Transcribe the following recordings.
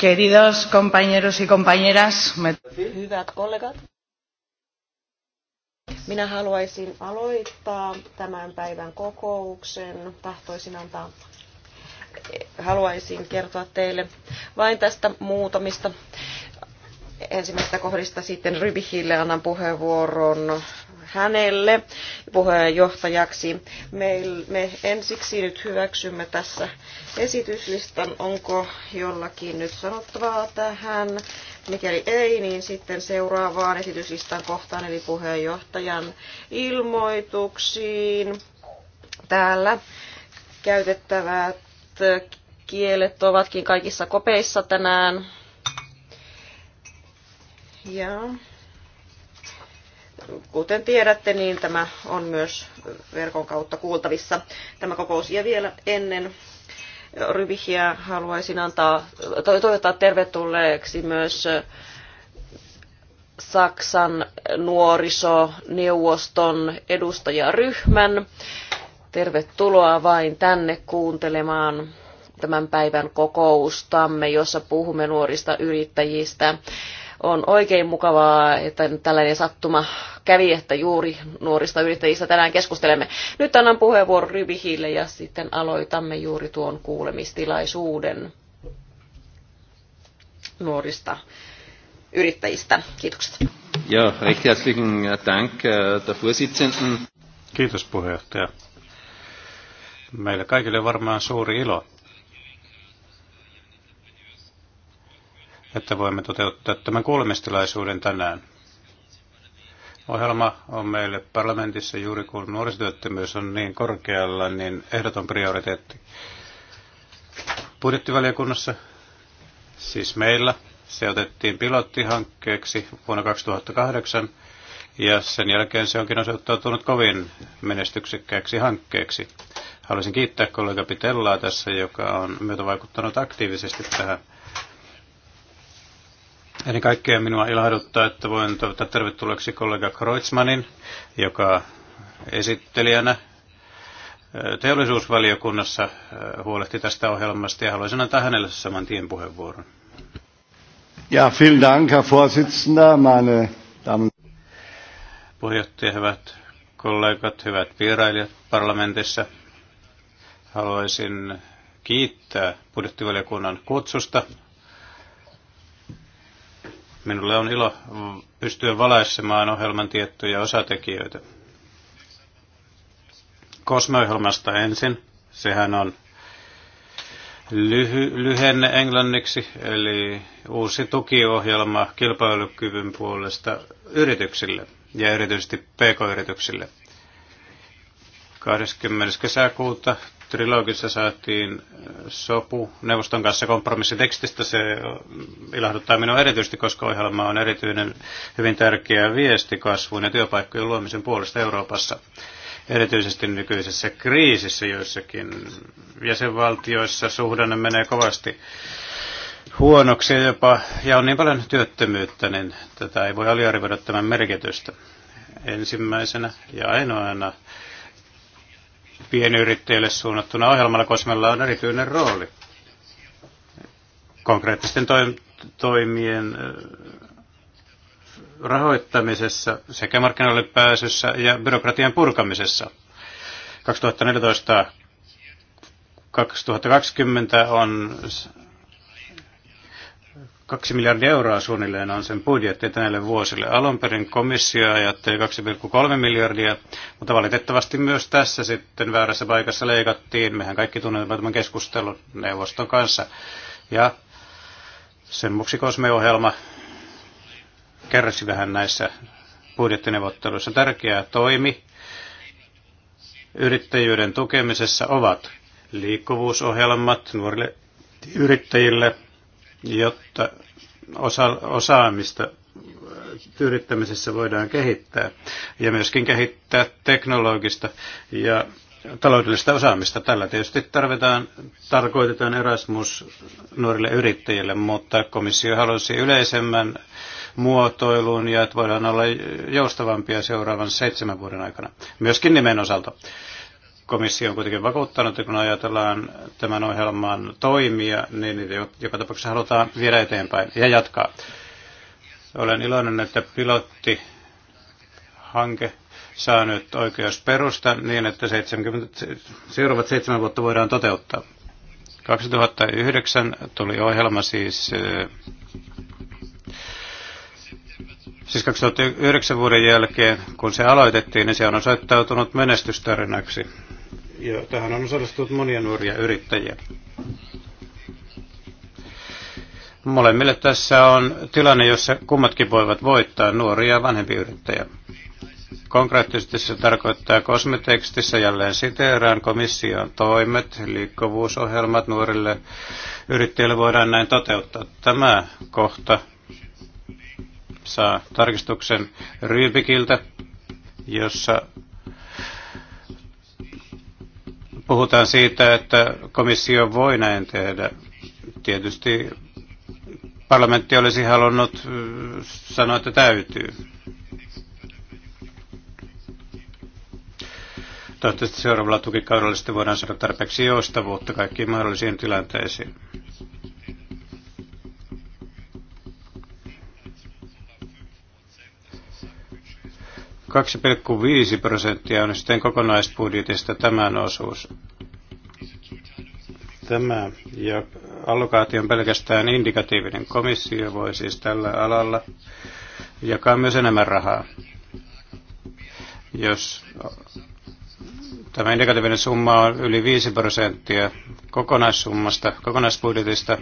Queridos compañeros y compañeras, me... Hyvät kollegat, minä haluaisin aloittaa tämän päivän kokouksen. Tahtoisin antaa, haluaisin kertoa teille vain tästä muutamista ensimmäistä kohdista sitten Rybihille annan puheenvuoron hänelle puheenjohtajaksi. Me ensiksi nyt hyväksymme tässä esityslistan. Onko jollakin nyt sanottavaa tähän? Mikäli ei, niin sitten seuraavaan esityslistan kohtaan, eli puheenjohtajan ilmoituksiin. Täällä käytettävät kielet ovatkin kaikissa kopeissa tänään. Ja kuten tiedätte, niin tämä on myös verkon kautta kuultavissa tämä kokous. Ja vielä ennen Ryvihiä haluaisin antaa, toivottaa tervetulleeksi myös äh, Saksan nuorisoneuvoston edustajaryhmän. Tervetuloa vain tänne kuuntelemaan tämän päivän kokoustamme, jossa puhumme nuorista yrittäjistä. On oikein mukavaa, että tällainen sattuma kävi, että juuri nuorista yrittäjistä tänään keskustelemme. Nyt annan puheenvuoron Rybihille ja sitten aloitamme juuri tuon kuulemistilaisuuden nuorista yrittäjistä. Kiitokset. Ja, recht herzlichen Dank äh, der Vorsitzenden. Kiitos puheenjohtaja. Meille kaikille varmaan suuri ilo että voimme toteuttaa tämän kuulemistilaisuuden tänään. Ohjelma on meille parlamentissa juuri kun nuorisotyöttömyys on niin korkealla, niin ehdoton prioriteetti. Budjettivaliokunnassa, siis meillä, se otettiin pilottihankkeeksi vuonna 2008 ja sen jälkeen se onkin osoittautunut kovin menestyksekkääksi hankkeeksi. Haluaisin kiittää kollega Pitellaa tässä, joka on myötä vaikuttanut aktiivisesti tähän Ennen kaikkea minua ilahduttaa, että voin toivottaa tervetulleeksi kollega Kreutzmanin, joka esittelijänä teollisuusvaliokunnassa huolehti tästä ohjelmasta ja haluaisin antaa hänelle saman tien puheenvuoron. Ja, vielen Dank, Herr Vorsitzender, meine Damen. Puheenjohtaja, hyvät kollegat, hyvät vierailijat parlamentissa. Haluaisin kiittää budjettivaliokunnan kutsusta Minulle on ilo pystyä valaisemaan ohjelman tiettyjä osatekijöitä. Kosmo-ohjelmasta ensin. Sehän on lyhy, lyhenne englanniksi, eli uusi tukiohjelma kilpailukyvyn puolesta yrityksille ja erityisesti pk-yrityksille. 20. kesäkuuta Trilogissa saatiin äh, sopu neuvoston kanssa kompromissitekstistä. Se äh, ilahduttaa minua erityisesti, koska ohjelma on erityinen hyvin tärkeä viesti kasvun ja työpaikkojen luomisen puolesta Euroopassa. Erityisesti nykyisessä kriisissä joissakin jäsenvaltioissa suhdanne menee kovasti huonoksi jopa, ja on niin paljon työttömyyttä, niin tätä ei voi aliarvioida tämän merkitystä. Ensimmäisenä ja ainoana pienyrittäjille suunnattuna ohjelmalla, koska meillä on erityinen rooli konkreettisten toimien rahoittamisessa sekä markkinoille pääsyssä ja byrokratian purkamisessa. 2014-2020 on 2 miljardia euroa suunnilleen on sen budjetti näille vuosille. Alun perin komissio ajatteli 2,3 miljardia, mutta valitettavasti myös tässä sitten väärässä paikassa leikattiin. Mehän kaikki tunnemme tämän keskustelun neuvoston kanssa. Ja sen vuoksi Kosme-ohjelma kärsi vähän näissä budjettineuvotteluissa. Tärkeä toimi yrittäjyyden tukemisessa ovat liikkuvuusohjelmat nuorille yrittäjille – jotta osa, osaamista yrittämisessä voidaan kehittää ja myöskin kehittää teknologista ja taloudellista osaamista. Tällä tietysti tarvitaan, tarkoitetaan Erasmus nuorille yrittäjille, mutta komissio halusi yleisemmän muotoilun ja että voidaan olla joustavampia seuraavan seitsemän vuoden aikana, myöskin nimen osalta. Komissio on kuitenkin vakuuttanut, että kun ajatellaan tämän ohjelman toimia, niin niitä joka tapauksessa halutaan viedä eteenpäin ja jatkaa. Olen iloinen, että pilottihanke saa nyt oikeusperusta niin, että 70, seuraavat seitsemän vuotta voidaan toteuttaa. 2009 tuli ohjelma siis, siis 2009 vuoden jälkeen, kun se aloitettiin, niin se on osoittautunut menestystarinaksi ja tähän on osallistunut monia nuoria yrittäjiä. Molemmille tässä on tilanne, jossa kummatkin voivat voittaa nuoria ja vanhempi yrittäjä. Konkreettisesti se tarkoittaa kosmetekstissä jälleen siteeraan komission toimet, liikkuvuusohjelmat nuorille yrittäjille voidaan näin toteuttaa. Tämä kohta saa tarkistuksen Ryypikiltä, jossa Puhutaan siitä, että komissio voi näin tehdä. Tietysti parlamentti olisi halunnut sanoa, että täytyy. Toivottavasti seuraavalla tukikaudella sitten voidaan saada tarpeeksi joustavuutta kaikkiin mahdollisiin tilanteisiin. 2,5 prosenttia on sitten kokonaisbudjetista tämän osuus. Tämä ja allokaatio on pelkästään indikatiivinen. Komissio voi siis tällä alalla jakaa myös enemmän rahaa. Jos tämä indikatiivinen summa on yli 5 prosenttia kokonaissummasta, kokonaisbudjetista,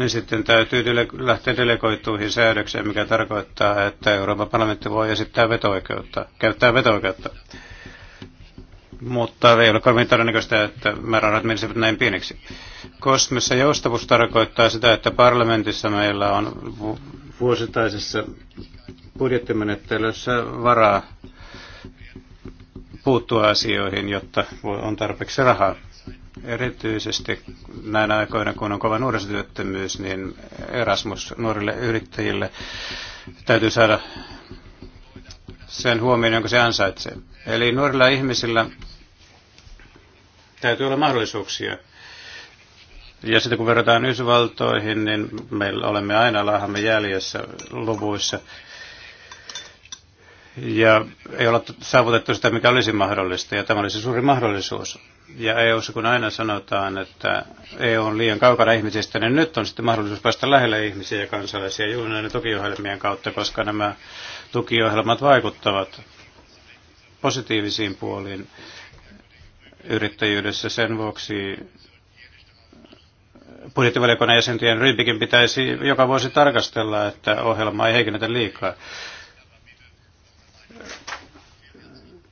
niin sitten täytyy dele- lähteä delegoituihin säädöksiin, mikä tarkoittaa, että Euroopan parlamentti voi esittää veto-oikeutta, käyttää veto-oikeutta. Mutta ei ole kovin todennäköistä, että määrärahat menisivät näin pieniksi. Kosmessa joustavuus tarkoittaa sitä, että parlamentissa meillä on vuosittaisessa budjettimenettelyssä varaa puuttua asioihin, jotta on tarpeeksi rahaa. Erityisesti näinä aikoina, kun on kova nuorisotyöttömyys, niin Erasmus nuorille yrittäjille täytyy saada sen huomioon, jonka se ansaitsee. Eli nuorilla ihmisillä täytyy olla mahdollisuuksia. Ja sitten kun verrataan Yhdysvaltoihin, niin me olemme aina lahamme jäljessä luvuissa. Ja ei olla saavutettu sitä, mikä olisi mahdollista, ja tämä olisi suuri mahdollisuus ja EU-ssa kun aina sanotaan, että EU on liian kaukana ihmisistä, niin nyt on sitten mahdollisuus päästä lähelle ihmisiä ja kansalaisia juuri näiden tukiohjelmien kautta, koska nämä tukiohjelmat vaikuttavat positiivisiin puoliin yrittäjyydessä. Sen vuoksi budjettivaliokunnan jäsentien ryhmikin pitäisi joka vuosi tarkastella, että ohjelma ei heikennetä liikaa.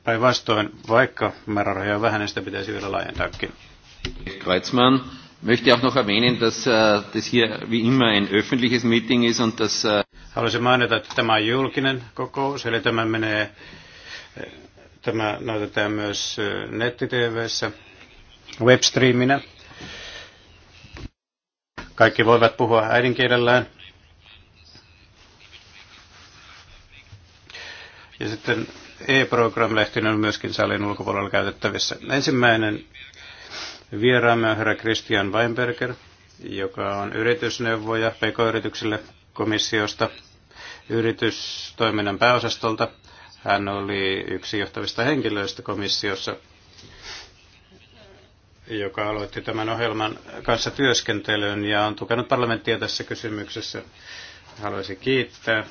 Päinvastoin, vaikka määrärahoja on vähän, niin sitä pitäisi vielä laajentaakin. Kreuzmann möchte auch noch erwähnen, dass äh, das hier wie immer ein öffentliches Meeting ist und dass... Äh Haluaisin mainita, että tämä on julkinen kokous, eli tämä menee, äh, tämä näytetään myös äh, netti-tvssä webstreaminä. Kaikki voivat puhua äidinkielellään. Ja sitten e-program-lehtinen on myöskin salin ulkopuolella käytettävissä. Ensimmäinen vieraamme on herra Christian Weinberger, joka on yritysneuvoja PK-yrityksille komissiosta yritystoiminnan pääosastolta. Hän oli yksi johtavista henkilöistä komissiossa, joka aloitti tämän ohjelman kanssa työskentelyn ja on tukenut parlamenttia tässä kysymyksessä. Haluaisin kiittää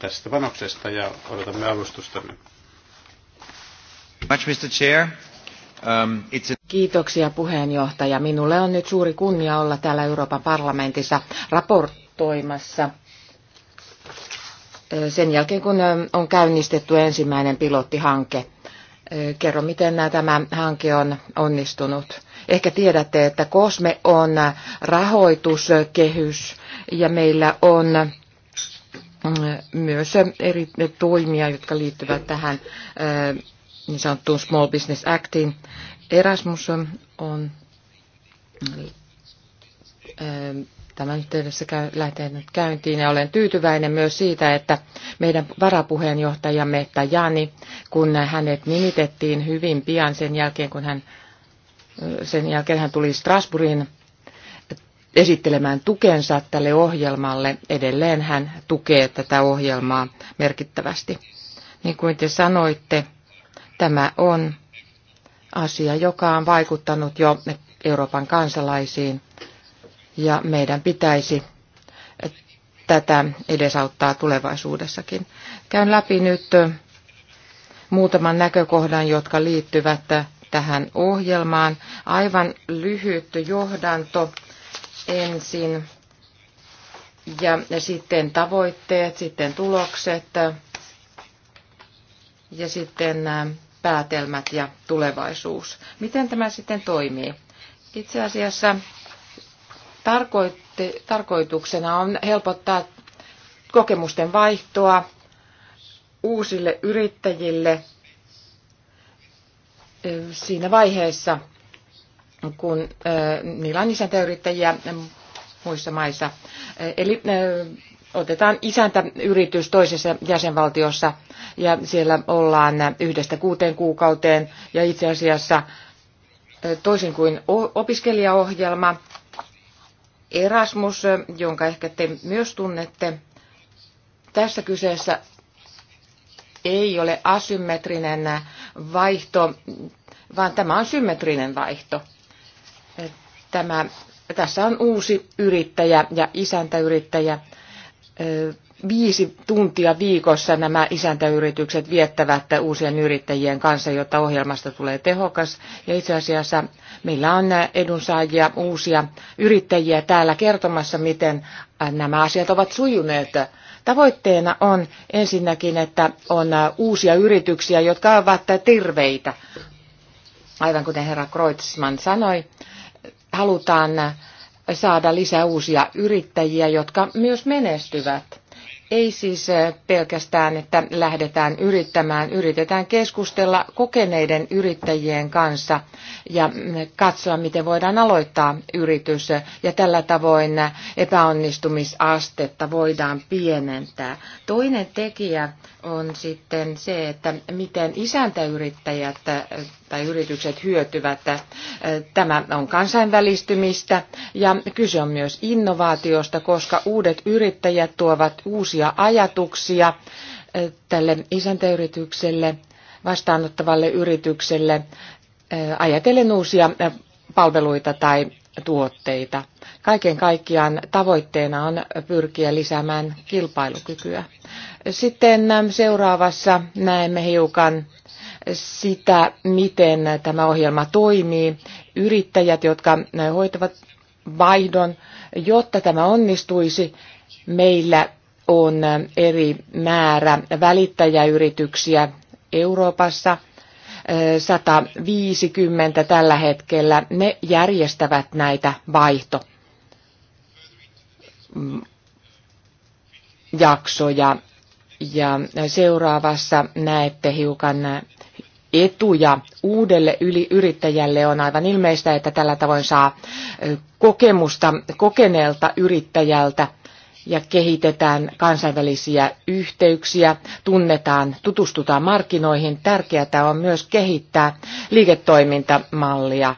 tästä panoksesta ja odotamme avustustanne. Much, Mr. Chair. Um, it's a... Kiitoksia puheenjohtaja. Minulle on nyt suuri kunnia olla täällä Euroopan parlamentissa raportoimassa sen jälkeen, kun on käynnistetty ensimmäinen pilottihanke. Kerro, miten tämä hanke on onnistunut. Ehkä tiedätte, että COSME on rahoituskehys ja meillä on Mm, myös eri toimia, jotka liittyvät tähän äh, niin sanottuun Small Business Actiin. Erasmus on äh, tämän yhteydessä käy, lähtenyt käyntiin ja olen tyytyväinen myös siitä, että meidän varapuheenjohtajamme Tajani, kun hänet nimitettiin hyvin pian sen jälkeen, kun hän äh, sen jälkeen hän tuli Strasbourgin esittelemään tukensa tälle ohjelmalle. Edelleen hän tukee tätä ohjelmaa merkittävästi. Niin kuin te sanoitte, tämä on asia, joka on vaikuttanut jo Euroopan kansalaisiin, ja meidän pitäisi tätä edesauttaa tulevaisuudessakin. Käyn läpi nyt muutaman näkökohdan, jotka liittyvät tähän ohjelmaan. Aivan lyhyt johdanto ensin ja sitten tavoitteet, sitten tulokset ja sitten päätelmät ja tulevaisuus. Miten tämä sitten toimii? Itse asiassa tarkoituksena on helpottaa kokemusten vaihtoa uusille yrittäjille siinä vaiheessa, kun niillä on isäntäyrittäjiä muissa maissa. Eli otetaan isäntäyritys toisessa jäsenvaltiossa ja siellä ollaan yhdestä kuuteen kuukauteen ja itse asiassa toisin kuin opiskelijaohjelma Erasmus, jonka ehkä te myös tunnette, tässä kyseessä ei ole asymmetrinen vaihto, vaan tämä on symmetrinen vaihto. Tämä, tässä on uusi yrittäjä ja isäntäyrittäjä. Viisi tuntia viikossa nämä isäntäyritykset viettävät uusien yrittäjien kanssa, jotta ohjelmasta tulee tehokas. Ja itse asiassa meillä on edunsaajia, uusia yrittäjiä täällä kertomassa, miten nämä asiat ovat sujuneet Tavoitteena on ensinnäkin, että on uusia yrityksiä, jotka ovat terveitä. Aivan kuten herra Kreutzmann sanoi, halutaan saada lisää uusia yrittäjiä, jotka myös menestyvät. Ei siis pelkästään, että lähdetään yrittämään, yritetään keskustella kokeneiden yrittäjien kanssa ja katsoa, miten voidaan aloittaa yritys. Ja tällä tavoin epäonnistumisastetta voidaan pienentää. Toinen tekijä on sitten se, että miten isäntäyrittäjät tai yritykset hyötyvät. Tämä on kansainvälistymistä ja kyse on myös innovaatiosta, koska uudet yrittäjät tuovat uusia ajatuksia tälle isäntäyritykselle, vastaanottavalle yritykselle, ajatellen uusia palveluita tai tuotteita. Kaiken kaikkiaan tavoitteena on pyrkiä lisäämään kilpailukykyä. Sitten seuraavassa näemme hiukan sitä, miten tämä ohjelma toimii. Yrittäjät, jotka hoitavat vaihdon, jotta tämä onnistuisi, meillä on eri määrä välittäjäyrityksiä Euroopassa – 150 tällä hetkellä, ne järjestävät näitä vaihto jaksoja. Ja seuraavassa näette hiukan etuja uudelle yrittäjälle. On aivan ilmeistä, että tällä tavoin saa kokemusta kokeneelta yrittäjältä ja kehitetään kansainvälisiä yhteyksiä, tunnetaan, tutustutaan markkinoihin. Tärkeää on myös kehittää liiketoimintamallia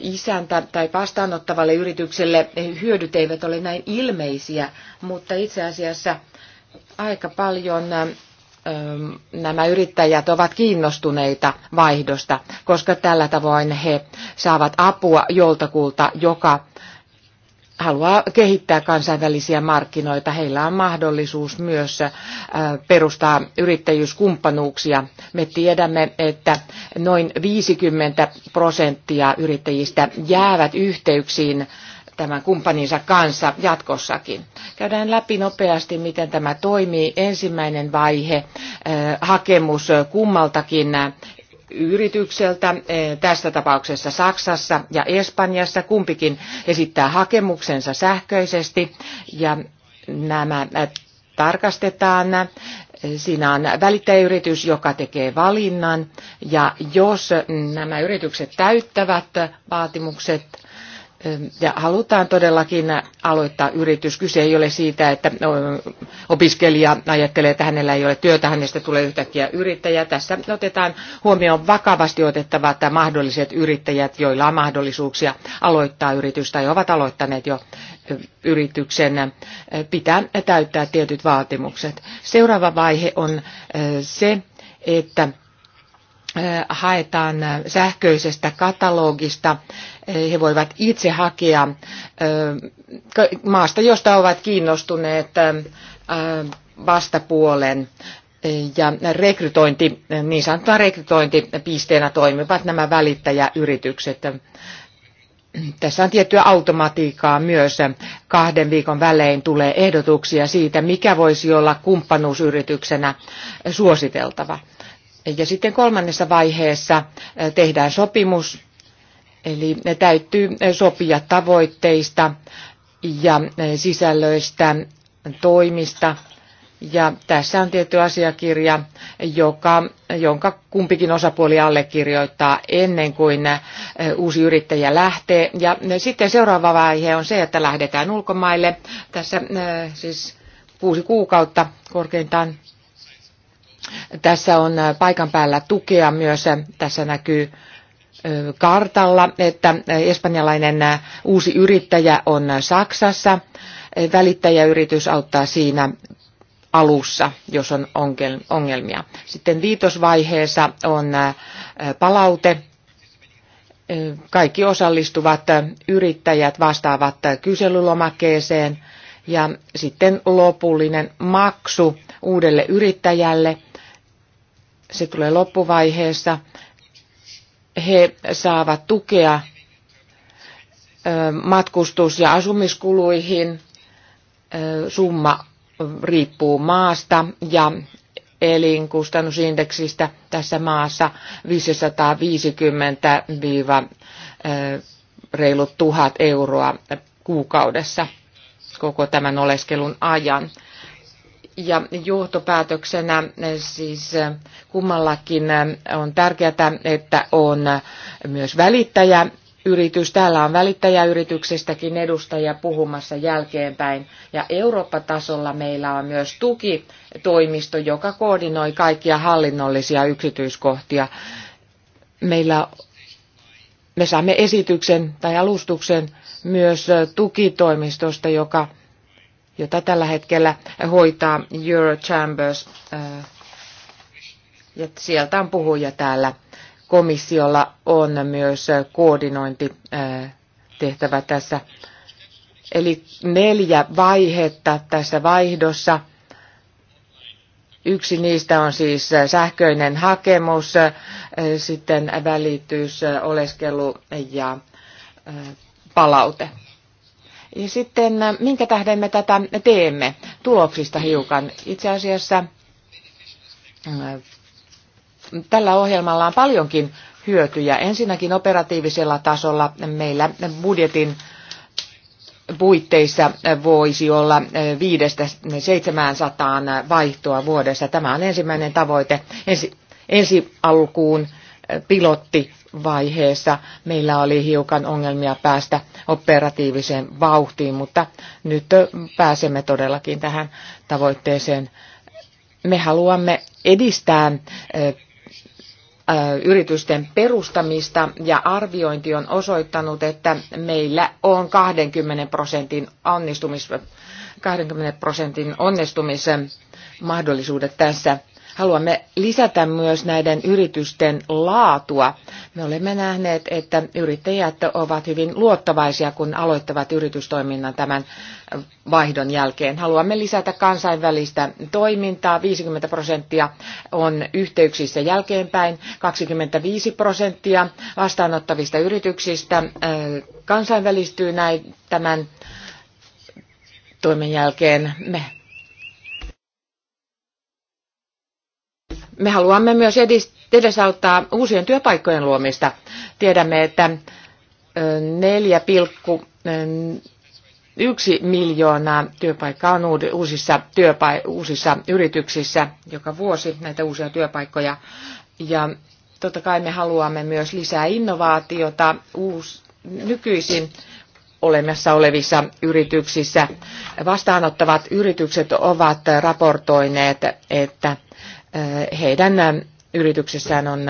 isäntä tai vastaanottavalle yritykselle hyödyt eivät ole näin ilmeisiä, mutta itse asiassa aika paljon nämä yrittäjät ovat kiinnostuneita vaihdosta, koska tällä tavoin he saavat apua joltakulta, joka haluaa kehittää kansainvälisiä markkinoita. Heillä on mahdollisuus myös perustaa yrittäjyyskumppanuuksia. Me tiedämme, että noin 50 prosenttia yrittäjistä jäävät yhteyksiin tämän kumppaninsa kanssa jatkossakin. Käydään läpi nopeasti, miten tämä toimii. Ensimmäinen vaihe, äh, hakemus kummaltakin äh, yritykseltä, äh, tässä tapauksessa Saksassa ja Espanjassa. Kumpikin esittää hakemuksensa sähköisesti ja nämä tarkastetaan. Siinä on välittäjäyritys, joka tekee valinnan ja jos nämä yritykset täyttävät vaatimukset, ja halutaan todellakin aloittaa yritys. Kyse ei ole siitä, että opiskelija ajattelee, että hänellä ei ole työtä, hänestä tulee yhtäkkiä yrittäjä. Tässä otetaan huomioon vakavasti otettavat mahdolliset yrittäjät, joilla on mahdollisuuksia aloittaa yritys tai ovat aloittaneet jo yrityksen. Pitää täyttää tietyt vaatimukset. Seuraava vaihe on se, että haetaan sähköisestä katalogista. He voivat itse hakea maasta, josta ovat kiinnostuneet vastapuolen ja rekrytointi, niin sanottuna rekrytointipisteenä toimivat nämä välittäjäyritykset. Tässä on tiettyä automatiikkaa myös. Kahden viikon välein tulee ehdotuksia siitä, mikä voisi olla kumppanuusyrityksenä suositeltava ja sitten kolmannessa vaiheessa tehdään sopimus, eli ne täytyy sopia tavoitteista ja sisällöistä, toimista. Ja tässä on tietty asiakirja, joka, jonka kumpikin osapuoli allekirjoittaa ennen kuin uusi yrittäjä lähtee. Ja sitten seuraava vaihe on se, että lähdetään ulkomaille. Tässä siis kuusi kuukautta korkeintaan tässä on äh, paikan päällä tukea myös. Äh, tässä näkyy äh, kartalla, että espanjalainen uusi yrittäjä on Saksassa. Välittäjäyritys auttaa siinä alussa, jos on ongelmia. Sitten viitosvaiheessa on palaute. Kaikki osallistuvat yrittäjät vastaavat kyselylomakkeeseen ja sitten lopullinen maksu uudelle yrittäjälle se tulee loppuvaiheessa. He saavat tukea matkustus- ja asumiskuluihin. Summa riippuu maasta ja elinkustannusindeksistä tässä maassa 550 reilut euroa kuukaudessa koko tämän oleskelun ajan ja johtopäätöksenä eh, siis eh, kummallakin eh, on tärkeää, että on myös välittäjä yritys. Täällä on välittäjäyrityksestäkin edustaja puhumassa jälkeenpäin. Ja Eurooppa-tasolla meillä on myös tukitoimisto, joka koordinoi kaikkia hallinnollisia yksityiskohtia. Meillä me saamme esityksen tai alustuksen myös tukitoimistosta, joka jota tällä hetkellä hoitaa Eurochambers. Äh, ja sieltä on puhuja täällä. Komissiolla on myös koordinointitehtävä äh, tässä. Eli neljä vaihetta tässä vaihdossa. Yksi niistä on siis sähköinen hakemus, äh, sitten välitys, oleskelu ja palaute. Ja sitten minkä tähden me tätä teemme? Tuloksista hiukan. Itse asiassa äh, tällä ohjelmalla on paljonkin hyötyjä. Ensinnäkin operatiivisella tasolla meillä budjetin puitteissa voisi olla 5-700 äh, vaihtoa vuodessa. Tämä on ensimmäinen tavoite ensi, ensi alkuun äh, pilotti vaiheessa meillä oli hiukan ongelmia päästä operatiiviseen vauhtiin, mutta nyt pääsemme todellakin tähän tavoitteeseen. Me haluamme edistää yritysten perustamista ja arviointi on osoittanut, että meillä on 20 prosentin, onnistumis, 20 prosentin onnistumisen mahdollisuudet tässä Haluamme lisätä myös näiden yritysten laatua. Me olemme nähneet, että yrittäjät ovat hyvin luottavaisia, kun aloittavat yritystoiminnan tämän vaihdon jälkeen. Haluamme lisätä kansainvälistä toimintaa. 50 prosenttia on yhteyksissä jälkeenpäin, 25 prosenttia vastaanottavista yrityksistä äh, kansainvälistyy näin tämän toimen jälkeen. Me Me haluamme myös edesauttaa uusien työpaikkojen luomista. Tiedämme, että 4,1 miljoonaa työpaikkaa on uusissa, työpa- uusissa yrityksissä joka vuosi näitä uusia työpaikkoja. Ja totta kai me haluamme myös lisää innovaatiota uus, nykyisin olemassa olevissa yrityksissä. Vastaanottavat yritykset ovat raportoineet, että heidän yrityksessään on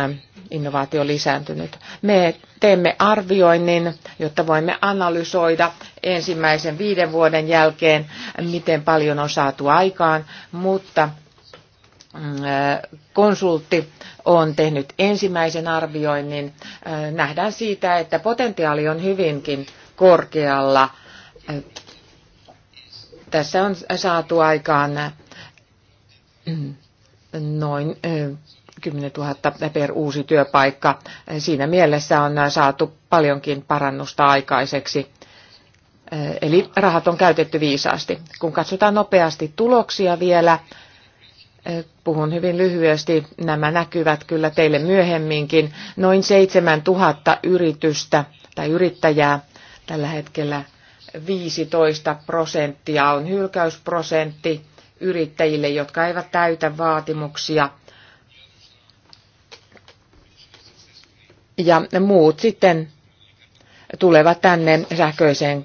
innovaatio lisääntynyt. Me teemme arvioinnin, jotta voimme analysoida ensimmäisen viiden vuoden jälkeen, miten paljon on saatu aikaan, mutta mm, konsultti on tehnyt ensimmäisen arvioinnin. Nähdään siitä, että potentiaali on hyvinkin korkealla. Tässä on saatu aikaan mm, noin 10 000 per uusi työpaikka. Siinä mielessä on saatu paljonkin parannusta aikaiseksi. Eli rahat on käytetty viisaasti. Kun katsotaan nopeasti tuloksia vielä, puhun hyvin lyhyesti, nämä näkyvät kyllä teille myöhemminkin. Noin 7 000 yritystä tai yrittäjää tällä hetkellä 15 prosenttia on hylkäysprosentti yrittäjille, jotka eivät täytä vaatimuksia. Ja muut sitten tulevat tänne sähköiseen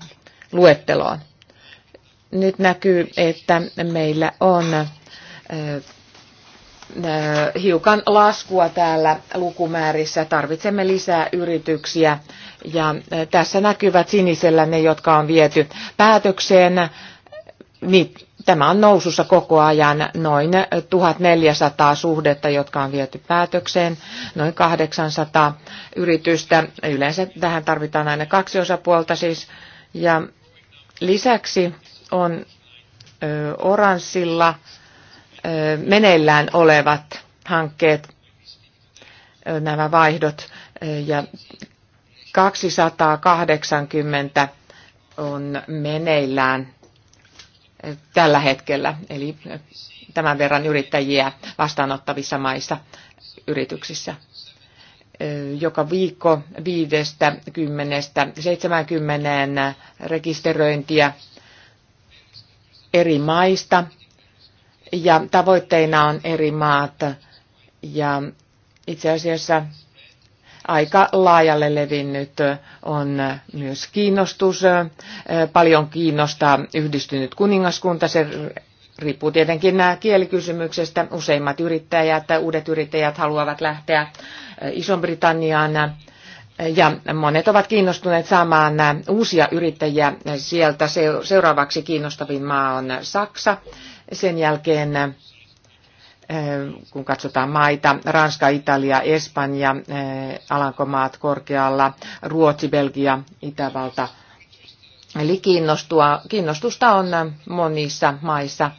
luetteloon. Nyt näkyy, että meillä on hiukan laskua täällä lukumäärissä. Tarvitsemme lisää yrityksiä ja tässä näkyvät sinisellä ne, jotka on viety päätökseen. Niitä Tämä on nousussa koko ajan noin 1400 suhdetta, jotka on viety päätökseen, noin 800 yritystä. Yleensä tähän tarvitaan aina kaksi osapuolta siis. Ja lisäksi on oranssilla meneillään olevat hankkeet, nämä vaihdot, ja 280 on meneillään tällä hetkellä, eli tämän verran yrittäjiä vastaanottavissa maissa yrityksissä. Joka viikko 50-70 rekisteröintiä eri maista ja tavoitteina on eri maat ja itse asiassa aika laajalle levinnyt on myös kiinnostus. Paljon kiinnostaa yhdistynyt kuningaskunta, se riippuu tietenkin nämä kielikysymyksestä. Useimmat yrittäjät, uudet yrittäjät haluavat lähteä Iso-Britanniaan ja monet ovat kiinnostuneet saamaan uusia yrittäjiä sieltä. Seuraavaksi kiinnostavin maa on Saksa, sen jälkeen Eh, kun katsotaan maita, Ranska, Italia, Espanja, eh, Alankomaat korkealla, Ruotsi, Belgia, Itävalta. Eli kiinnostusta on monissa maissa.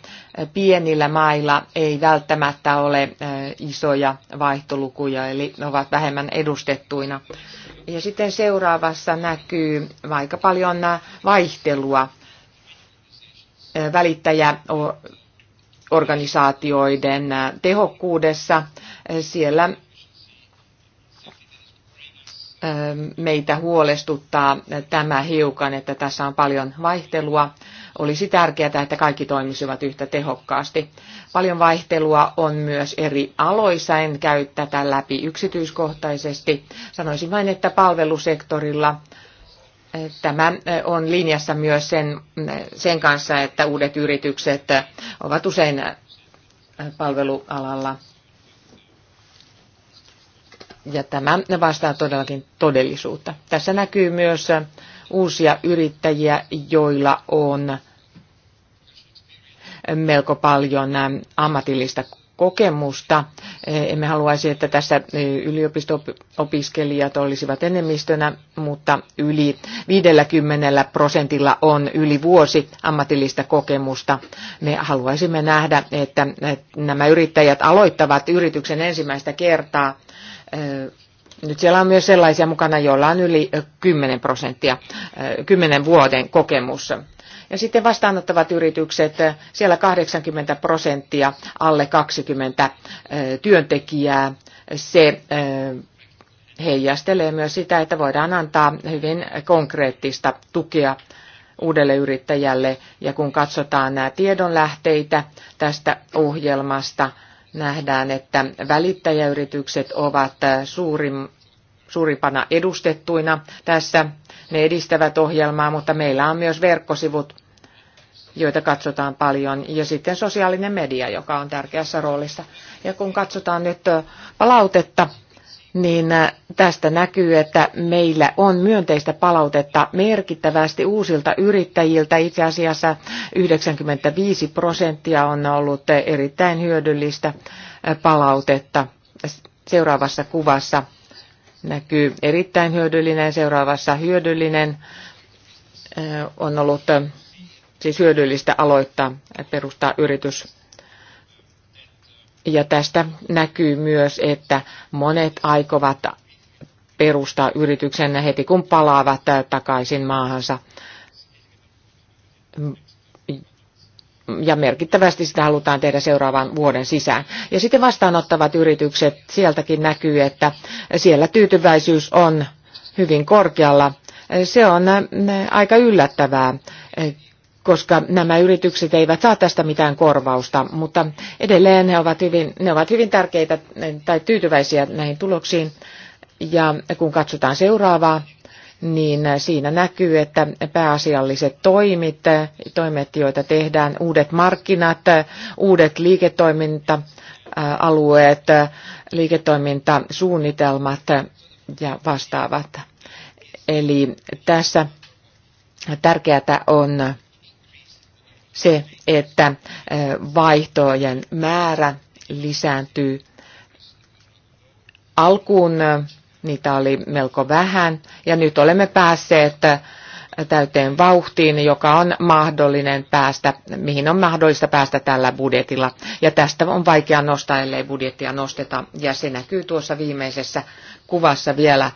Pienillä mailla ei välttämättä ole eh, isoja vaihtolukuja, eli ne ovat vähemmän edustettuina. Ja sitten seuraavassa näkyy aika paljon vaihtelua välittäjä organisaatioiden äh, tehokkuudessa. Äh, siellä äh, meitä huolestuttaa tämä hiukan, että tässä on paljon vaihtelua. Olisi tärkeää, että kaikki toimisivat yhtä tehokkaasti. Paljon vaihtelua on myös eri aloissa, en käy tätä läpi yksityiskohtaisesti. Sanoisin vain, että palvelusektorilla Tämä on linjassa myös sen, sen kanssa, että uudet yritykset ovat usein palvelualalla. Ja tämä vastaa todellakin todellisuutta. Tässä näkyy myös uusia yrittäjiä, joilla on melko paljon ammatillista kokemusta. Emme haluaisi, että tässä yliopisto-opiskelijat olisivat enemmistönä, mutta yli 50 prosentilla on yli vuosi ammatillista kokemusta. Me haluaisimme nähdä, että nämä yrittäjät aloittavat yrityksen ensimmäistä kertaa nyt siellä on myös sellaisia mukana, joilla on yli 10 prosenttia, 10 vuoden kokemus. Ja sitten vastaanottavat yritykset, eh, siellä 80 prosenttia alle 20 eh, työntekijää. Se eh, heijastelee myös sitä, että voidaan antaa hyvin konkreettista tukea uudelle yrittäjälle. Ja kun katsotaan nämä tiedonlähteitä tästä ohjelmasta, nähdään, että välittäjäyritykset ovat suurin, suurimpana edustettuina tässä. Ne edistävät ohjelmaa, mutta meillä on myös verkkosivut, joita katsotaan paljon, ja sitten sosiaalinen media, joka on tärkeässä roolissa. Ja kun katsotaan nyt palautetta, niin tästä näkyy, että meillä on myönteistä palautetta merkittävästi uusilta yrittäjiltä. Itse asiassa 95 prosenttia on ollut erittäin hyödyllistä palautetta. Seuraavassa kuvassa näkyy erittäin hyödyllinen, seuraavassa hyödyllinen on ollut siis hyödyllistä aloittaa, äh, perustaa yritys. Ja tästä näkyy myös, että monet aikovat perustaa yrityksen heti kun palaavat äh, takaisin maahansa. Ja merkittävästi sitä halutaan tehdä seuraavan vuoden sisään. Ja sitten vastaanottavat yritykset, sieltäkin näkyy, että siellä tyytyväisyys on hyvin korkealla. Se on äh, aika yllättävää koska nämä yritykset eivät saa tästä mitään korvausta, mutta edelleen ne ovat hyvin, ne ovat hyvin tärkeitä tai tyytyväisiä näihin tuloksiin. Ja kun katsotaan seuraavaa, niin siinä näkyy, että pääasialliset toimit, toimet, joita tehdään, uudet markkinat, uudet liiketoiminta-alueet, liiketoimintasuunnitelmat ja vastaavat. Eli tässä tärkeää on se, että vaihtojen määrä lisääntyy. Alkuun niitä oli melko vähän ja nyt olemme päässeet täyteen vauhtiin, joka on mahdollinen päästä, mihin on mahdollista päästä tällä budjetilla. Ja tästä on vaikea nostaa, ellei budjettia nosteta. Ja se näkyy tuossa viimeisessä kuvassa vielä.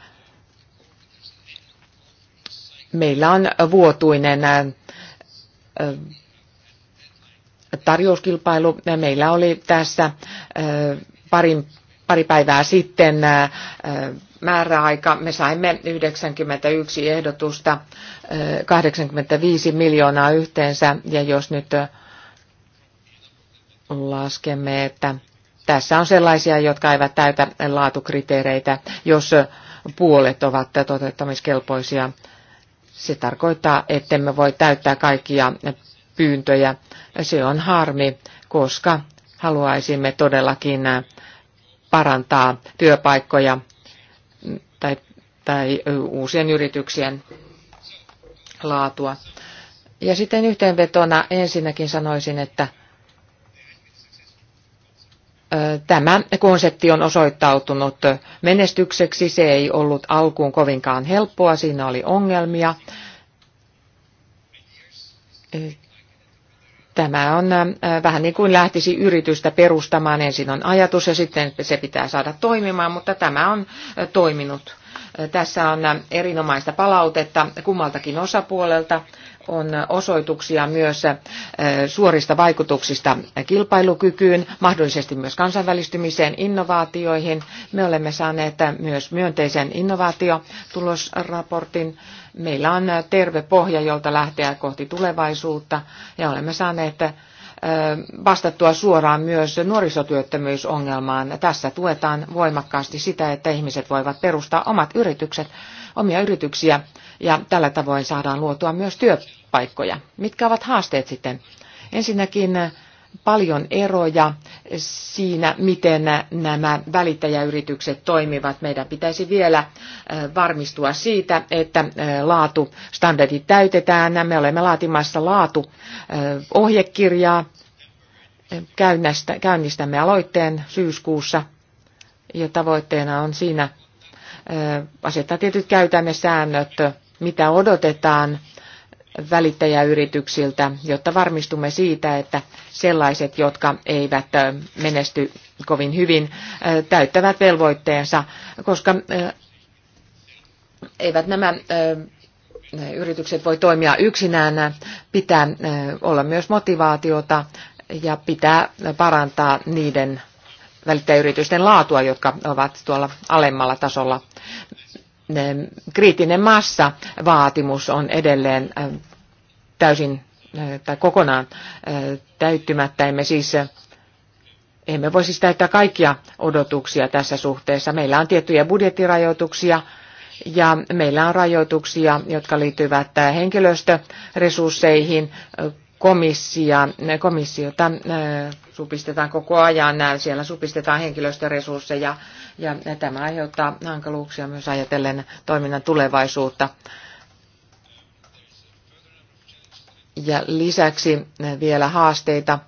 Meillä on vuotuinen tarjouskilpailu. Meillä oli tässä pari pari päivää sitten määräaika. Me saimme 91 ehdotusta, 85 miljoonaa yhteensä, ja jos nyt laskemme, että tässä on sellaisia, jotka eivät täytä laatukriteereitä, jos puolet ovat toteuttamiskelpoisia. Se tarkoittaa, ettemme voi täyttää kaikkia pyyntöjä. Se on harmi, koska haluaisimme todellakin parantaa työpaikkoja tai, tai uusien yrityksien laatua. Ja sitten yhteenvetona ensinnäkin sanoisin, että tämä konsepti on osoittautunut menestykseksi. Se ei ollut alkuun kovinkaan helppoa, siinä oli ongelmia. Tämä on äh, vähän niin kuin lähtisi yritystä perustamaan. Ensin on ajatus ja sitten se pitää saada toimimaan, mutta tämä on äh, toiminut. Äh, tässä on erinomaista palautetta kummaltakin osapuolelta on osoituksia myös äh, suorista vaikutuksista kilpailukykyyn, mahdollisesti myös kansainvälistymiseen, innovaatioihin. Me olemme saaneet myös myönteisen innovaatiotulosraportin. Meillä on terve pohja, jolta lähteä kohti tulevaisuutta ja olemme saaneet äh, vastattua suoraan myös nuorisotyöttömyysongelmaan. Tässä tuetaan voimakkaasti sitä, että ihmiset voivat perustaa omat yritykset, omia yrityksiä ja tällä tavoin saadaan luotua myös työpaikkoja. Mitkä ovat haasteet sitten? Ensinnäkin äh, paljon eroja siinä, miten nämä välittäjäyritykset toimivat. Meidän pitäisi vielä äh, varmistua siitä, että äh, laatustandardit täytetään. Me olemme laatimassa laatuohjekirjaa. Käynnistämme aloitteen syyskuussa ja tavoitteena on siinä asettaa tietyt säännöt mitä odotetaan välittäjäyrityksiltä, jotta varmistumme siitä, että sellaiset, jotka eivät menesty kovin hyvin, täyttävät velvoitteensa, koska eivät nämä yritykset voi toimia yksinään, pitää olla myös motivaatiota ja pitää parantaa niiden välittäjäyritysten laatua, jotka ovat tuolla alemmalla tasolla kriittinen massa vaatimus on edelleen täysin tai kokonaan täyttymättä. Emme siis emme voi siis täyttää kaikkia odotuksia tässä suhteessa. Meillä on tiettyjä budjettirajoituksia ja meillä on rajoituksia, jotka liittyvät henkilöstöresursseihin, komissia, komissiota äh, supistetaan koko ajan, siellä supistetaan henkilöstöresursseja ja tämä aiheuttaa hankaluuksia myös ajatellen toiminnan tulevaisuutta. Ja lisäksi vielä haasteita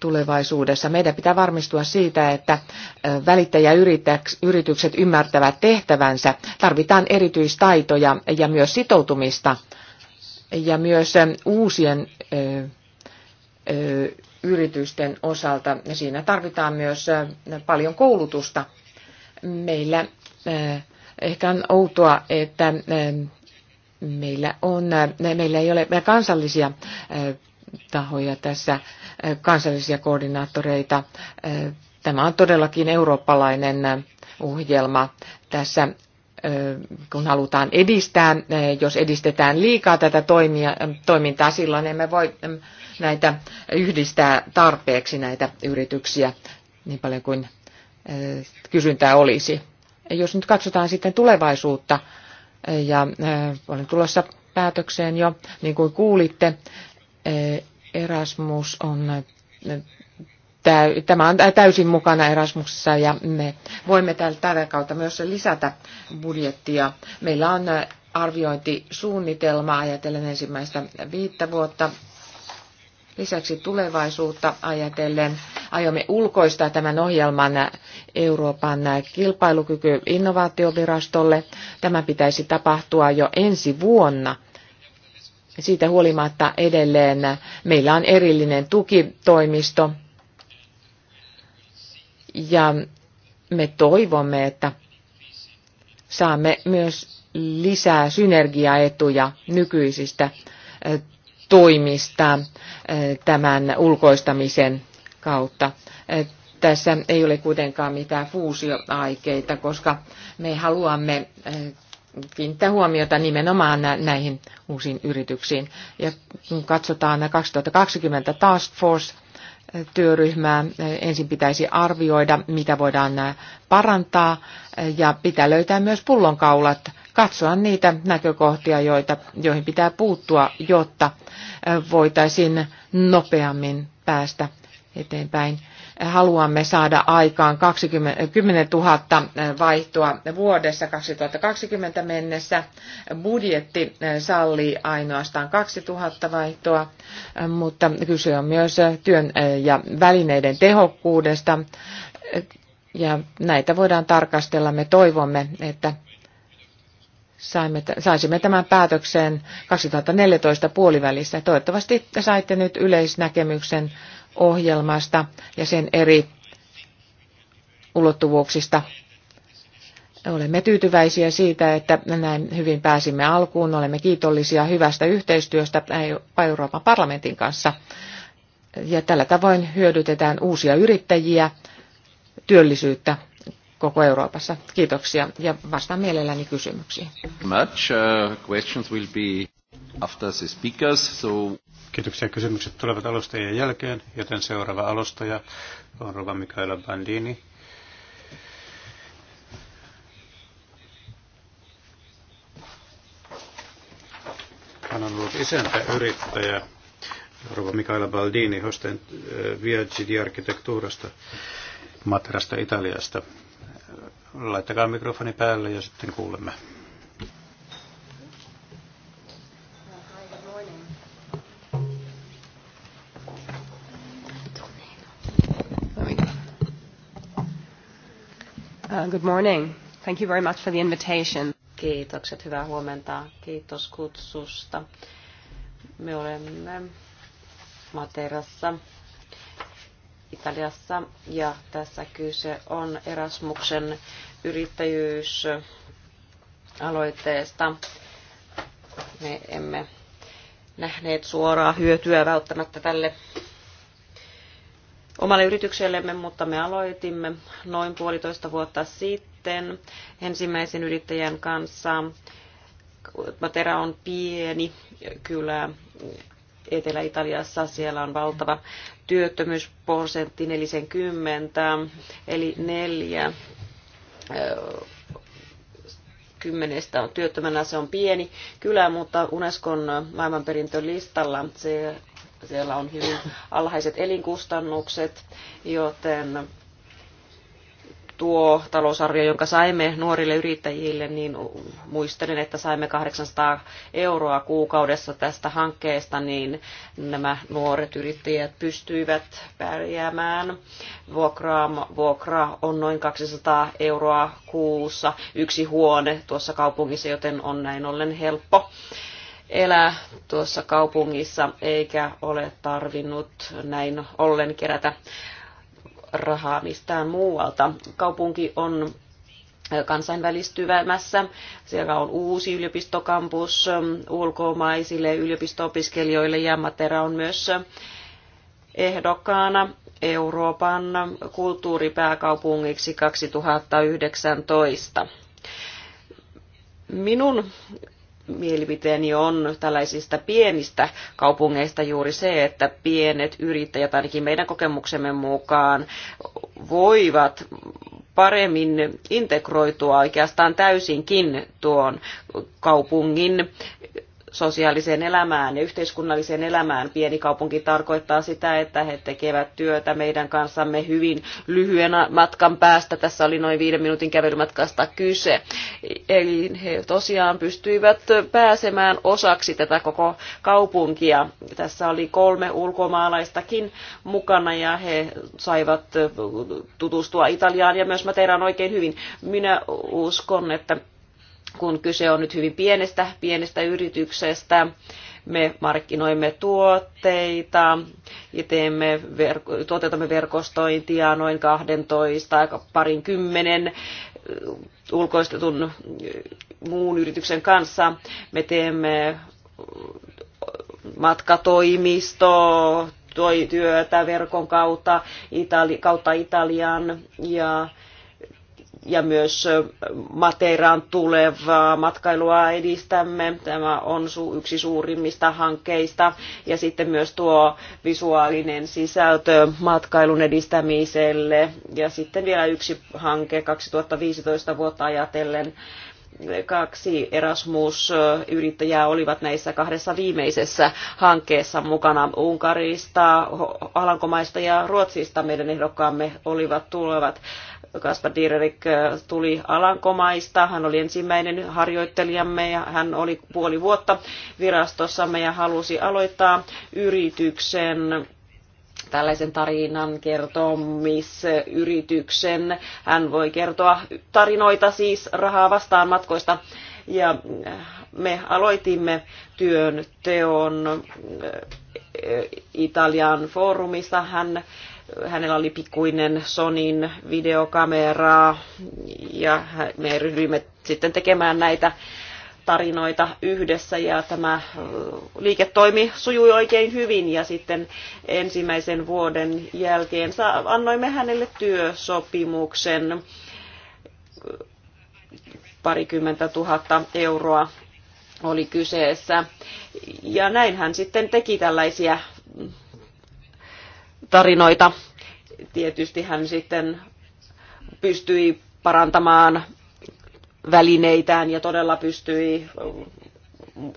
tulevaisuudessa. Meidän pitää varmistua siitä, että äh, välittäjäyritykset ymmärtävät tehtävänsä. Tarvitaan erityistaitoja ja myös sitoutumista – ja myös eh, uusien eh, eh, yritysten osalta. Siinä tarvitaan myös paljon koulutusta. Meillä ehkä on outoa, että meillä, on, meillä ei ole kansallisia tahoja tässä, kansallisia koordinaattoreita. Tämä on todellakin eurooppalainen ohjelma. Tässä kun halutaan edistää, jos edistetään liikaa tätä toimia, toimintaa, silloin emme voi näitä yhdistää tarpeeksi näitä yrityksiä niin paljon kuin kysyntää olisi. Jos nyt katsotaan sitten tulevaisuutta, ja olen tulossa päätökseen jo, niin kuin kuulitte, Erasmus on Tämä on täysin mukana Erasmuksessa ja me voimme tällä kautta myös lisätä budjettia. Meillä on arviointisuunnitelma ajatellen ensimmäistä viittä vuotta. Lisäksi tulevaisuutta ajatellen aiomme ulkoistaa tämän ohjelman Euroopan kilpailukyky innovaatiovirastolle. Tämä pitäisi tapahtua jo ensi vuonna. Siitä huolimatta edelleen meillä on erillinen tukitoimisto, ja me toivomme, että saamme myös lisää synergiaetuja nykyisistä toimista tämän ulkoistamisen kautta. Tässä ei ole kuitenkaan mitään fuusioaikeita, koska me haluamme kiinnittää huomiota nimenomaan näihin uusiin yrityksiin. Ja kun katsotaan 2020 Task Force työryhmää. Ensin pitäisi arvioida, mitä voidaan parantaa ja pitää löytää myös pullonkaulat, katsoa niitä näkökohtia, joita, joihin pitää puuttua, jotta voitaisiin nopeammin päästä eteenpäin haluamme saada aikaan 20, 10 000 vaihtoa vuodessa 2020 mennessä. Budjetti sallii ainoastaan 2 000 vaihtoa, mutta kyse on myös työn ja välineiden tehokkuudesta. Ja näitä voidaan tarkastella. Me toivomme, että saimme, saisimme tämän päätökseen 2014 puolivälissä. Toivottavasti saitte nyt yleisnäkemyksen ohjelmasta ja sen eri ulottuvuuksista. Olemme tyytyväisiä siitä, että näin hyvin pääsimme alkuun. Olemme kiitollisia hyvästä yhteistyöstä Euroopan parlamentin kanssa. Ja tällä tavoin hyödytetään uusia yrittäjiä, työllisyyttä koko Euroopassa. Kiitoksia ja vastaan mielelläni kysymyksiin. Much, uh, questions will be after the speakers, so... Kiitoksia. Kysymykset tulevat alustajien jälkeen, joten seuraava alustaja on Rova Mikaela Bandini. Hän on ollut isäntäyrittäjä Rova Mikaela Baldini Hosten eh, Viaggi di Architecturasta, Materasta Italiasta. Laittakaa mikrofoni päälle ja sitten kuulemme. Uh, good morning. Thank you very much for the invitation. Kiitokset, hyvää huomenta. Kiitos kutsusta. Me olemme Materassa Italiassa ja tässä kyse on Erasmuksen yrittäjyysaloitteesta. Me emme nähneet suoraa hyötyä välttämättä tälle omalle yrityksellemme, mutta me aloitimme noin puolitoista vuotta sitten ensimmäisen yrittäjän kanssa. Matera on pieni kylä Etelä-Italiassa, siellä on valtava työttömyysprosentti 40, eli neljä kymmenestä on työttömänä. Se on pieni kylä, mutta Unescon maailmanperintölistalla se siellä on hyvin alhaiset elinkustannukset, joten tuo talousarvio, jonka saimme nuorille yrittäjille, niin muistelen, että saimme 800 euroa kuukaudessa tästä hankkeesta, niin nämä nuoret yrittäjät pystyivät pärjäämään. Vuokra, vuokra on noin 200 euroa kuussa, yksi huone tuossa kaupungissa, joten on näin ollen helppo elää tuossa kaupungissa eikä ole tarvinnut näin ollen kerätä rahaa mistään muualta. Kaupunki on kansainvälistyvämässä. Siellä on uusi yliopistokampus ulkomaisille yliopistoopiskelijoille ja Matera on myös ehdokkaana Euroopan kulttuuripääkaupungiksi 2019. Minun mielipiteeni niin on tällaisista pienistä kaupungeista juuri se, että pienet yrittäjät ainakin meidän kokemuksemme mukaan voivat paremmin integroitua oikeastaan täysinkin tuon kaupungin sosiaaliseen elämään ja yhteiskunnalliseen elämään. Pieni kaupunki tarkoittaa sitä, että he tekevät työtä meidän kanssamme hyvin lyhyen matkan päästä. Tässä oli noin viiden minuutin kävelymatkasta kyse. Eli he tosiaan pystyivät pääsemään osaksi tätä koko kaupunkia. Tässä oli kolme ulkomaalaistakin mukana ja he saivat tutustua Italiaan ja myös Materaan oikein hyvin. Minä uskon, että kun kyse on nyt hyvin pienestä, pienestä yrityksestä, me markkinoimme tuotteita ja teemme verko, tuotetamme verkostointia noin 12 tai parin kymmenen ulkoistetun muun yrityksen kanssa. Me teemme matkatoimisto, työtä verkon kautta, Itali, kautta Italian ja ja myös Materaan tulevaa matkailua edistämme. Tämä on yksi suurimmista hankkeista. Ja sitten myös tuo visuaalinen sisältö matkailun edistämiselle. Ja sitten vielä yksi hanke 2015 vuotta ajatellen kaksi Erasmus-yrittäjää olivat näissä kahdessa viimeisessä hankkeessa mukana. Unkarista, Alankomaista ja Ruotsista meidän ehdokkaamme olivat tulevat. Kaspar Diererik äh, tuli Alankomaista. Hän oli ensimmäinen harjoittelijamme ja hän oli puoli vuotta virastossamme ja halusi aloittaa yrityksen tällaisen tarinan kertomisyrityksen. Hän voi kertoa tarinoita siis rahaa vastaan matkoista. Ja äh, me aloitimme työn teon äh, Italian foorumissa. Hän hänellä oli pikkuinen Sonin videokamera ja me ryhdyimme sitten tekemään näitä tarinoita yhdessä ja tämä liiketoimi sujui oikein hyvin ja sitten ensimmäisen vuoden jälkeen annoimme hänelle työsopimuksen parikymmentä tuhatta euroa oli kyseessä. Ja näin hän sitten teki tällaisia mm, tarinoita. Tietysti hän sitten pystyi parantamaan välineitään ja todella pystyi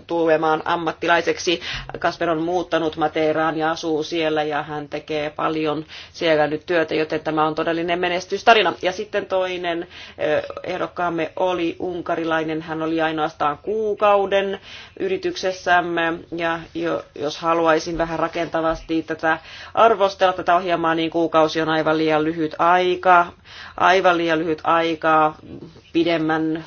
tulemaan ammattilaiseksi. Kasper on muuttanut Materaan ja asuu siellä ja hän tekee paljon siellä nyt työtä, joten tämä on todellinen menestystarina. Ja sitten toinen eh, ehdokkaamme oli unkarilainen. Hän oli ainoastaan kuukauden yrityksessämme ja jos haluaisin vähän rakentavasti tätä arvostella tätä ohjelmaa, niin kuukausi on aivan liian lyhyt aika, aivan liian lyhyt aika pidemmän eh,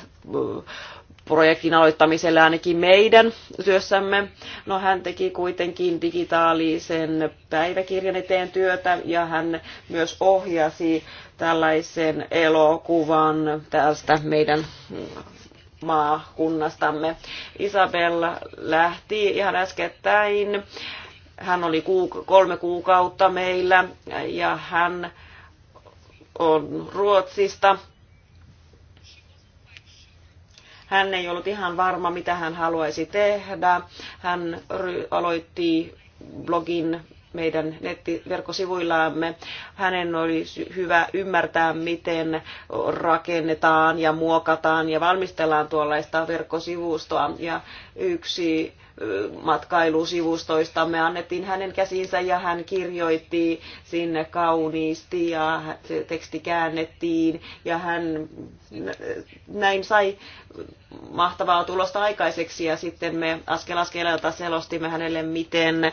projektin aloittamiselle ainakin meidän työssämme. No hän teki kuitenkin digitaalisen päiväkirjan eteen työtä ja hän myös ohjasi tällaisen elokuvan tästä meidän maakunnastamme. Isabella lähti ihan äskettäin. Hän oli kuuk- kolme kuukautta meillä ja hän on Ruotsista hän ei ollut ihan varma, mitä hän haluaisi tehdä. Hän aloitti blogin meidän nettiverkkosivuillamme. Hänen oli hyvä ymmärtää, miten rakennetaan ja muokataan ja valmistellaan tuollaista verkkosivustoa. Ja yksi matkailusivustoista. Me annettiin hänen käsiinsä ja hän kirjoitti sinne kauniisti ja se teksti käännettiin ja hän näin sai mahtavaa tulosta aikaiseksi ja sitten me askel askeleelta selostimme hänelle, miten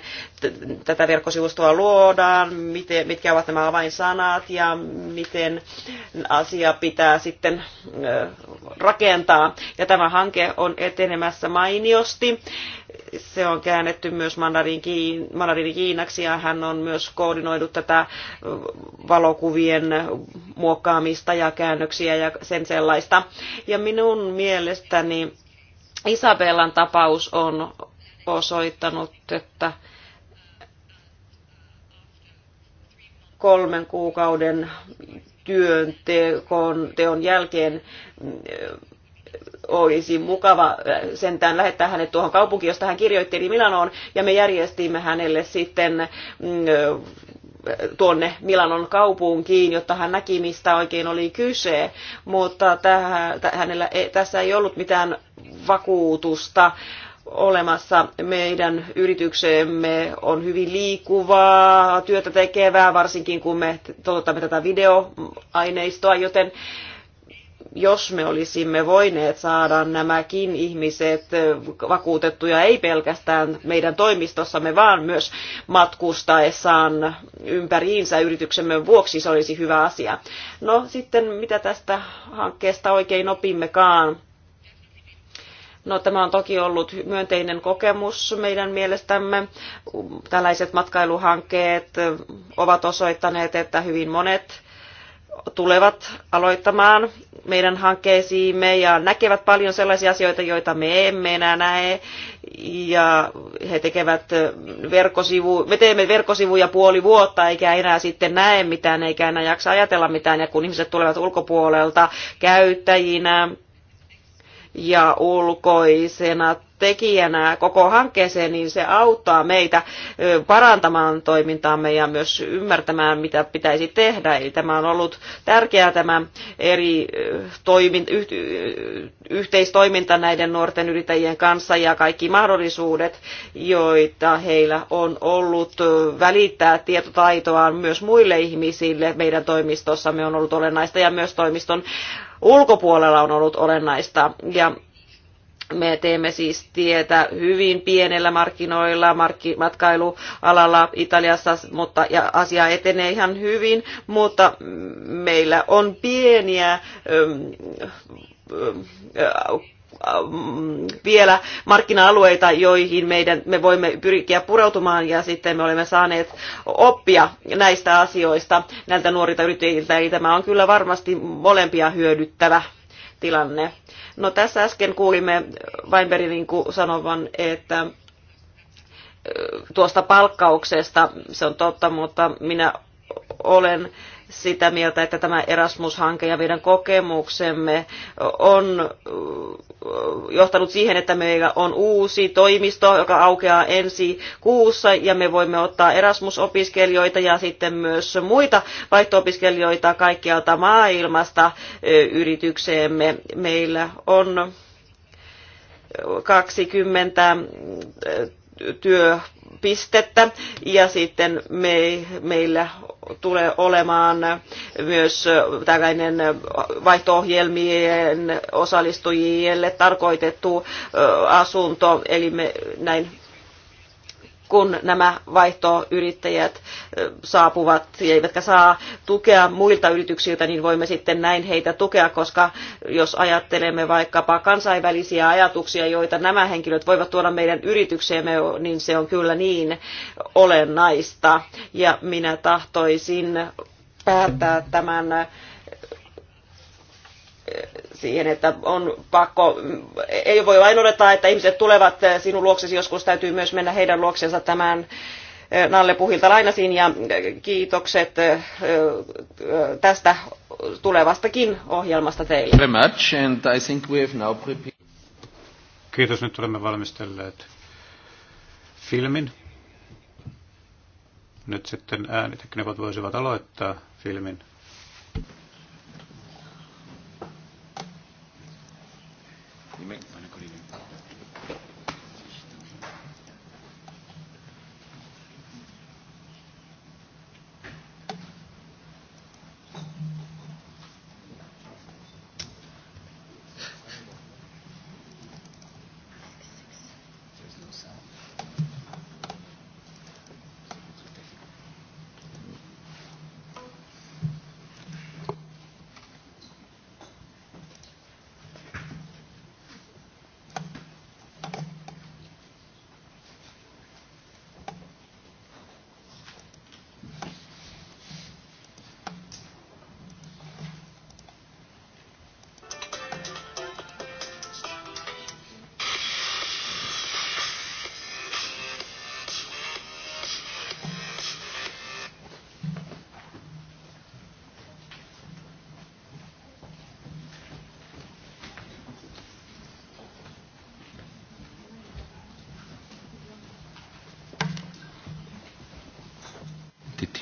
tätä verkkosivustoa luodaan, miten, mitkä ovat nämä avainsanat ja miten asia pitää sitten rakentaa. Ja tämä hanke on etenemässä mainiosti se on käännetty myös mandariini kiinaksi ja hän on myös koordinoinut tätä valokuvien muokkaamista ja käännöksiä ja sen sellaista. Ja minun mielestäni Isabellan tapaus on osoittanut, että kolmen kuukauden työn teon, teon jälkeen olisi mukava äh, sentään lähettää hänet tuohon kaupunkiin, josta hän kirjoitteli Milanoon, ja me järjestimme hänelle sitten mm, äh, tuonne Milanon kaupunkiin, jotta hän näki, mistä oikein oli kyse, mutta hänellä ei, tässä ei ollut mitään vakuutusta olemassa. Meidän yrityksemme on hyvin liikkuvaa, työtä tekevää, varsinkin kun me toteutamme tätä videoaineistoa, joten jos me olisimme voineet saada nämäkin ihmiset vakuutettuja ei pelkästään meidän toimistossamme, vaan myös matkustaessaan ympäriinsä yrityksemme vuoksi, se olisi hyvä asia. No sitten mitä tästä hankkeesta oikein opimmekaan? No, tämä on toki ollut myönteinen kokemus meidän mielestämme. Tällaiset matkailuhankkeet ovat osoittaneet, että hyvin monet tulevat aloittamaan meidän hankkeisiimme ja näkevät paljon sellaisia asioita, joita me emme enää näe. Ja he tekevät verkkosivu, me teemme verkkosivuja puoli vuotta eikä enää sitten näe mitään eikä enää jaksa ajatella mitään. Ja kun ihmiset tulevat ulkopuolelta käyttäjinä ja ulkoisena tekijänä koko hankkeeseen, niin se auttaa meitä parantamaan toimintaamme ja myös ymmärtämään, mitä pitäisi tehdä. Eli tämä on ollut tärkeää tämä eri toimin, yh, yhteistoiminta näiden nuorten yrittäjien kanssa ja kaikki mahdollisuudet, joita heillä on ollut välittää tietotaitoaan myös muille ihmisille. Meidän toimistossamme on ollut olennaista ja myös toimiston ulkopuolella on ollut olennaista. Ja me teemme siis tietä hyvin pienellä markkinoilla, markki, matkailualalla Italiassa, mutta, ja asia etenee ihan hyvin, mutta meillä on pieniä vielä markkina-alueita, joihin meidän, me voimme pyrkiä pureutumaan ja sitten me olemme saaneet oppia näistä asioista näiltä nuorilta yrittäjiltä. Eli tämä on kyllä varmasti molempia hyödyttävä tilanne. No tässä äsken kuulimme Weinbergin sanovan, että tuosta palkkauksesta, se on totta, mutta minä olen sitä mieltä, että tämä Erasmus-hanke ja meidän kokemuksemme on johtanut siihen, että meillä on uusi toimisto, joka aukeaa ensi kuussa ja me voimme ottaa Erasmus-opiskelijoita ja sitten myös muita vaihto-opiskelijoita kaikkialta maailmasta yritykseemme. Meillä on 20 työ pistettä ja sitten me, meillä tulee olemaan myös tällainen vaihto-ohjelmien osallistujille tarkoitettu asunto, eli me näin kun nämä vaihtoyrittäjät saapuvat eivätkä saa tukea muilta yrityksiltä, niin voimme sitten näin heitä tukea, koska jos ajattelemme vaikkapa kansainvälisiä ajatuksia, joita nämä henkilöt voivat tuoda meidän yritykseemme, niin se on kyllä niin olennaista. Ja minä tahtoisin päättää tämän siihen, että on pakko, ei voi vain odottaa, että ihmiset tulevat sinun luoksesi, joskus täytyy myös mennä heidän luoksensa tämän Nalle Puhilta lainasin ja kiitokset tästä tulevastakin ohjelmasta teille. Very much, and I think we have now prepared... Kiitos, nyt olemme valmistelleet filmin. Nyt sitten äänitekniikot voisivat aloittaa filmin. niin me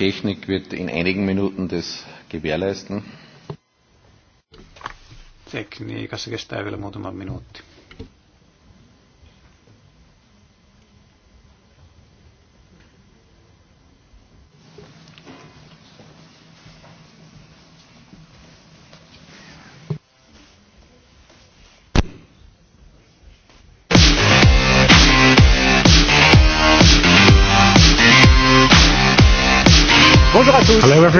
Technik wird in einigen Minuten das gewährleisten. kestää vielä muutama minuutti.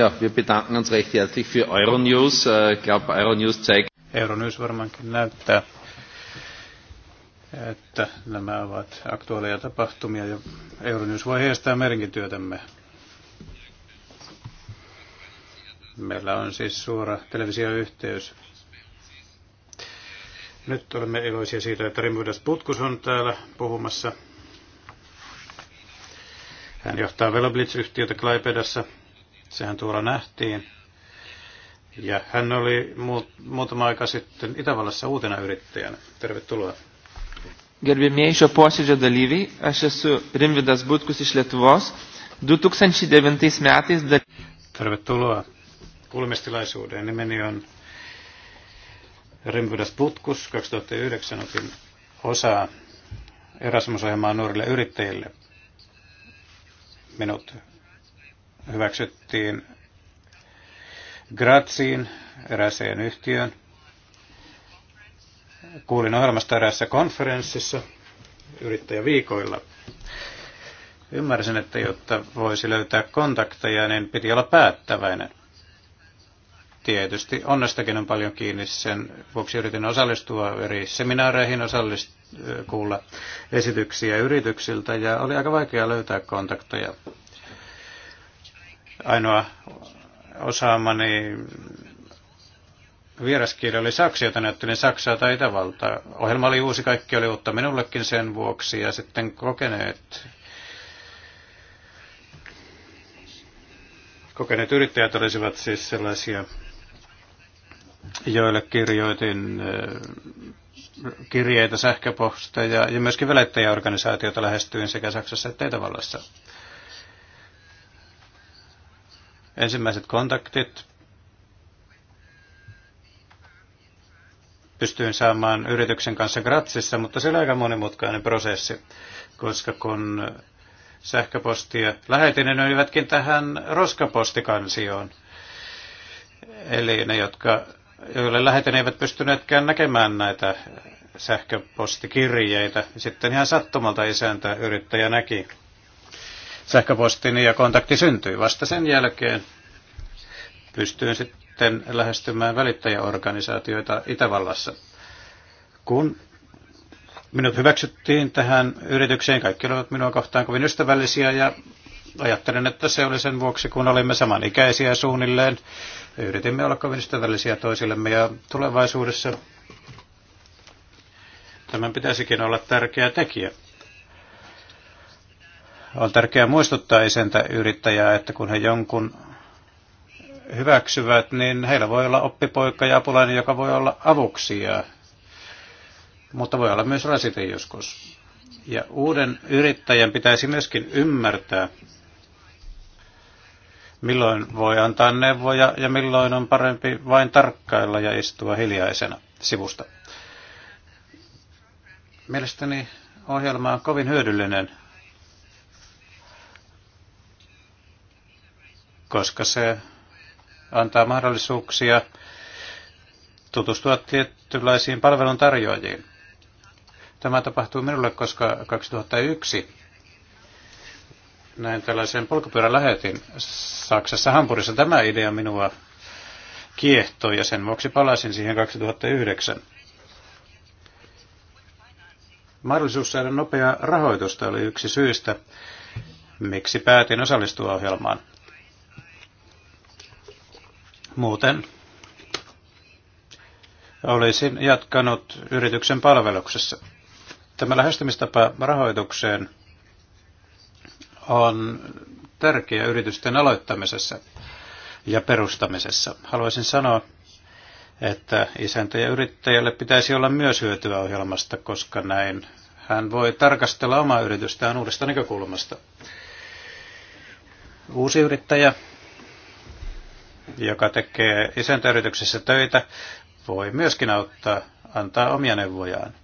Ja, wir bedanken uns recht herzlich für Euronews. Äh, ich glaube, Euronews zeigt... Euronews varmaankin näyttää, että nämä ovat aktuaaleja tapahtumia ja Euronews voi heistää meidänkin työtämme. Meillä on siis suora televisioyhteys. Nyt olemme iloisia siitä, että Rimuidas Putkus on täällä puhumassa. Hän johtaa Veloblitz-yhtiötä Klaipedassa. Sehän tuolla nähtiin. Ja hän oli muutama aika sitten Itävallassa uutena yrittäjänä. Tervetuloa. Gerbėmieji šio posėdžio dalyviai, aš esu Rimvidas Butkus iš Lietuvos. 2009 metais... Da... Tervetuloa kuulemistilaisuuteen. Nimeni on Rimvidas Butkus. 2009 otin osaa Erasmus-ohjelmaa nuorille yrittäjille. Minut hyväksyttiin Graziin, eräseen yhtiöön. Kuulin ohjelmasta eräässä konferenssissa yrittäjäviikoilla. Ymmärsin, että jotta voisi löytää kontakteja, niin piti olla päättäväinen. Tietysti onnestakin on paljon kiinni, sen vuoksi yritin osallistua eri seminaareihin, osallist- kuulla esityksiä yrityksiltä ja oli aika vaikea löytää kontakteja Ainoa osaamani vieraskieli oli saksa, joten ajattelin saksaa tai Itävaltaa. Ohjelma oli uusi, kaikki oli uutta minullekin sen vuoksi ja sitten kokeneet kokeneet yrittäjät olisivat siis sellaisia, joille kirjoitin äh, kirjeitä, sähköposteja ja myöskin välittäjäorganisaatiota lähestyin sekä Saksassa että Itävallassa. Ensimmäiset kontaktit pystyin saamaan yrityksen kanssa Gratsissa, mutta se oli aika monimutkainen prosessi, koska kun sähköpostia lähetin, niin ne olivatkin tähän roskapostikansioon. Eli ne, jotka, joille lähetin, eivät pystyneetkään näkemään näitä sähköpostikirjeitä. Sitten ihan sattumalta isäntä yrittäjä näki sähköpostini ja kontakti syntyi. Vasta sen jälkeen pystyin sitten lähestymään välittäjäorganisaatioita Itävallassa. Kun minut hyväksyttiin tähän yritykseen, kaikki olivat minua kohtaan kovin ystävällisiä ja ajattelin, että se oli sen vuoksi, kun olimme samanikäisiä suunnilleen. Yritimme olla kovin ystävällisiä toisillemme ja tulevaisuudessa tämän pitäisikin olla tärkeä tekijä on tärkeää muistuttaa isäntä yrittäjää, että kun he jonkun hyväksyvät, niin heillä voi olla oppipoika ja apulainen, joka voi olla avuksi, ja, mutta voi olla myös rasite joskus. Ja uuden yrittäjän pitäisi myöskin ymmärtää, milloin voi antaa neuvoja ja milloin on parempi vain tarkkailla ja istua hiljaisena sivusta. Mielestäni ohjelma on kovin hyödyllinen koska se antaa mahdollisuuksia tutustua tietynlaisiin palveluntarjoajiin. Tämä tapahtui minulle, koska 2001 näin tällaisen polkupyörän lähetin Saksassa Hampurissa. Tämä idea minua kiehtoi ja sen vuoksi palasin siihen 2009. Mahdollisuus saada nopeaa rahoitusta oli yksi syystä, miksi päätin osallistua ohjelmaan. Muuten olisin jatkanut yrityksen palveluksessa. Tämä lähestymistapa rahoitukseen on tärkeä yritysten aloittamisessa ja perustamisessa. Haluaisin sanoa, että isäntä ja yrittäjälle pitäisi olla myös hyötyä ohjelmasta, koska näin hän voi tarkastella omaa yritystään uudesta näkökulmasta. Uusi yrittäjä joka tekee isäntäyrityksessä töitä, voi myöskin auttaa, antaa omia neuvojaan.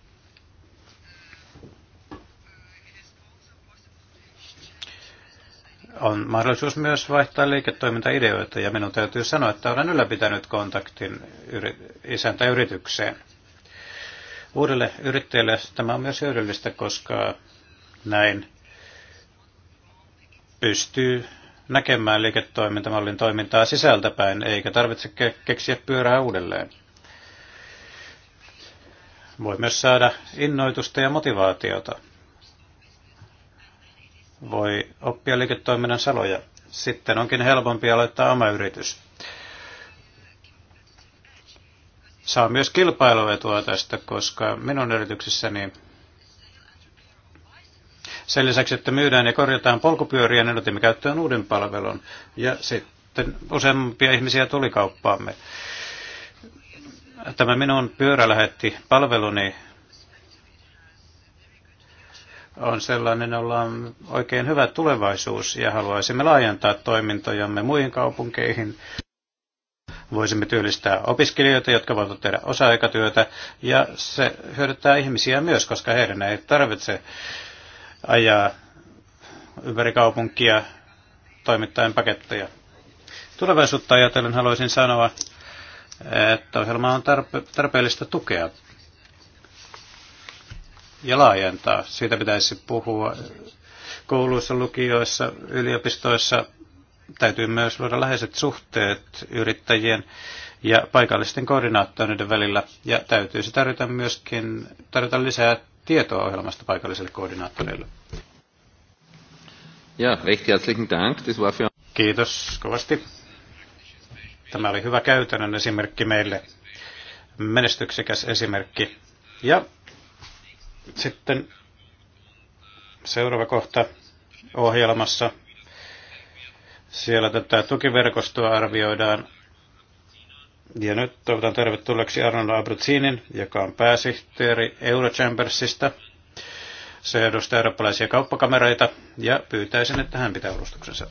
on mahdollisuus myös vaihtaa liiketoimintaideoita ja minun täytyy sanoa, että olen ylläpitänyt kontaktin yri- isäntäyritykseen. Uudelle yrittäjälle tämä on myös hyödyllistä, koska näin pystyy näkemään liiketoimintamallin toimintaa sisältäpäin, eikä tarvitse ke- keksiä pyörää uudelleen. Voi myös saada innoitusta ja motivaatiota. Voi oppia liiketoiminnan saloja. Sitten onkin helpompi aloittaa oma yritys. Saa myös kilpailuetua tästä, koska minun yrityksessäni sen lisäksi, että myydään ja korjataan polkupyöriä, niin otimme käyttöön uuden palvelun. Ja sitten useampia ihmisiä tuli kauppaamme. Tämä minun lähetti palveluni on sellainen, jolla on oikein hyvä tulevaisuus ja haluaisimme laajentaa toimintojamme muihin kaupunkeihin. Voisimme työllistää opiskelijoita, jotka voivat tehdä osa-aikatyötä ja se hyödyttää ihmisiä myös, koska heidän ei tarvitse ajaa ympäri kaupunkia toimittajan paketteja. Tulevaisuutta ajatellen haluaisin sanoa, että ohjelma on tarpe- tarpeellista tukea ja laajentaa. Siitä pitäisi puhua kouluissa, lukioissa, yliopistoissa. Täytyy myös luoda läheiset suhteet yrittäjien ja paikallisten koordinaattoreiden välillä. Ja täytyisi tarjota myöskin tarjota lisää tietoa ohjelmasta paikallisille koordinaattoreille. Ja, recht herzlichen Dank. Das war für... Kiitos kovasti. Tämä oli hyvä käytännön esimerkki meille. Menestyksekäs esimerkki. Ja sitten seuraava kohta ohjelmassa. Siellä tätä tukiverkostoa arvioidaan ja nyt toivotan tervetulleeksi Arnold Abruzzinin, joka on pääsihteeri Eurochambersista. Se edustaa eurooppalaisia kauppakameroita ja pyytäisin, että hän pitää alustuksensa.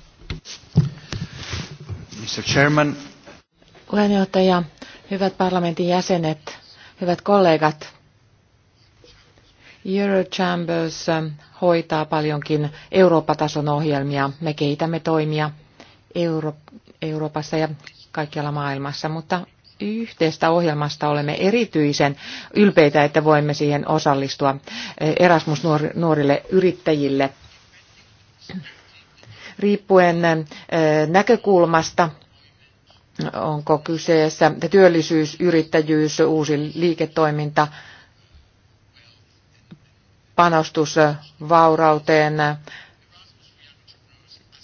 Mr. Chairman. Puheenjohtaja, hyvät parlamentin jäsenet, hyvät kollegat. Eurochambers hoitaa paljonkin Eurooppa-tason ohjelmia. Me kehitämme toimia Euro- Euroopassa ja kaikkialla maailmassa, mutta yhteistä ohjelmasta olemme erityisen ylpeitä, että voimme siihen osallistua eh, Erasmus nuorille yrittäjille. Riippuen eh, näkökulmasta, onko kyseessä työllisyys, yrittäjyys, uusi liiketoiminta, panostus eh, vaurauteen,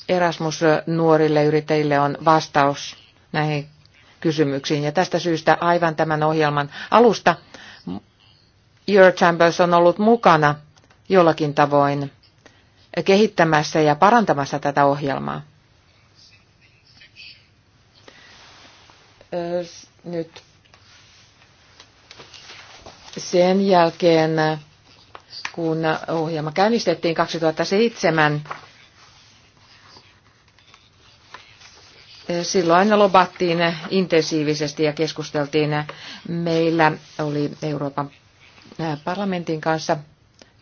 Erasmus nuorille yrittäjille on vastaus näihin kysymyksiin. Ja tästä syystä aivan tämän ohjelman alusta Your Chambers on ollut mukana jollakin tavoin kehittämässä ja parantamassa tätä ohjelmaa. Nyt sen jälkeen, kun ohjelma käynnistettiin 2007, Silloin lobattiin intensiivisesti ja keskusteltiin. Meillä oli Euroopan parlamentin kanssa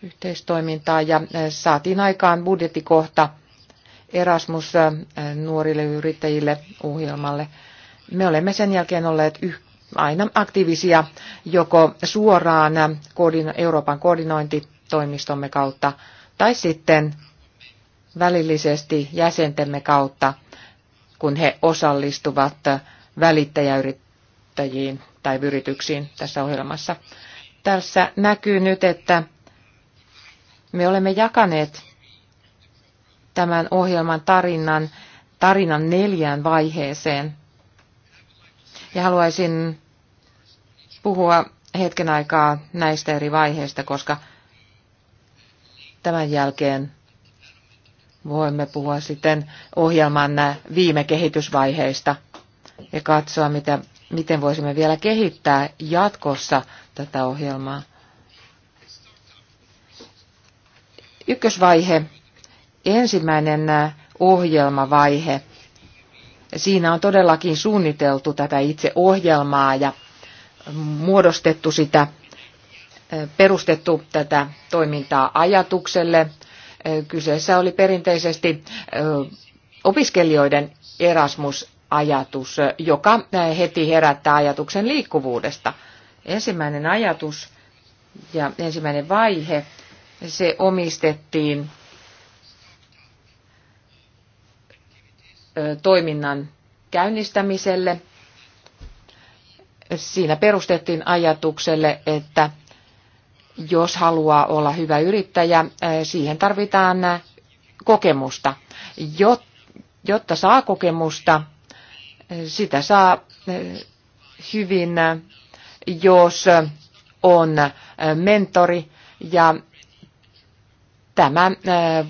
yhteistoimintaa ja saatiin aikaan budjettikohta Erasmus nuorille yrittäjille ohjelmalle. Me olemme sen jälkeen olleet aina aktiivisia joko suoraan Euroopan koordinointitoimistomme kautta tai sitten välillisesti jäsentemme kautta – kun he osallistuvat välittäjäyrittäjiin tai yrityksiin tässä ohjelmassa. Tässä näkyy nyt, että me olemme jakaneet tämän ohjelman tarinan, tarinan neljään vaiheeseen. Ja haluaisin puhua hetken aikaa näistä eri vaiheista, koska tämän jälkeen voimme puhua sitten ohjelman viime kehitysvaiheista ja katsoa, mitä, miten voisimme vielä kehittää jatkossa tätä ohjelmaa. Ykkösvaihe, ensimmäinen ohjelmavaihe. Siinä on todellakin suunniteltu tätä itse ohjelmaa ja muodostettu sitä, perustettu tätä toimintaa ajatukselle – Kyseessä oli perinteisesti opiskelijoiden Erasmus-ajatus, joka heti herättää ajatuksen liikkuvuudesta. Ensimmäinen ajatus ja ensimmäinen vaihe, se omistettiin toiminnan käynnistämiselle. Siinä perustettiin ajatukselle, että jos haluaa olla hyvä yrittäjä, eh, siihen tarvitaan eh, kokemusta. Jotta saa kokemusta, eh, sitä saa hyvin, jos on mentori ja tämä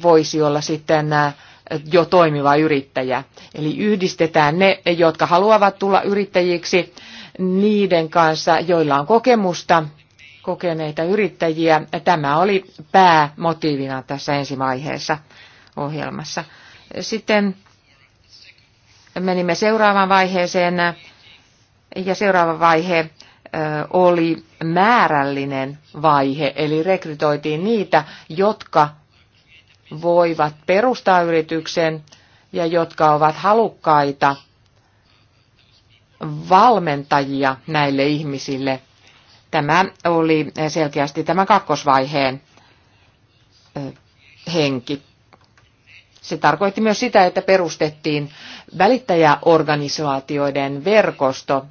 voisi olla sitten jo toimiva yrittäjä. Eli yhdistetään ne, jotka haluavat tulla yrittäjiksi niiden kanssa, joilla on kokemusta kokeneita yrittäjiä. Tämä oli päämotiivina tässä ensimaiheessa ohjelmassa. Sitten menimme seuraavaan vaiheeseen ja seuraava vaihe oli määrällinen vaihe, eli rekrytoitiin niitä, jotka voivat perustaa yrityksen ja jotka ovat halukkaita valmentajia näille ihmisille Tämä oli selkeästi tämän kakkosvaiheen henki. Se tarkoitti myös sitä, että perustettiin välittäjäorganisaatioiden verkosto,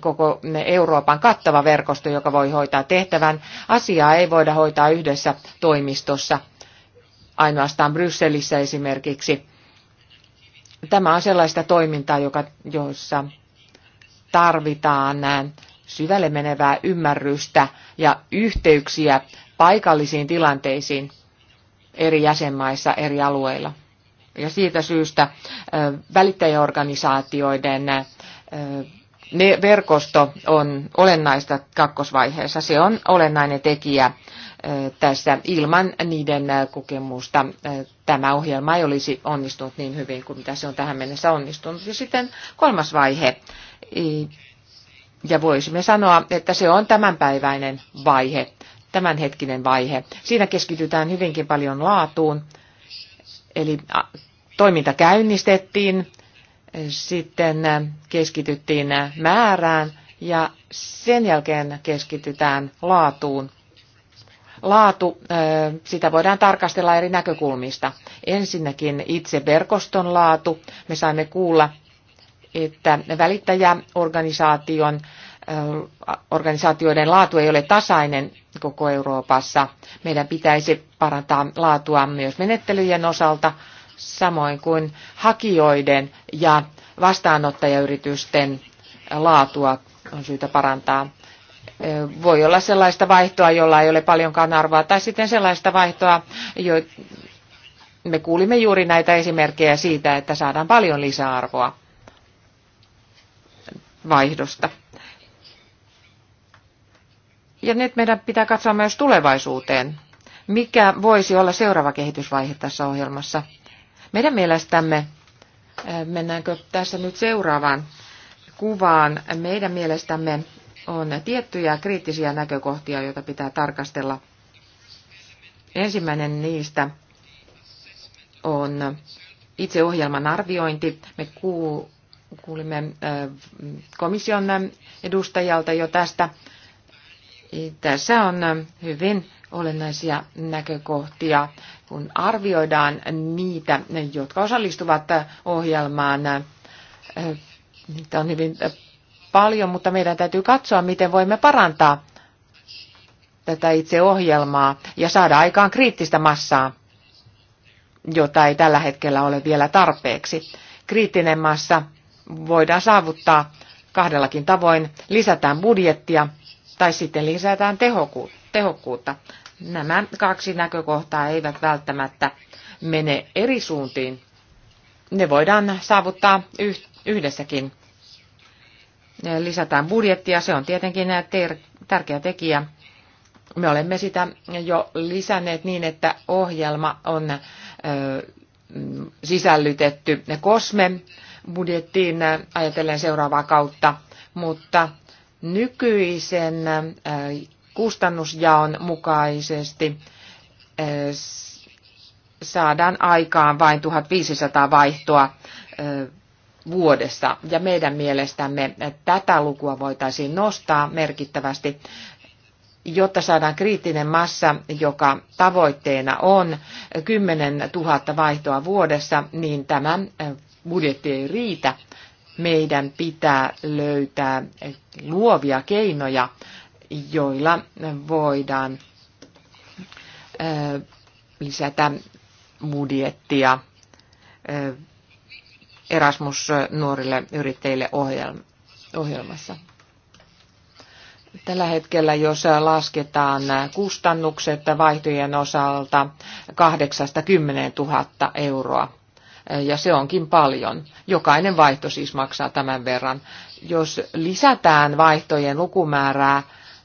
koko Euroopan kattava verkosto, joka voi hoitaa tehtävän. Asiaa ei voida hoitaa yhdessä toimistossa, ainoastaan Brysselissä esimerkiksi. Tämä on sellaista toimintaa, joka, jossa tarvitaan syvälle menevää ymmärrystä ja yhteyksiä paikallisiin tilanteisiin eri jäsenmaissa, eri alueilla. Ja siitä syystä välittäjäorganisaatioiden ne verkosto on olennaista kakkosvaiheessa. Se on olennainen tekijä tässä. Ilman niiden kokemusta tämä ohjelma ei olisi onnistunut niin hyvin kuin mitä se on tähän mennessä onnistunut. Ja sitten kolmas vaihe, ja voisimme sanoa, että se on tämänpäiväinen vaihe, tämänhetkinen vaihe. Siinä keskitytään hyvinkin paljon laatuun. Eli toiminta käynnistettiin, sitten keskityttiin määrään ja sen jälkeen keskitytään laatuun. Laatu, sitä voidaan tarkastella eri näkökulmista. Ensinnäkin itse verkoston laatu. Me saimme kuulla että välittäjäorganisaation organisaatioiden laatu ei ole tasainen koko Euroopassa. Meidän pitäisi parantaa laatua myös menettelyjen osalta, samoin kuin hakijoiden ja vastaanottajayritysten laatua on syytä parantaa. Voi olla sellaista vaihtoa, jolla ei ole paljonkaan arvoa, tai sitten sellaista vaihtoa, jo me kuulimme juuri näitä esimerkkejä siitä, että saadaan paljon lisäarvoa vaihdosta. Ja nyt meidän pitää katsoa myös tulevaisuuteen. Mikä voisi olla seuraava kehitysvaihe tässä ohjelmassa? Meidän mielestämme, eh, mennäänkö tässä nyt seuraavaan kuvaan, meidän mielestämme on tiettyjä kriittisiä näkökohtia, joita pitää tarkastella. Ensimmäinen niistä on itse ohjelman arviointi. Me kuulimme äh, komission edustajalta jo tästä. Tässä on äh, hyvin olennaisia näkökohtia, kun arvioidaan niitä, jotka osallistuvat äh, ohjelmaan. Niitä on hyvin paljon, mutta meidän täytyy katsoa, miten voimme parantaa tätä itse ohjelmaa ja saada aikaan kriittistä massaa, jota ei tällä hetkellä ole vielä tarpeeksi. Kriittinen massa voidaan saavuttaa kahdellakin tavoin. Lisätään budjettia tai sitten lisätään tehokkuutta. Nämä kaksi näkökohtaa eivät välttämättä mene eri suuntiin. Ne voidaan saavuttaa yhdessäkin. Lisätään budjettia, se on tietenkin tärkeä tekijä. Me olemme sitä jo lisänneet niin, että ohjelma on sisällytetty kosme budjettiin äh, ajatellen seuraavaa kautta, mutta nykyisen äh, kustannusjaon mukaisesti äh, saadaan aikaan vain 1500 vaihtoa vuodessa. Ja meidän mielestämme tätä lukua voitaisiin nostaa merkittävästi, jotta saadaan kriittinen massa, joka tavoitteena on 10 000 vaihtoa vuodessa, niin tämä budjetti ei riitä. Meidän pitää löytää luovia keinoja, joilla voidaan lisätä budjettia Erasmus nuorille yrittäjille ohjelmassa. Tällä hetkellä, jos lasketaan kustannukset vaihtojen osalta 80 000 euroa ja se onkin paljon. Jokainen vaihto siis maksaa tämän verran. Jos lisätään vaihtojen lukumäärää,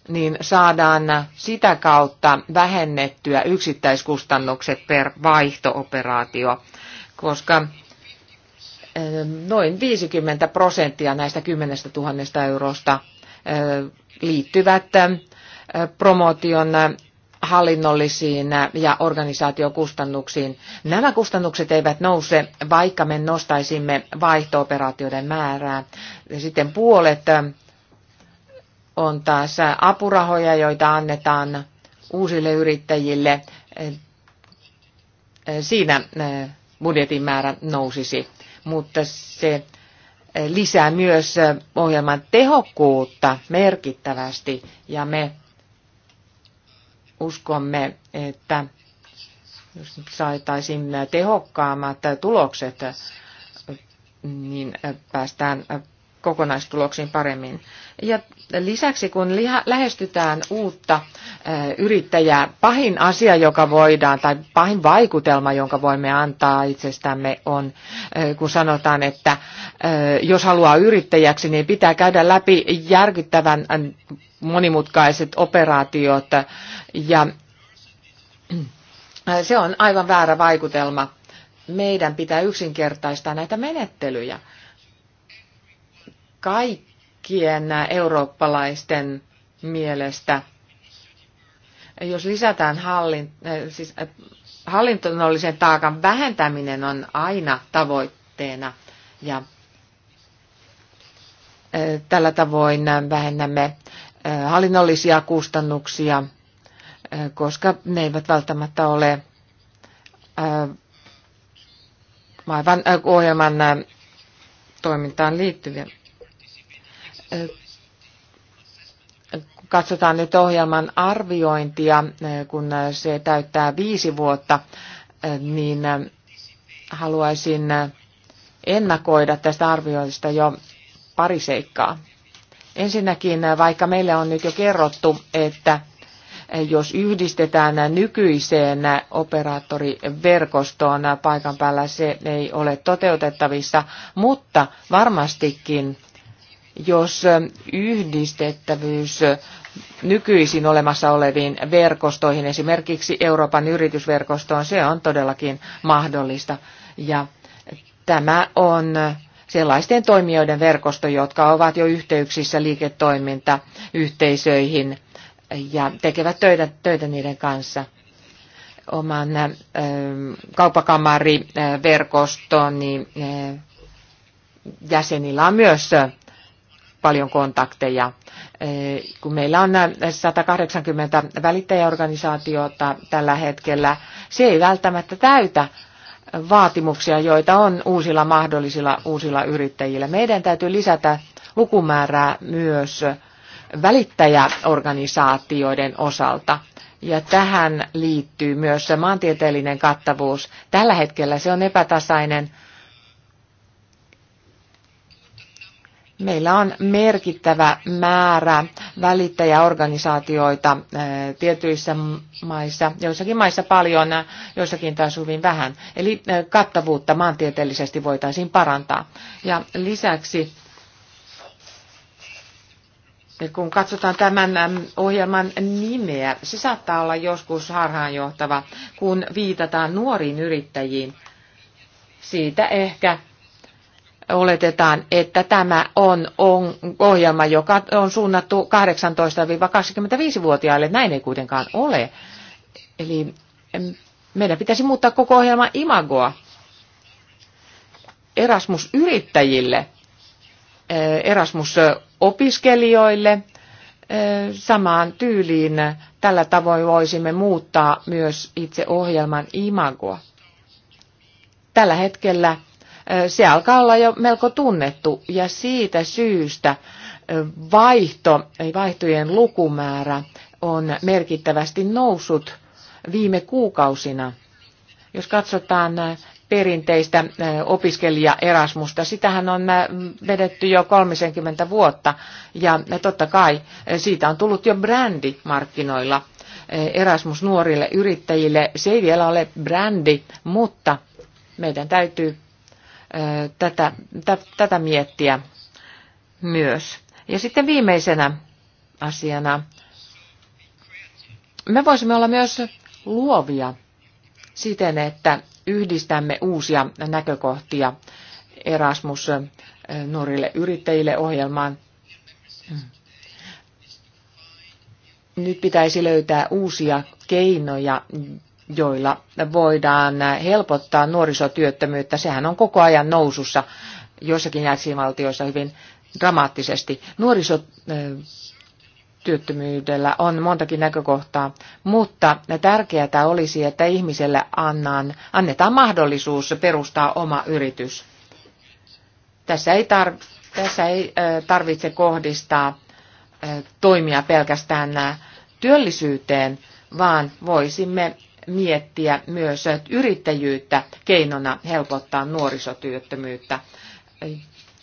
niin saadaan sitä kautta vähennettyä yksittäiskustannukset per vaihtooperaatio, koska noin 50 prosenttia näistä 10 000 eurosta liittyvät promotion hallinnollisiin ja organisaatiokustannuksiin. Nämä kustannukset eivät nouse, vaikka me nostaisimme vaihtooperaatioiden määrää. Sitten puolet on taas apurahoja, joita annetaan uusille yrittäjille. Siinä budjetin määrä nousisi, mutta se lisää myös ohjelman tehokkuutta merkittävästi ja me uskomme, että jos nyt saataisiin tehokkaammat tulokset, niin päästään kokonaistuloksiin paremmin. Ja lisäksi kun liha, lähestytään uutta ö, eh, yrittäjää, pahin asia, joka voidaan, tai pahin vaikutelma, jonka voimme antaa itsestämme, on, ö, eh, kun sanotaan, että ö, eh, jos haluaa yrittäjäksi, niin pitää käydä läpi järkyttävän monimutkaiset operaatiot, ja äh, se on aivan väärä vaikutelma. Meidän pitää yksinkertaistaa näitä menettelyjä. Kaikkien eurooppalaisten mielestä, jos lisätään hallin, äh, siis äh, hallintonollisen taakan vähentäminen on aina tavoitteena ja tällä tavoin vähennämme hallinnollisia kustannuksia koska ne eivät välttämättä ole aivan ohjelman toimintaan liittyviä. Katsotaan nyt ohjelman arviointia, kun se täyttää viisi vuotta, niin haluaisin ennakoida tästä arvioista jo pari seikkaa. Ensinnäkin, vaikka meille on nyt jo kerrottu, että jos yhdistetään nykyiseen operaattoriverkostoon paikan päällä, se ei ole toteutettavissa, mutta varmastikin jos yhdistettävyys nykyisin olemassa oleviin verkostoihin, esimerkiksi Euroopan yritysverkostoon, se on todellakin mahdollista. Ja tämä on sellaisten toimijoiden verkosto, jotka ovat jo yhteyksissä liiketoimintayhteisöihin ja tekevät töitä, töitä niiden kanssa oman kauppakamariverkoston, niin jäsenillä on myös paljon kontakteja. Kun meillä on 180 välittäjäorganisaatiota tällä hetkellä, se ei välttämättä täytä vaatimuksia, joita on uusilla mahdollisilla uusilla yrittäjillä. Meidän täytyy lisätä lukumäärää myös välittäjäorganisaatioiden osalta. Ja tähän liittyy myös se maantieteellinen kattavuus. Tällä hetkellä se on epätasainen. Meillä on merkittävä määrä välittäjäorganisaatioita eh, tietyissä maissa, joissakin maissa paljon, joissakin taas hyvin vähän. Eli eh, kattavuutta maantieteellisesti voitaisiin parantaa. Ja lisäksi kun katsotaan tämän ohjelman nimeä, se saattaa olla joskus harhaanjohtava, kun viitataan nuoriin yrittäjiin. Siitä ehkä oletetaan, että tämä on, on ohjelma, joka on suunnattu 18-25-vuotiaille. Näin ei kuitenkaan ole. Eli meidän pitäisi muuttaa koko ohjelman imagoa Erasmus-yrittäjille – Erasmus-opiskelijoille samaan tyyliin. Tällä tavoin voisimme muuttaa myös itse ohjelman imagoa. Tällä hetkellä se alkaa olla jo melko tunnettu ja siitä syystä vaihto, vaihtojen lukumäärä on merkittävästi noussut viime kuukausina. Jos katsotaan perinteistä opiskelija Erasmusta. Sitähän on vedetty jo 30 vuotta ja totta kai siitä on tullut jo brändi markkinoilla. Erasmus nuorille yrittäjille, se ei vielä ole brändi, mutta meidän täytyy tätä, tätä miettiä myös. Ja sitten viimeisenä asiana, me voisimme olla myös luovia siten, että yhdistämme uusia näkökohtia Erasmus eh, nuorille yrittäjille ohjelmaan. Nyt pitäisi löytää uusia keinoja, joilla voidaan helpottaa nuorisotyöttömyyttä. Sehän on koko ajan nousussa joissakin jäsenvaltioissa hyvin dramaattisesti. Nuorisotyöttömyys eh, työttömyydellä on montakin näkökohtaa, mutta tärkeää olisi, että ihmiselle annan, annetaan mahdollisuus perustaa oma yritys. Tässä ei, tar, tässä ei tarvitse kohdistaa toimia pelkästään työllisyyteen, vaan voisimme miettiä myös yrittäjyyttä keinona helpottaa nuorisotyöttömyyttä.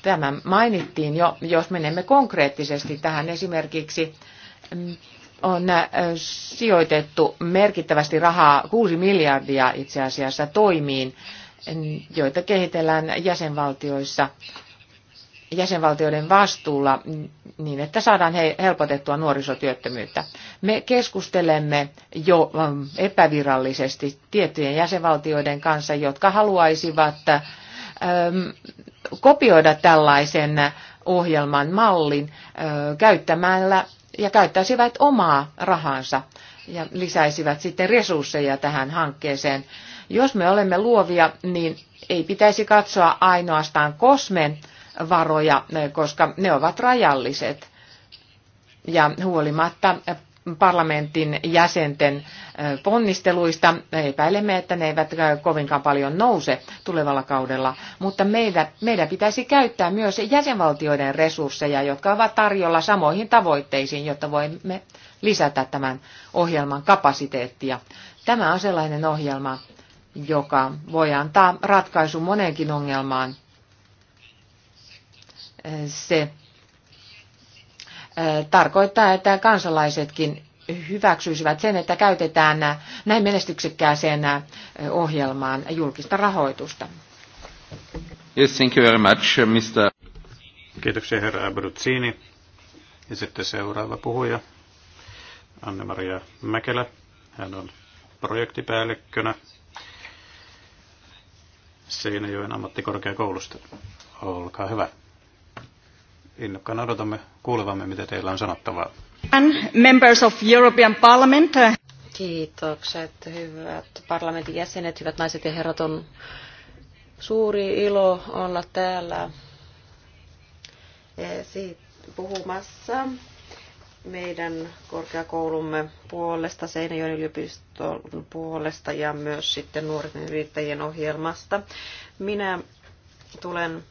Tämä mainittiin jo, jos menemme konkreettisesti tähän esimerkiksi on äh, sijoitettu merkittävästi rahaa, 6 miljardia itse asiassa, toimiin, joita kehitellään jäsenvaltioissa jäsenvaltioiden vastuulla niin, että saadaan helpotettua nuorisotyöttömyyttä. Me keskustelemme jo ähm, epävirallisesti tiettyjen jäsenvaltioiden kanssa, jotka haluaisivat ähm, kopioida tällaisen ohjelman mallin äh, käyttämällä ja käyttäisivät omaa rahansa ja lisäisivät sitten resursseja tähän hankkeeseen. Jos me olemme luovia, niin ei pitäisi katsoa ainoastaan kosmen varoja, koska ne ovat rajalliset. Ja huolimatta parlamentin jäsenten ponnisteluista. Epäilemme, että ne eivät kovinkaan paljon nouse tulevalla kaudella, mutta meidän, meidän pitäisi käyttää myös jäsenvaltioiden resursseja, jotka ovat tarjolla samoihin tavoitteisiin, jotta voimme lisätä tämän ohjelman kapasiteettia. Tämä on sellainen ohjelma, joka voi antaa ratkaisun moneenkin ongelmaan. Se tarkoittaa, että kansalaisetkin hyväksyisivät sen, että käytetään näin menestyksekkääseen ohjelmaan julkista rahoitusta. Yes, thank you very much, uh, Mr. Kiitoksia herra Abruzzini. Ja sitten seuraava puhuja, Anne-Maria Mäkelä. Hän on projektipäällikkönä Seinäjoen ammattikorkeakoulusta. Olkaa hyvä. Innokkaan odotamme kuulevamme, mitä teillä on sanottavaa. Members of European Parliament. Uh, Kiitokset, hyvät parlamentin jäsenet, hyvät naiset ja herrat. On suuri ilo olla täällä eh, puhumassa meidän korkeakoulumme puolesta, Seinäjoen yliopiston puolesta ja myös sitten nuorten yrittäjien ohjelmasta. Minä tulen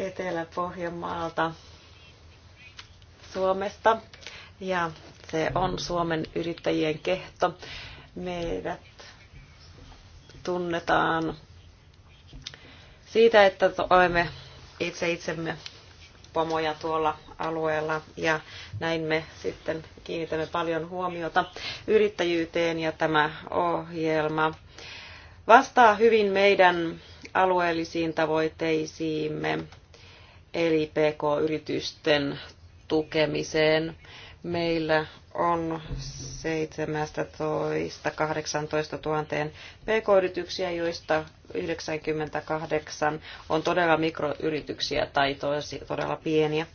Etelä-Pohjanmaalta Suomesta ja se on Suomen yrittäjien kehto. Meidät tunnetaan siitä, että olemme itse itsemme pomoja tuolla alueella ja näin me sitten kiinnitämme paljon huomiota yrittäjyyteen ja tämä ohjelma vastaa hyvin meidän alueellisiin tavoitteisiimme eli PK-yritysten tukemiseen. Meillä on 17 18 000 pk-yrityksiä, joista 98 on todella mikroyrityksiä tai tosi, todella pieniä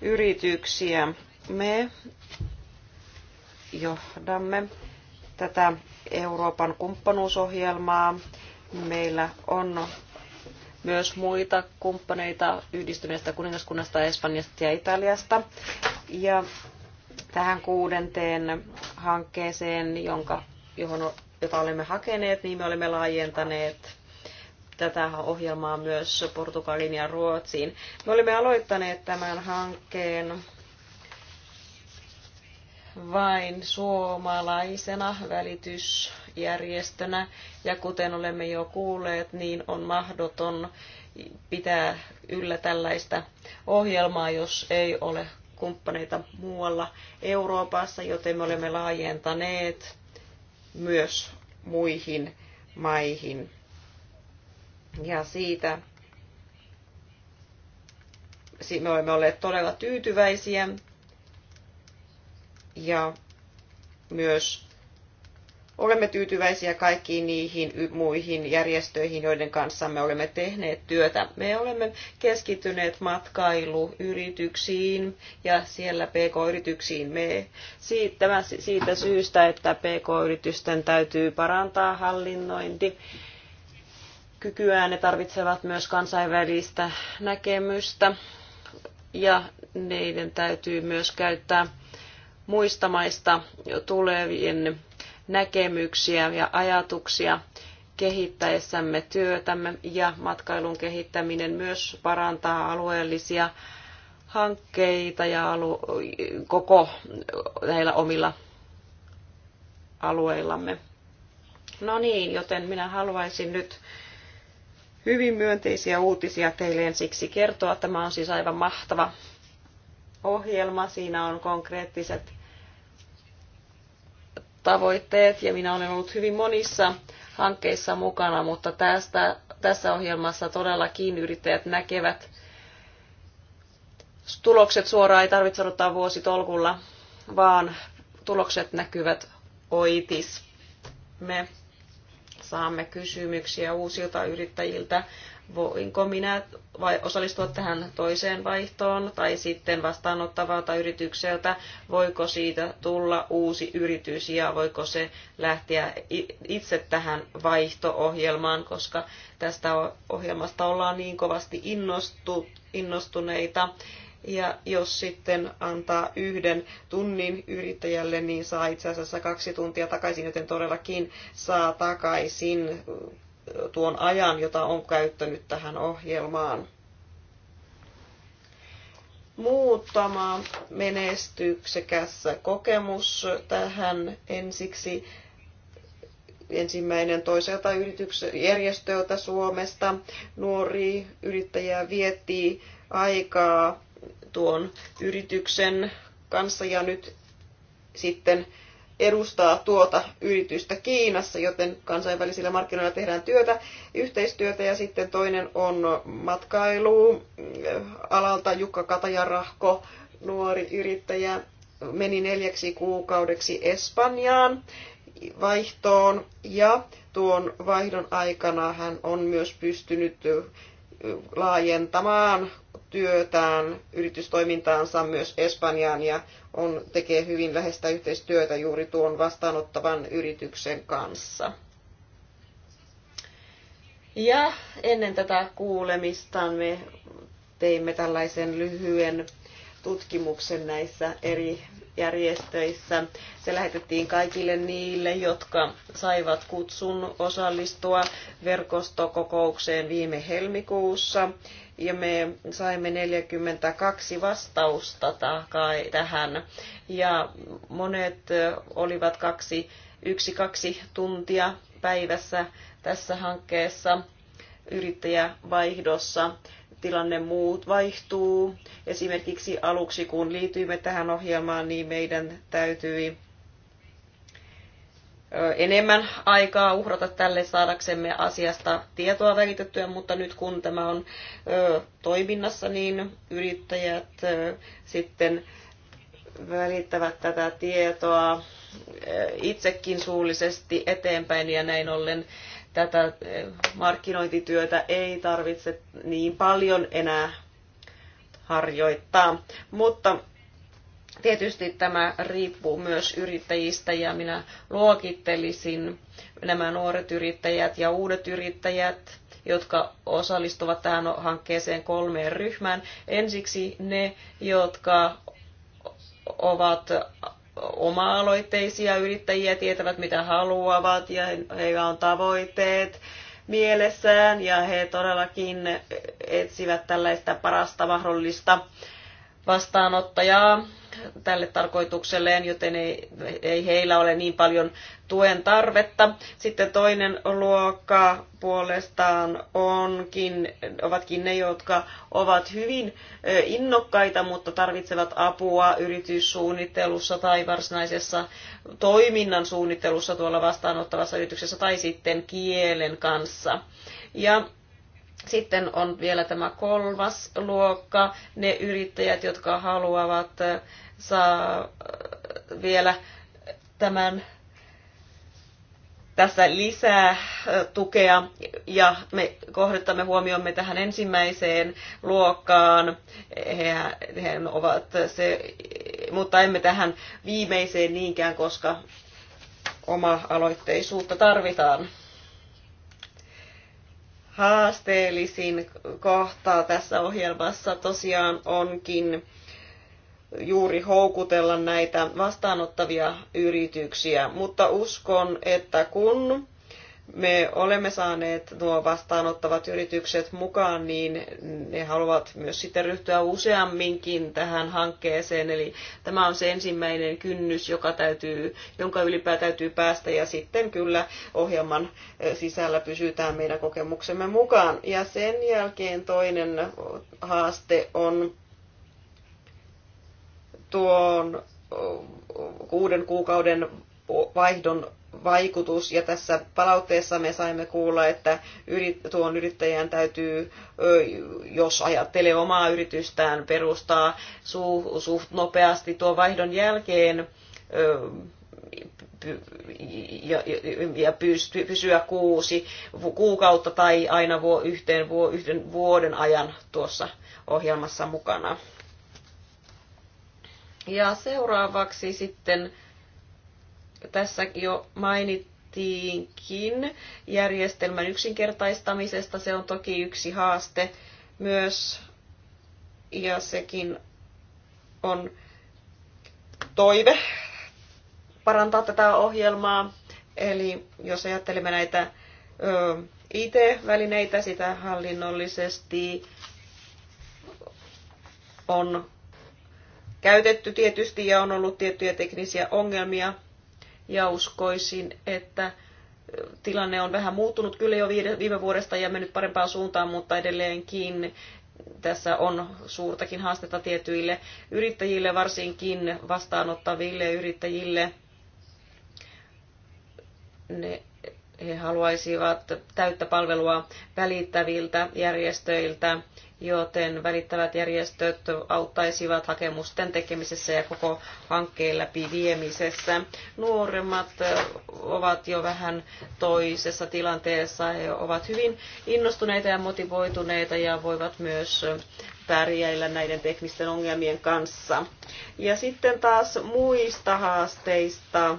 yrityksiä. Me johdamme tätä Euroopan kumppanuusohjelmaa. Meillä on myös muita kumppaneita yhdistyneestä kuningaskunnasta, Espanjasta ja Italiasta. Ja tähän kuudenteen hankkeeseen, jonka, johon, jota olemme hakeneet, niin me olemme laajentaneet tätä ohjelmaa myös Portugaliin ja Ruotsiin. Me olemme aloittaneet tämän hankkeen vain suomalaisena välitysjärjestönä. Ja kuten olemme jo kuulleet, niin on mahdoton pitää yllä tällaista ohjelmaa, jos ei ole kumppaneita muualla Euroopassa, joten me olemme laajentaneet myös muihin maihin. Ja siitä me olemme olleet todella tyytyväisiä ja myös olemme tyytyväisiä kaikkiin niihin muihin järjestöihin, joiden kanssa me olemme tehneet työtä. Me olemme keskittyneet matkailuyrityksiin ja siellä pk-yrityksiin. Me siitä, siitä syystä, että pk-yritysten täytyy parantaa hallinnointi kykyään, ne tarvitsevat myös kansainvälistä näkemystä ja niiden täytyy myös käyttää muista maista tulevien näkemyksiä ja ajatuksia kehittäessämme työtämme ja matkailun kehittäminen myös parantaa alueellisia hankkeita ja alu- koko näillä omilla alueillamme. No niin, joten minä haluaisin nyt hyvin myönteisiä uutisia teille ensiksi kertoa. Tämä on siis aivan mahtava ohjelma. Siinä on konkreettiset tavoitteet ja minä olen ollut hyvin monissa hankkeissa mukana, mutta tästä, tässä ohjelmassa todellakin yrittäjät näkevät tulokset suoraan, ei tarvitse odottaa tolkulla, vaan tulokset näkyvät oitis. Me saamme kysymyksiä uusilta yrittäjiltä voinko minä vai osallistua tähän toiseen vaihtoon tai sitten vastaanottavalta yritykseltä, voiko siitä tulla uusi yritys ja voiko se lähteä itse tähän vaihto-ohjelmaan, koska tästä ohjelmasta ollaan niin kovasti innostuneita. Ja jos sitten antaa yhden tunnin yrittäjälle, niin saa itse asiassa kaksi tuntia takaisin, joten todellakin saa takaisin tuon ajan, jota on käyttänyt tähän ohjelmaan. Muutama menestyksekässä kokemus tähän ensiksi. Ensimmäinen toiselta järjestöltä Suomesta nuori yrittäjä vietti aikaa tuon yrityksen kanssa ja nyt sitten edustaa tuota yritystä Kiinassa, joten kansainvälisillä markkinoilla tehdään työtä, yhteistyötä ja sitten toinen on matkailu eh, alalta Jukka Katajarahko, nuori yrittäjä, meni neljäksi kuukaudeksi Espanjaan vaihtoon ja tuon vaihdon aikana hän on myös pystynyt eh, laajentamaan työtään, yritystoimintaansa myös Espanjaan ja on, tekee hyvin läheistä yhteistyötä juuri tuon vastaanottavan yrityksen kanssa. Ja ennen tätä kuulemista me teimme tällaisen lyhyen tutkimuksen näissä eri järjestöissä. Se lähetettiin kaikille niille, jotka saivat kutsun osallistua verkostokokoukseen viime helmikuussa ja me saimme 42 vastausta tähän ja monet olivat kaksi, yksi kaksi tuntia päivässä tässä hankkeessa yrittäjävaihdossa tilanne muut vaihtuu. Esimerkiksi aluksi kun liityimme tähän ohjelmaan, niin meidän täytyi enemmän aikaa uhrata tälle saadaksemme asiasta tietoa välitettyä, mutta nyt kun tämä on toiminnassa, niin yrittäjät sitten välittävät tätä tietoa itsekin suullisesti eteenpäin ja näin ollen tätä markkinointityötä ei tarvitse niin paljon enää harjoittaa. Mutta Tietysti tämä riippuu myös yrittäjistä ja minä luokittelisin nämä nuoret yrittäjät ja uudet yrittäjät, jotka osallistuvat tähän hankkeeseen kolmeen ryhmään. Ensiksi ne, jotka ovat oma-aloitteisia yrittäjiä, tietävät mitä haluavat ja heillä on tavoitteet mielessään ja he todellakin etsivät tällaista parasta mahdollista vastaanottajaa tälle tarkoitukselleen, joten ei, ei heillä ole niin paljon tuen tarvetta. Sitten toinen luokka puolestaan onkin, ovatkin ne, jotka ovat hyvin innokkaita, mutta tarvitsevat apua yrityssuunnittelussa tai varsinaisessa toiminnan suunnittelussa tuolla vastaanottavassa yrityksessä tai sitten kielen kanssa. Ja sitten on vielä tämä kolmas luokka, ne yrittäjät, jotka haluavat saa äh, vielä tämän tässä lisää äh, tukea ja me kohdettamme huomiomme tähän ensimmäiseen luokkaan. He, he ovat se, mutta emme tähän viimeiseen niinkään, koska oma-aloitteisuutta tarvitaan. Haasteellisin kohta tässä ohjelmassa tosiaan onkin juuri houkutella näitä vastaanottavia yrityksiä, mutta uskon, että kun me olemme saaneet nuo vastaanottavat yritykset mukaan, niin ne haluavat myös sitten ryhtyä useamminkin tähän hankkeeseen. Eli tämä on se ensimmäinen kynnys, joka täytyy, jonka ylipäätään täytyy päästä ja sitten kyllä ohjelman eh, sisällä pysytään meidän kokemuksemme mukaan. Ja sen jälkeen toinen haaste on tuon kuuden kuukauden vaihdon vaikutus. Ja tässä palautteessa me saimme kuulla, että tuon yrittäjän täytyy, jos ajattelee omaa yritystään, perustaa suht nopeasti tuon vaihdon jälkeen ja, pysyä kuusi kuukautta tai aina yhteen vuoden ajan tuossa ohjelmassa mukana. Ja seuraavaksi sitten tässä jo mainittiinkin järjestelmän yksinkertaistamisesta. Se on toki yksi haaste myös ja sekin on toive parantaa tätä ohjelmaa. Eli jos ajattelemme näitä IT-välineitä, sitä hallinnollisesti on käytetty tietysti ja on ollut tiettyjä teknisiä ongelmia. Ja uskoisin, että tilanne on vähän muuttunut kyllä jo viime vuodesta ja mennyt parempaan suuntaan, mutta edelleenkin tässä on suurtakin haastetta tietyille yrittäjille, varsinkin vastaanottaville yrittäjille. Ne he haluaisivat täyttä palvelua välittäviltä järjestöiltä, joten välittävät järjestöt auttaisivat hakemusten tekemisessä ja koko hankkeen läpi viemisessä. Nuoremmat ovat jo vähän toisessa tilanteessa. He ovat hyvin innostuneita ja motivoituneita ja voivat myös pärjäillä näiden teknisten ongelmien kanssa. Ja sitten taas muista haasteista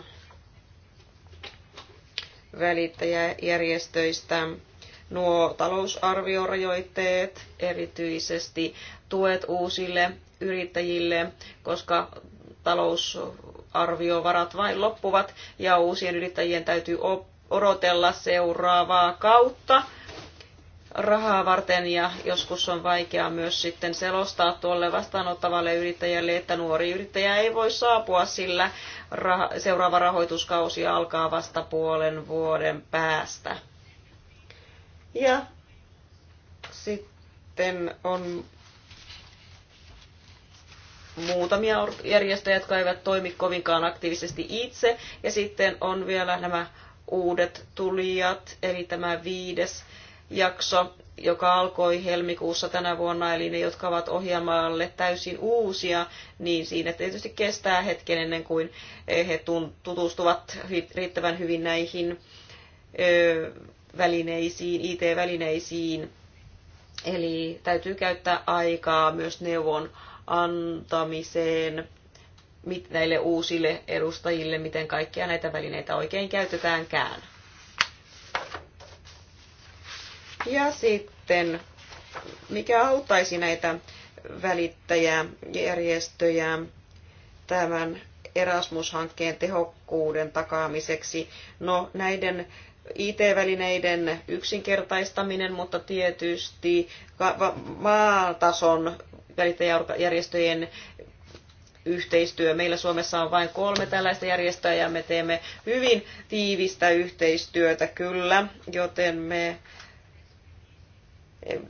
välittäjäjärjestöistä. Nuo talousarviorajoitteet, erityisesti tuet uusille yrittäjille, koska talousarviovarat vain loppuvat ja uusien yrittäjien täytyy odotella seuraavaa kautta rahaa varten ja joskus on vaikeaa myös sitten selostaa tuolle vastaanottavalle yrittäjälle, että nuori yrittäjä ei voi saapua, sillä rah- seuraava rahoituskausi alkaa vasta puolen vuoden päästä. Ja sitten on muutamia järjestöjä, jotka eivät toimi kovinkaan aktiivisesti itse. Ja sitten on vielä nämä uudet tulijat, eli tämä viides jakso, joka alkoi helmikuussa tänä vuonna, eli ne, jotka ovat ohjelmalle täysin uusia, niin siinä tietysti kestää hetken ennen kuin eh, he tutustuvat riittävän hyvin näihin välineisiin, IT-välineisiin. Eli täytyy käyttää aikaa myös neuvon antamiseen näille uusille edustajille, miten kaikkia näitä välineitä oikein käytetäänkään. Ja sitten, mikä auttaisi näitä välittäjäjärjestöjä tämän Erasmus-hankkeen tehokkuuden takaamiseksi? No näiden IT-välineiden yksinkertaistaminen, mutta tietysti maatason välittäjäjärjestöjen yhteistyö. Meillä Suomessa on vain kolme tällaista järjestöä ja me teemme hyvin tiivistä yhteistyötä kyllä, joten me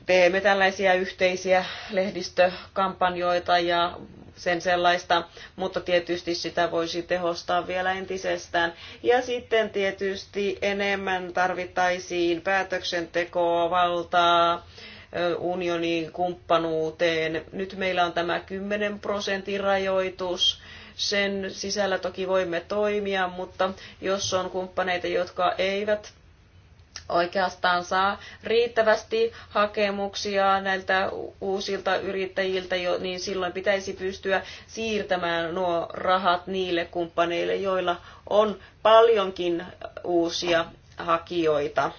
teemme tällaisia yhteisiä lehdistökampanjoita ja sen sellaista, mutta tietysti sitä voisi tehostaa vielä entisestään. Ja sitten tietysti enemmän tarvittaisiin päätöksentekoa, valtaa, unionin kumppanuuteen. Nyt meillä on tämä 10 prosentin rajoitus. Sen sisällä toki voimme toimia, mutta jos on kumppaneita, jotka eivät oikeastaan saa riittävästi hakemuksia näiltä uusilta yrittäjiltä, niin silloin pitäisi pystyä siirtämään nuo rahat niille kumppaneille, joilla on paljonkin uusia hakijoita.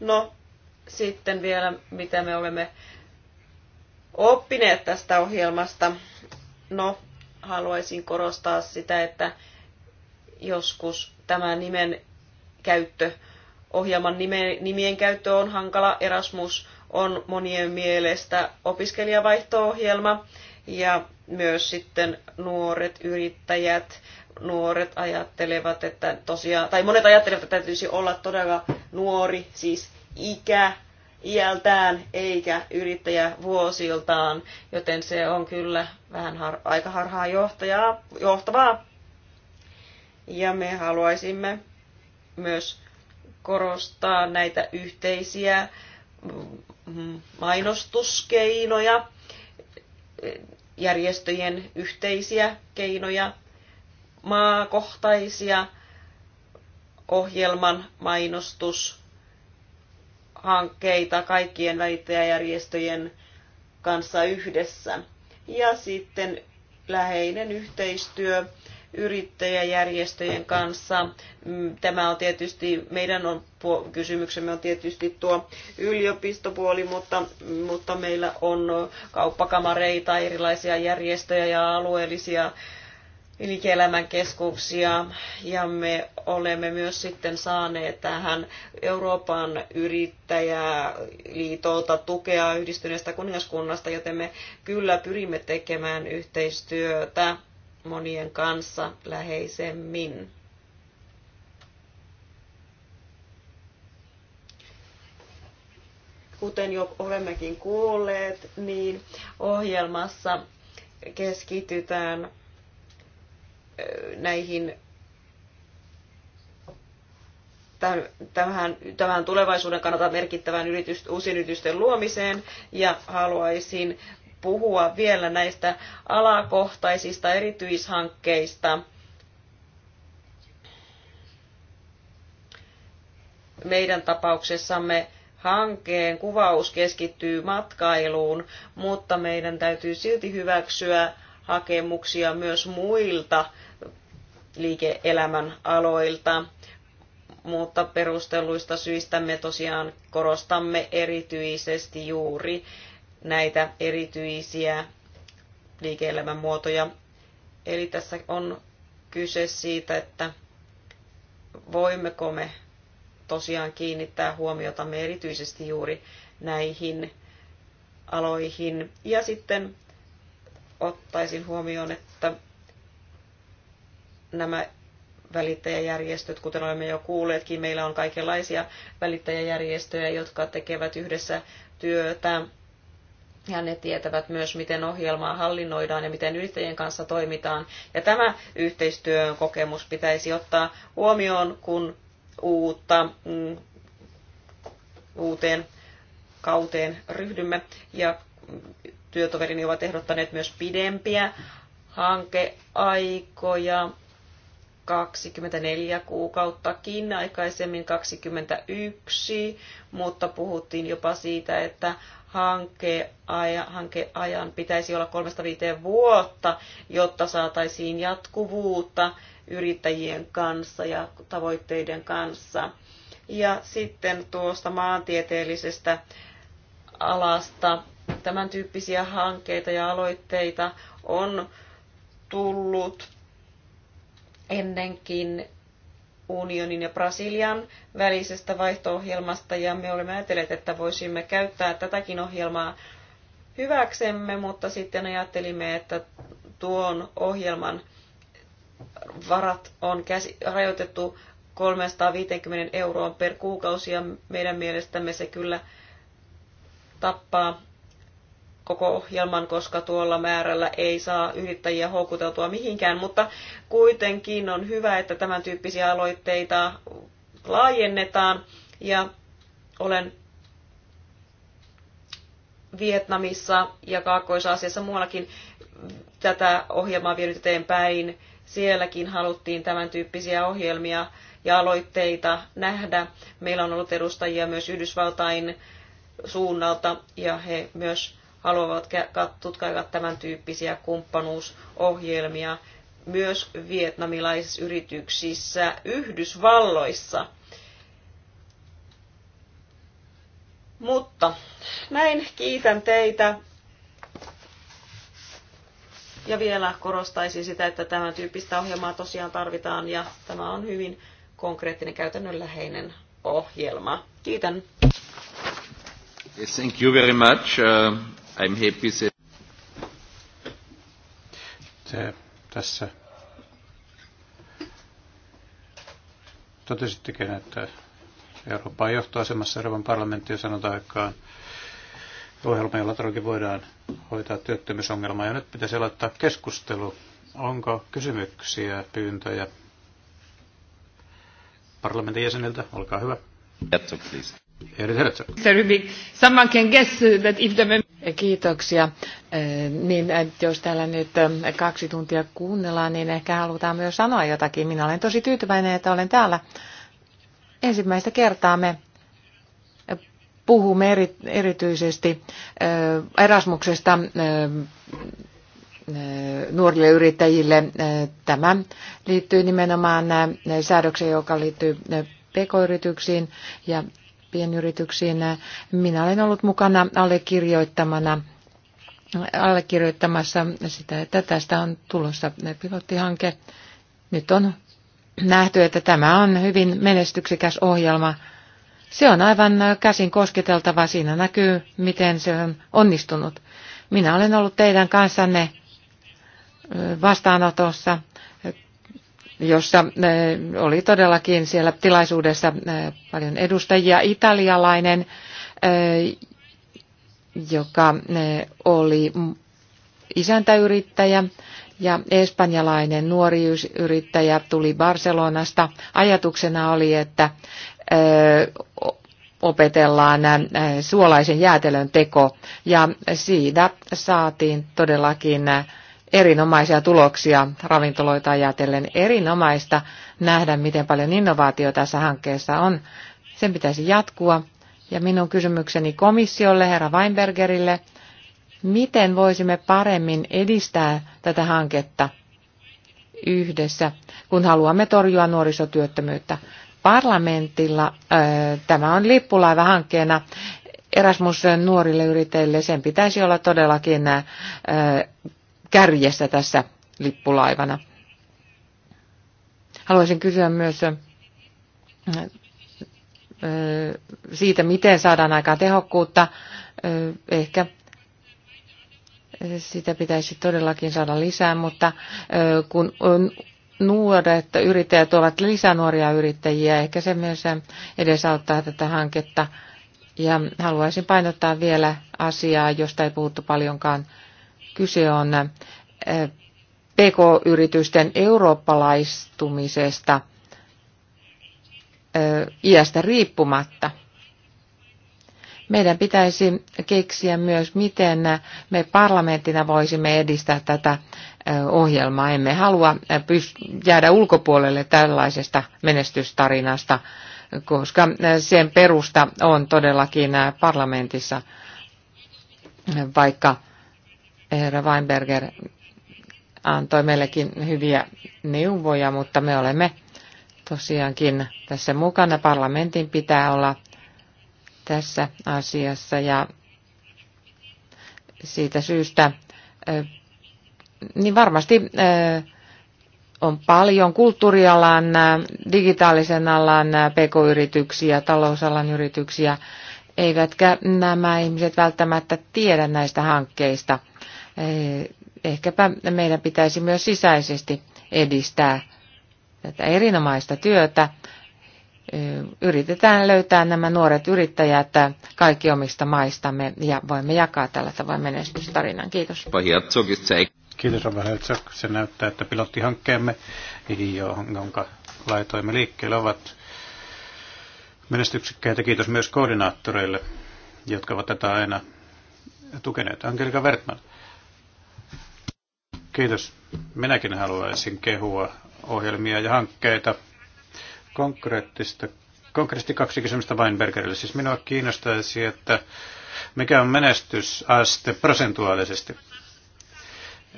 No, sitten vielä, mitä me olemme oppineet tästä ohjelmasta. No, haluaisin korostaa sitä, että joskus tämä nimen käyttö, ohjelman nimen, nimien käyttö on hankala. Erasmus on monien mielestä opiskelijavaihto-ohjelma ja myös sitten nuoret yrittäjät, nuoret ajattelevat, että tosiaan, tai monet ajattelevat, että täytyisi olla todella nuori, siis ikä iältään eikä yrittäjä vuosiltaan, joten se on kyllä vähän har- aika harhaa johtajaa, johtavaa. Ja me haluaisimme myös korostaa näitä yhteisiä mm, mm, mainostuskeinoja, järjestöjen yhteisiä keinoja, maakohtaisia ohjelman mainostus hankkeita kaikkien välittäjäjärjestöjen kanssa yhdessä. Ja sitten läheinen yhteistyö yrittäjäjärjestöjen kanssa. Mm, tämä on tietysti, meidän on, kysymyksemme on tietysti tuo yliopistopuoli, mutta, mutta meillä on kauppakamareita, erilaisia järjestöjä ja alueellisia liike-elämän keskuksia ja me olemme myös sitten saaneet tähän Euroopan yrittäjäliitolta tukea yhdistyneestä kuningaskunnasta, joten me kyllä pyrimme tekemään yhteistyötä monien kanssa läheisemmin. Kuten jo olemmekin kuulleet, niin ohjelmassa keskitytään näihin tämän, tämän tulevaisuuden kannalta merkittävän yritys, uusien yritysten luomiseen ja haluaisin puhua vielä näistä alakohtaisista erityishankkeista. Meidän tapauksessamme hankkeen kuvaus keskittyy matkailuun, mutta meidän täytyy silti hyväksyä hakemuksia myös muilta liike-elämän aloilta, mutta perustelluista syistä me tosiaan korostamme erityisesti juuri näitä erityisiä liike-elämän muotoja. Eli tässä on kyse siitä, että voimmeko me tosiaan kiinnittää huomiota me erityisesti juuri näihin aloihin. Ja sitten ottaisin huomioon, että nämä välittäjäjärjestöt, kuten olemme jo kuulleetkin, meillä on kaikenlaisia välittäjäjärjestöjä, jotka tekevät yhdessä työtä ja ne tietävät myös, miten ohjelmaa hallinnoidaan ja miten yrittäjien kanssa toimitaan. Ja tämä yhteistyön kokemus pitäisi ottaa huomioon, kun uutta, mm, uuteen kauteen ryhdymme. Ja työtoverini ovat ehdottaneet myös pidempiä hankeaikoja 24 kiinni aikaisemmin 21, mutta puhuttiin jopa siitä, että hankeajan pitäisi olla 3-5 vuotta, jotta saataisiin jatkuvuutta yrittäjien kanssa ja tavoitteiden kanssa. Ja sitten tuosta maantieteellisestä alasta tämän tyyppisiä hankkeita ja aloitteita on tullut ennenkin unionin ja Brasilian välisestä vaihto-ohjelmasta ja me olemme ajatelleet, että voisimme käyttää tätäkin ohjelmaa hyväksemme, mutta sitten ajattelimme, että tuon ohjelman varat on käsi, rajoitettu 350 euroon per kuukausi ja meidän mielestämme se kyllä tappaa koko ohjelman, koska tuolla määrällä ei saa yrittäjiä houkuteltua mihinkään, mutta kuitenkin on hyvä, että tämän tyyppisiä aloitteita laajennetaan ja olen Vietnamissa ja Kaakkois-Aasiassa muuallakin tätä ohjelmaa vienyt eteenpäin. Sielläkin haluttiin tämän tyyppisiä ohjelmia ja aloitteita nähdä. Meillä on ollut edustajia myös Yhdysvaltain suunnalta ja he myös haluavat tutkailla tämän tyyppisiä kumppanuusohjelmia myös vietnamilaisissa yrityksissä Yhdysvalloissa. Mutta näin kiitän teitä. Ja vielä korostaisin sitä, että tämän tyyppistä ohjelmaa tosiaan tarvitaan ja tämä on hyvin konkreettinen käytännönläheinen ohjelma. Kiitän. Yes, thank you very much. Uh... I'm happy se... Te tässä totesittekin, että Eurooppa on johtoasemassa Euroopan parlamentti ja sanotaan aikaan ohjelma, jolla todellakin voidaan hoitaa työttömyysongelmaa. Ja nyt pitäisi aloittaa keskustelu. Onko kysymyksiä, pyyntöjä parlamentin jäseniltä? Olkaa hyvä. Herzog, please. Herzog. Someone can guess that if the Kiitoksia. Äh, niin, äh, jos täällä nyt äh, kaksi tuntia kuunnellaan, niin ehkä halutaan myös sanoa jotakin. Minä olen tosi tyytyväinen, että olen täällä. Ensimmäistä kertaa me puhumme eri, erityisesti Erasmuksesta nuorille yrittäjille. Tämä liittyy nimenomaan säädökseen, joka liittyy pk-yrityksiin ja pienyrityksiin. Minä olen ollut mukana allekirjoittamana allekirjoittamassa sitä, että tästä on tulossa pilottihanke. Nyt on nähty, että tämä on hyvin menestyksekäs ohjelma. Se on aivan käsin kosketeltava. Siinä näkyy, miten se on onnistunut. Minä olen ollut teidän kanssanne vastaanotossa jossa eh, oli todellakin siellä tilaisuudessa eh, paljon edustajia. Italialainen, eh, joka oli isäntäyrittäjä ja espanjalainen nuori yrittäjä tuli Barcelonasta. Ajatuksena oli, että opetellaan suolaisen jäätelön teko ja siitä saatiin todellakin erinomaisia tuloksia ravintoloita ajatellen. Erinomaista nähdä, miten paljon innovaatio tässä hankkeessa on. Sen pitäisi jatkua. Ja minun kysymykseni komissiolle, herra Weinbergerille, miten voisimme paremmin edistää tätä hanketta yhdessä, kun haluamme torjua nuorisotyöttömyyttä. Parlamentilla ö, tämä on hankkeena Erasmus nuorille yrittäjille. Sen pitäisi olla todellakin ö, kärjessä tässä lippulaivana. Haluaisin kysyä myös siitä, miten saadaan aikaa tehokkuutta. Ehkä sitä pitäisi todellakin saada lisää, mutta kun on nuoret yrittäjät ovat lisää nuoria yrittäjiä, ehkä se myös edesauttaa tätä hanketta. Ja haluaisin painottaa vielä asiaa, josta ei puhuttu paljonkaan, Kyse on eh, PK-yritysten eurooppalaistumisesta eh, iästä riippumatta. Meidän pitäisi keksiä myös, miten me parlamenttina voisimme edistää tätä eh, ohjelmaa. Emme halua jäädä ulkopuolelle tällaisesta menestystarinasta, koska sen perusta on todellakin parlamentissa, vaikka herra Weinberger antoi meillekin hyviä neuvoja, mutta me olemme tosiaankin tässä mukana. Parlamentin pitää olla tässä asiassa ja siitä syystä niin varmasti on paljon kulttuurialan, digitaalisen alan pk-yrityksiä, talousalan yrityksiä, eivätkä nämä ihmiset välttämättä tiedä näistä hankkeista – Eh, ehkäpä meidän pitäisi myös sisäisesti edistää tätä erinomaista työtä. Eh, yritetään löytää nämä nuoret yrittäjät kaikki omista maistamme ja voimme jakaa tällä tavoin menestystarinan. Kiitos. Kiitos Rova Herzog. Se näyttää, että pilottihankkeemme, jonka laitoimme liikkeelle, ovat menestyksekkäitä. Kiitos myös koordinaattoreille, jotka ovat tätä aina tukeneet. Angelika Wertman. Kiitos. Minäkin haluaisin kehua ohjelmia ja hankkeita. Konkreettista, konkreettisesti kaksi kysymystä Weinbergerille. Siis minua kiinnostaisi, että mikä on menestysaste prosentuaalisesti.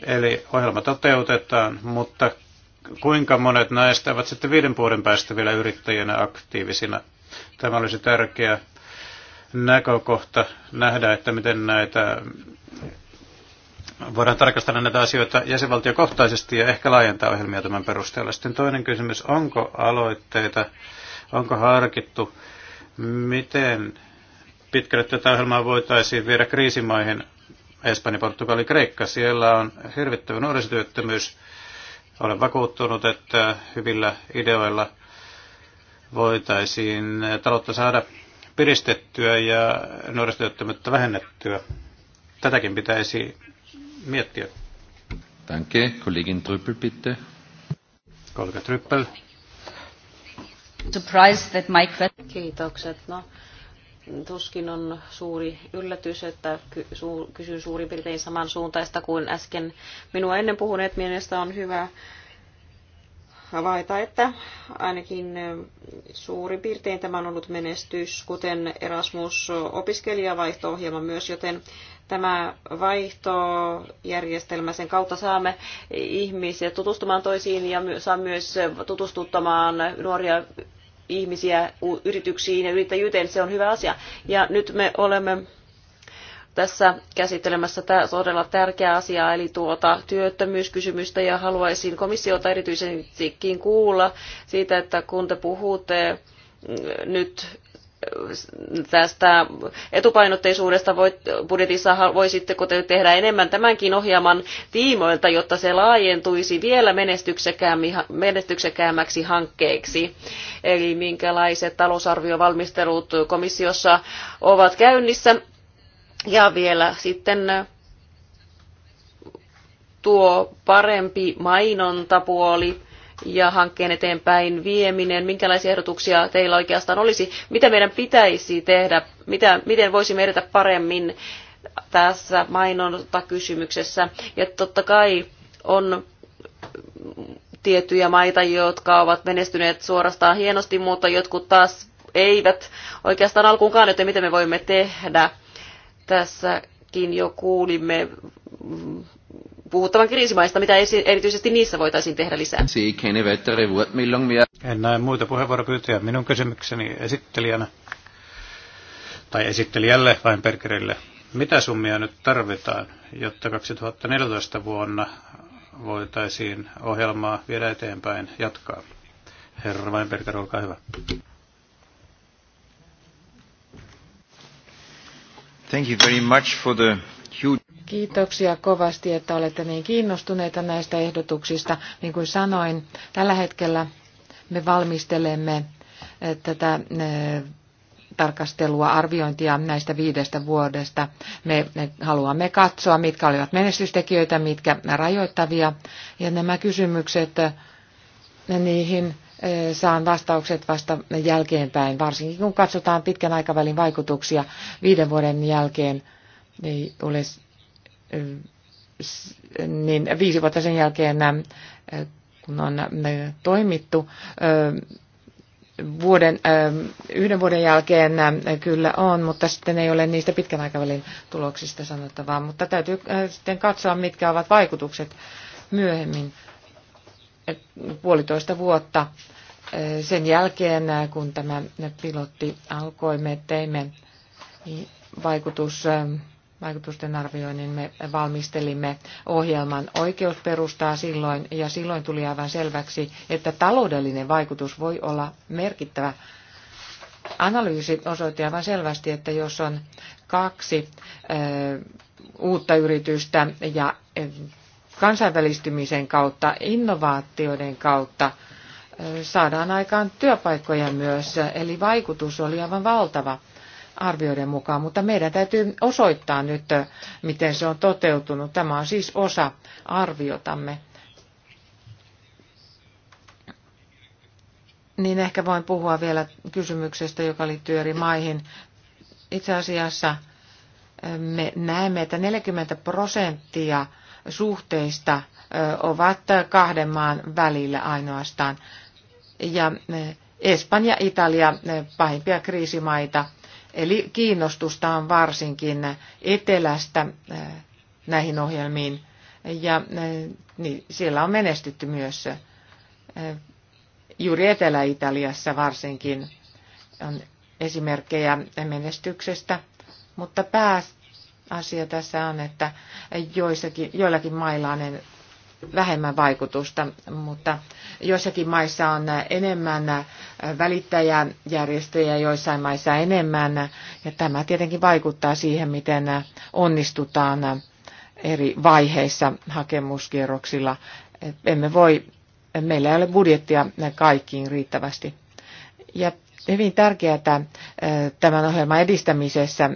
Eli ohjelma toteutetaan, mutta kuinka monet näistä ovat sitten viiden vuoden päästä vielä yrittäjänä aktiivisina. Tämä olisi tärkeä näkökohta nähdä, että miten näitä voidaan tarkastella näitä asioita jäsenvaltiokohtaisesti ja ehkä laajentaa ohjelmia tämän perusteella. Sitten toinen kysymys, onko aloitteita, onko harkittu, miten pitkälle tätä ohjelmaa voitaisiin viedä kriisimaihin, Espanja, Portugali, Kreikka. Siellä on hirvittävä nuorisotyöttömyys. Olen vakuuttunut, että hyvillä ideoilla voitaisiin taloutta saada piristettyä ja nuorisotyöttömyyttä vähennettyä. Tätäkin pitäisi miettiä. Danke, kollegin Trüppel bitte. Kollega Trüppel. Kiitokset. No, tuskin on suuri yllätys, että kysyn suurin piirtein samansuuntaista kuin äsken minua ennen puhuneet. Mielestäni on hyvä havaita, että ainakin suurin piirtein tämä on ollut menestys, kuten Erasmus-opiskelijavaihto-ohjelma myös, joten Tämä vaihtojärjestelmä, sen kautta saamme ihmisiä tutustumaan toisiin ja saa myös tutustuttamaan nuoria ihmisiä yrityksiin ja yrittäjyyteen. Se on hyvä asia. Ja nyt me olemme tässä käsittelemässä tämä todella tärkeä asia, eli tuota työttömyyskysymystä, ja haluaisin komissiota erityisestikin kuulla siitä, että kun te puhutte nyt tästä etupainotteisuudesta voit, budjetissa voi sitten tehdä enemmän tämänkin ohjelman tiimoilta, jotta se laajentuisi vielä menestyksekäämmäksi hankkeeksi? Eli minkälaiset talousarviovalmistelut komissiossa ovat käynnissä? Ja vielä sitten tuo parempi mainontapuoli ja hankkeen eteenpäin vieminen. Minkälaisia ehdotuksia teillä oikeastaan olisi? Mitä meidän pitäisi tehdä? Mitä, miten voisimme edetä paremmin tässä mainontakysymyksessä? Ja totta kai on tiettyjä maita, jotka ovat menestyneet suorastaan hienosti, mutta jotkut taas eivät oikeastaan alkuunkaan, joten mitä me voimme tehdä. Tässäkin jo kuulimme puhuttavan kriisimaista, mitä erityisesti niissä voitaisiin tehdä lisää. En näe muita puheenvuoropyyntöjä. Minun kysymykseni esittelijänä, tai esittelijälle vain Perkerille, mitä summia nyt tarvitaan, jotta 2014 vuonna voitaisiin ohjelmaa viedä eteenpäin jatkaa? Herra Weinberger, olkaa hyvä. Thank you very much for the huge... Kiitoksia kovasti, että olette niin kiinnostuneita näistä ehdotuksista. Niin kuin sanoin, tällä hetkellä me valmistelemme eh, tätä eh, tarkastelua, arviointia näistä viidestä vuodesta. Me haluamme katsoa, mitkä olivat menestystekijöitä, mitkä rajoittavia. Ja nämä kysymykset, eh, niihin saan vastaukset vasta jälkeenpäin, varsinkin kun katsotaan pitkän aikavälin vaikutuksia viiden vuoden jälkeen. Ei ole niin viisi vuotta sen jälkeen, äh, kun on äh, toimittu, äh, vuoden, yhden vuoden jälkeen kyllä on, mutta sitten ei ole niistä pitkän aikavälin tuloksista sanottavaa. Mutta täytyy sitten katsoa, mitkä ovat vaikutukset myöhemmin, puolitoista vuotta. Sen jälkeen, kun tämä pilotti alkoi, me teimme vaikutus vaikutusten arvioinnin me valmistelimme ohjelman oikeusperustaa silloin, ja silloin tuli aivan selväksi, että taloudellinen vaikutus voi olla merkittävä. Analyysi osoitti aivan selvästi, että jos on kaksi ö, uutta yritystä ja kansainvälistymisen kautta, innovaatioiden kautta ö, saadaan aikaan työpaikkoja myös, eli vaikutus oli aivan valtava arvioiden mukaan, mutta meidän täytyy osoittaa nyt, miten se on toteutunut. Tämä on siis osa arviotamme. Niin ehkä voin puhua vielä kysymyksestä, joka liittyy eri maihin. Itse asiassa me näemme, että 40 prosenttia suhteista ovat kahden maan välillä ainoastaan. Ja Espanja, Italia, pahimpia kriisimaita – Eli kiinnostusta on varsinkin etelästä näihin ohjelmiin. Ja niin, siellä on menestytty myös juuri Etelä-Italiassa varsinkin on esimerkkejä menestyksestä, mutta pääasia tässä on, että joissakin, joillakin mailla on vähemmän vaikutusta, mutta Joissakin maissa on enemmän välittäjäjärjestöjä, joissain maissa enemmän. Ja tämä tietenkin vaikuttaa siihen, miten onnistutaan eri vaiheissa hakemuskierroksilla. Emme voi, meillä ei ole budjettia kaikkiin riittävästi. Ja hyvin tärkeää tämän ohjelman edistämisessä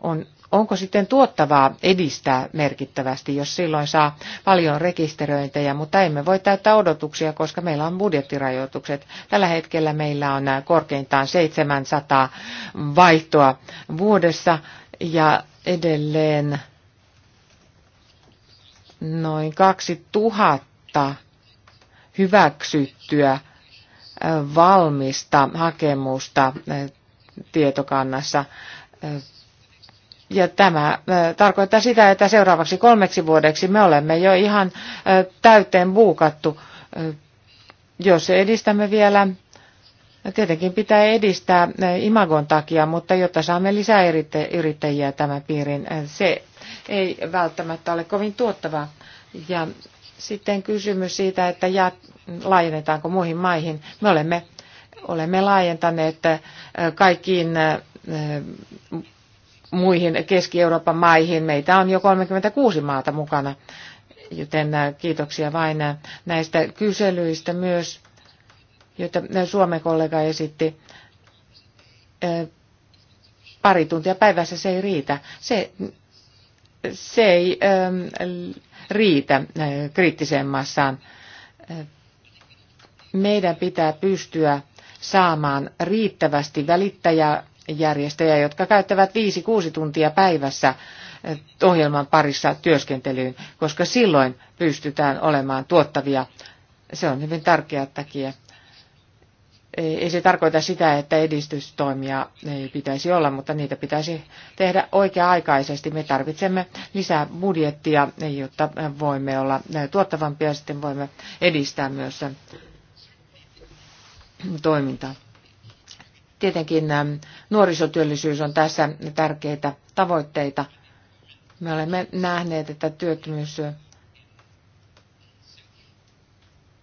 on onko sitten tuottavaa edistää merkittävästi, jos silloin saa paljon rekisteröintejä, mutta emme voi täyttää odotuksia, koska meillä on budjettirajoitukset. Tällä hetkellä meillä on äh, korkeintaan 700 vaihtoa vuodessa ja edelleen noin 2000 hyväksyttyä äh, valmista hakemusta äh, tietokannassa ja tämä tarkoittaa sitä, että seuraavaksi kolmeksi vuodeksi me olemme jo ihan täyteen buukattu. Jos edistämme vielä, tietenkin pitää edistää imagon takia, mutta jotta saamme lisää yrittäjiä tämän piirin, se ei välttämättä ole kovin tuottavaa. Ja sitten kysymys siitä, että ja, laajennetaanko muihin maihin. Me olemme, olemme laajentaneet kaikkiin muihin Keski-Euroopan maihin. Meitä on jo 36 maata mukana, joten äh, kiitoksia vain äh, näistä kyselyistä myös, joita äh, Suomen kollega esitti. Pari tuntia päivässä se ei riitä. Se, se ei ähm, riitä kriittiseen massaan. Meidän pitää pystyä saamaan riittävästi välittäjä järjestöjä, jotka käyttävät 5-6 tuntia päivässä eh, ohjelman parissa työskentelyyn, koska silloin pystytään olemaan tuottavia. Se on hyvin tärkeä takia. Ei se tarkoita sitä, että edistystoimia ei pitäisi olla, mutta niitä pitäisi tehdä oikea-aikaisesti. Me tarvitsemme lisää budjettia, jotta voimme olla tuottavampia ja sitten voimme edistää myös toimintaa. Tietenkin ähm, nuorisotyöllisyys on tässä tärkeitä tavoitteita. Me olemme nähneet, että työttömyys äh,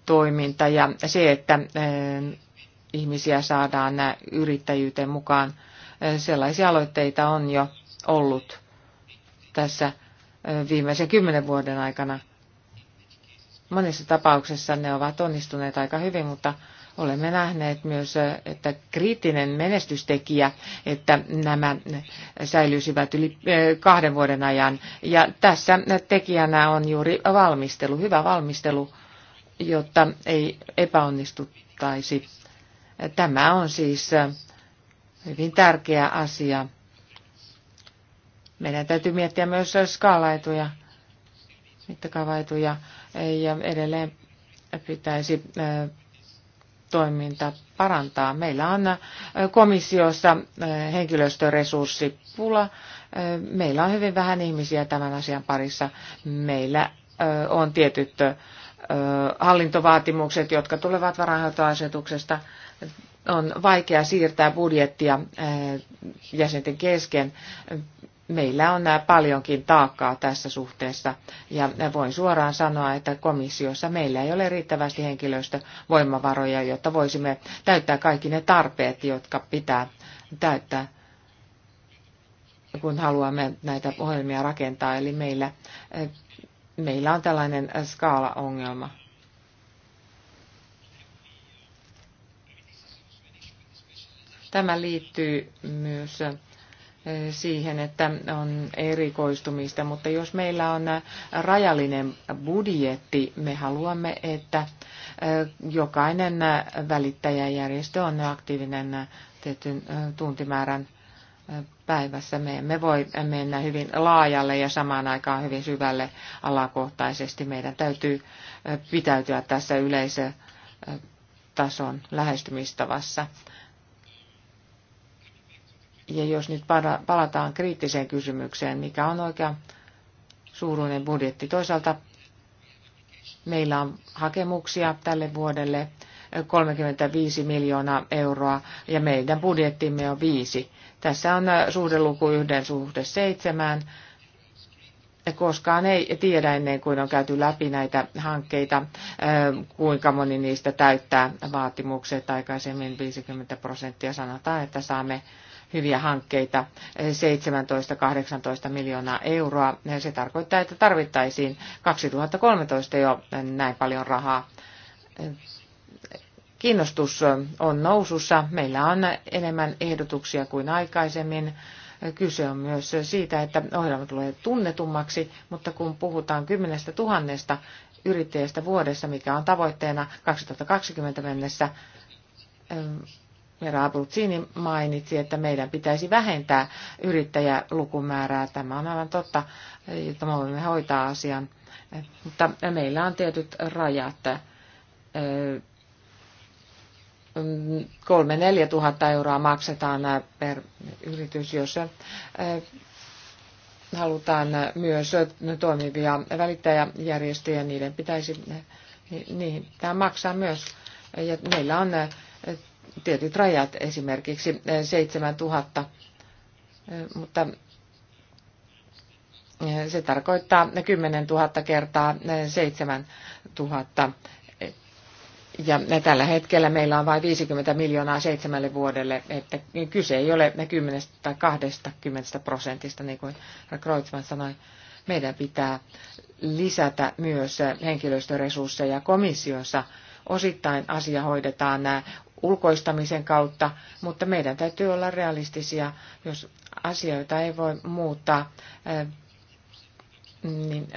toiminta ja se, että äh, ihmisiä saadaan äh, yrittäjyyteen mukaan. Sellaisia aloitteita on jo ollut tässä viimeisen kymmenen vuoden aikana. Monissa tapauksessa ne ovat onnistuneet aika hyvin, mutta Olemme nähneet myös, että kriittinen menestystekijä, että nämä säilyisivät yli eh, kahden vuoden ajan. Ja tässä tekijänä on juuri valmistelu, hyvä valmistelu, jotta ei epäonnistuttaisi. Tämä on siis eh, hyvin tärkeä asia. Meidän täytyy miettiä myös skaalaituja, mittakaavaituja ja edelleen pitäisi eh, toiminta parantaa. Meillä on komissiossa henkilöstöresurssipula. Meillä on hyvin vähän ihmisiä tämän asian parissa. Meillä on tietyt hallintovaatimukset, jotka tulevat varainhoitoasetuksesta. On vaikea siirtää budjettia jäsenten kesken meillä on äh, paljonkin taakkaa tässä suhteessa. Ja äh, voin suoraan sanoa, että komissiossa meillä ei ole riittävästi henkilöstövoimavaroja, jotta voisimme täyttää kaikki ne tarpeet, jotka pitää täyttää, kun haluamme näitä ohjelmia rakentaa. Eli meillä, äh, meillä on tällainen skaalaongelma. Tämä liittyy myös siihen, että on erikoistumista, mutta jos meillä on rajallinen budjetti, me haluamme, että jokainen välittäjäjärjestö on aktiivinen tietyn tuntimäärän päivässä. Me emme voi mennä hyvin laajalle ja samaan aikaan hyvin syvälle alakohtaisesti. Meidän täytyy pitäytyä tässä yleisötason lähestymistavassa. Ja jos nyt palataan kriittiseen kysymykseen, mikä on oikea suuruinen budjetti. Toisaalta meillä on hakemuksia tälle vuodelle 35 miljoonaa euroa ja meidän budjettimme on viisi. Tässä on äh, suhdeluku yhden suhde seitsemään. Koskaan ei tiedä ennen kuin on käyty läpi näitä hankkeita, äh, kuinka moni niistä täyttää vaatimukset. Aikaisemmin 50 prosenttia sanotaan, että saamme hyviä hankkeita, 17-18 miljoonaa euroa. Se tarkoittaa, että tarvittaisiin 2013 jo näin paljon rahaa. Kiinnostus on nousussa. Meillä on enemmän ehdotuksia kuin aikaisemmin. Kyse on myös siitä, että ohjelma tulee tunnetummaksi, mutta kun puhutaan kymmenestä tuhannesta yrittäjästä vuodessa, mikä on tavoitteena 2020 mennessä, Vera Abruzzini mainitsi, että meidän pitäisi vähentää yrittäjälukumäärää. Tämä on aivan totta, jotta me voimme hoitaa asian. Mutta meillä on tietyt rajat. 3-4 tuhatta euroa maksetaan per yritys, jos halutaan myös toimivia välittäjäjärjestöjä, niiden pitäisi, niin, tämä maksaa myös. Ja meillä on tietyt rajat, esimerkiksi 7000, eh, eh, mutta eh, se tarkoittaa 10 000 kertaa 7 000. Ja tällä hetkellä meillä on vain 50 miljoonaa seitsemälle vuodelle, että kyse ei ole 10 tai 20 prosentista, niin kuin Kreutzmann sanoi. Meidän pitää lisätä myös henkilöstöresursseja komissiossa. Osittain asia hoidetaan ulkoistamisen kautta, mutta meidän täytyy olla realistisia, jos asioita ei voi muuttaa, eh, niin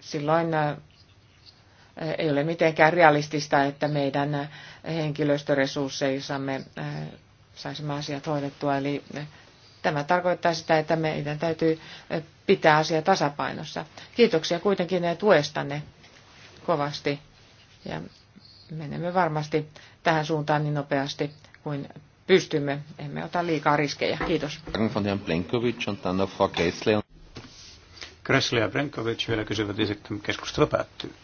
silloin eh, ei ole mitenkään realistista, että meidän henkilöstöresursseissamme eh, saisimme asiat hoidettua. Eli tämä tarkoittaa sitä, että meidän täytyy pitää asia tasapainossa. Kiitoksia kuitenkin tuestanne kovasti ja menemme varmasti tähän suuntaan niin nopeasti kuin pystymme. Emme ota liikaa riskejä. Kiitos. Kressle ja Brenkovic vielä kysyvät ja sitten keskustelu päättyy.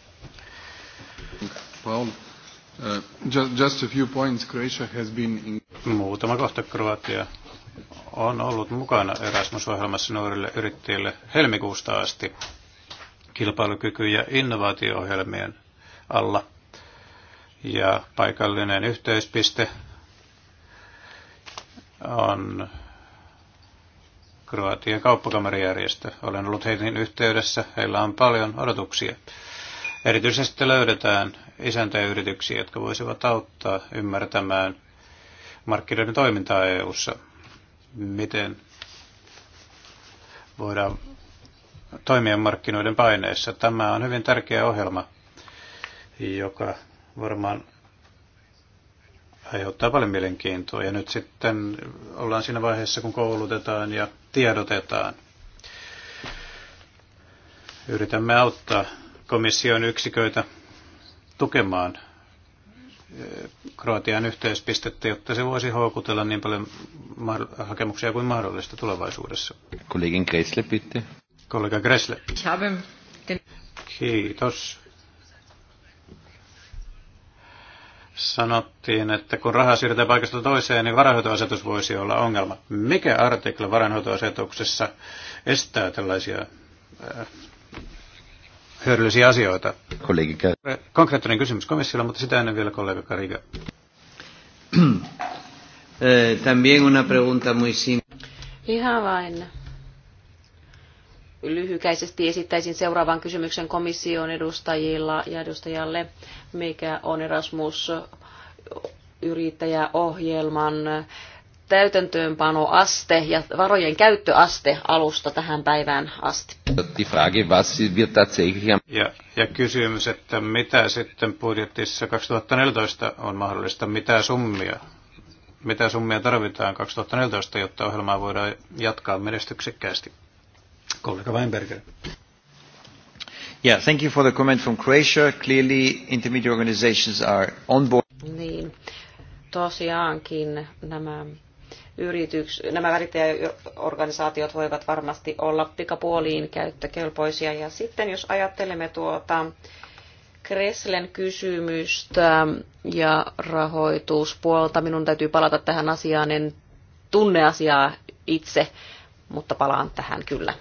Paul, uh, just, just a few points. Croatia has been in... Muutama kohta Kroatia on ollut mukana Erasmus-ohjelmassa nuorille yrittäjille helmikuusta asti kilpailukyky- ja innovaatio-ohjelmien alla – ja paikallinen yhteyspiste on Kroatian kauppakamarijärjestö. Olen ollut heihin yhteydessä, heillä on paljon odotuksia. Erityisesti löydetään isäntäyrityksiä, jotka voisivat auttaa ymmärtämään markkinoiden toimintaa EU-ssa. Miten voidaan toimia markkinoiden paineessa. Tämä on hyvin tärkeä ohjelma, joka varmaan aiheuttaa paljon mielenkiintoa. Ja nyt sitten ollaan siinä vaiheessa, kun koulutetaan ja tiedotetaan. Yritämme auttaa komission yksiköitä tukemaan eh, Kroatian yhteispistettä, jotta se voisi houkutella niin paljon hakemuksia kuin mahdollista tulevaisuudessa. Kollegin Gressle, bitte. Kollega Gressle. Kiitos. sanottiin, että kun rahaa siirretään paikasta toiseen, niin varainhoitoasetus voisi olla ongelma. Mikä artikla varainhoitoasetuksessa estää tällaisia äh, hyödyllisiä asioita? Konkreettinen kysymys komissiolla, mutta sitä ennen vielä kollega Kariga. Äh, también una pregunta muy simple. Ihan vain lyhykäisesti esittäisin seuraavan kysymyksen komission edustajilla ja edustajalle, mikä on Erasmus yrittäjäohjelman täytäntöönpanoaste ja varojen käyttöaste alusta tähän päivään asti. Ja, ja kysymys, että mitä sitten budjetissa 2014 on mahdollista, mitä summia, mitä summia tarvitaan 2014, jotta ohjelmaa voidaan jatkaa menestyksekkäästi? Kollega Weinberger. Yeah, thank you for the comment from Croatia. Clearly, intermediate organizations are on board. Niin, tosiaankin nämä yrityks, nämä välittäjäorganisaatiot voivat varmasti olla pikapuoliin käyttökelpoisia. Ja sitten jos ajattelemme tuota Kreslen kysymystä ja rahoituspuolta, minun täytyy palata tähän asiaan, en tunne asiaa itse mutta palaan tähän kyllä.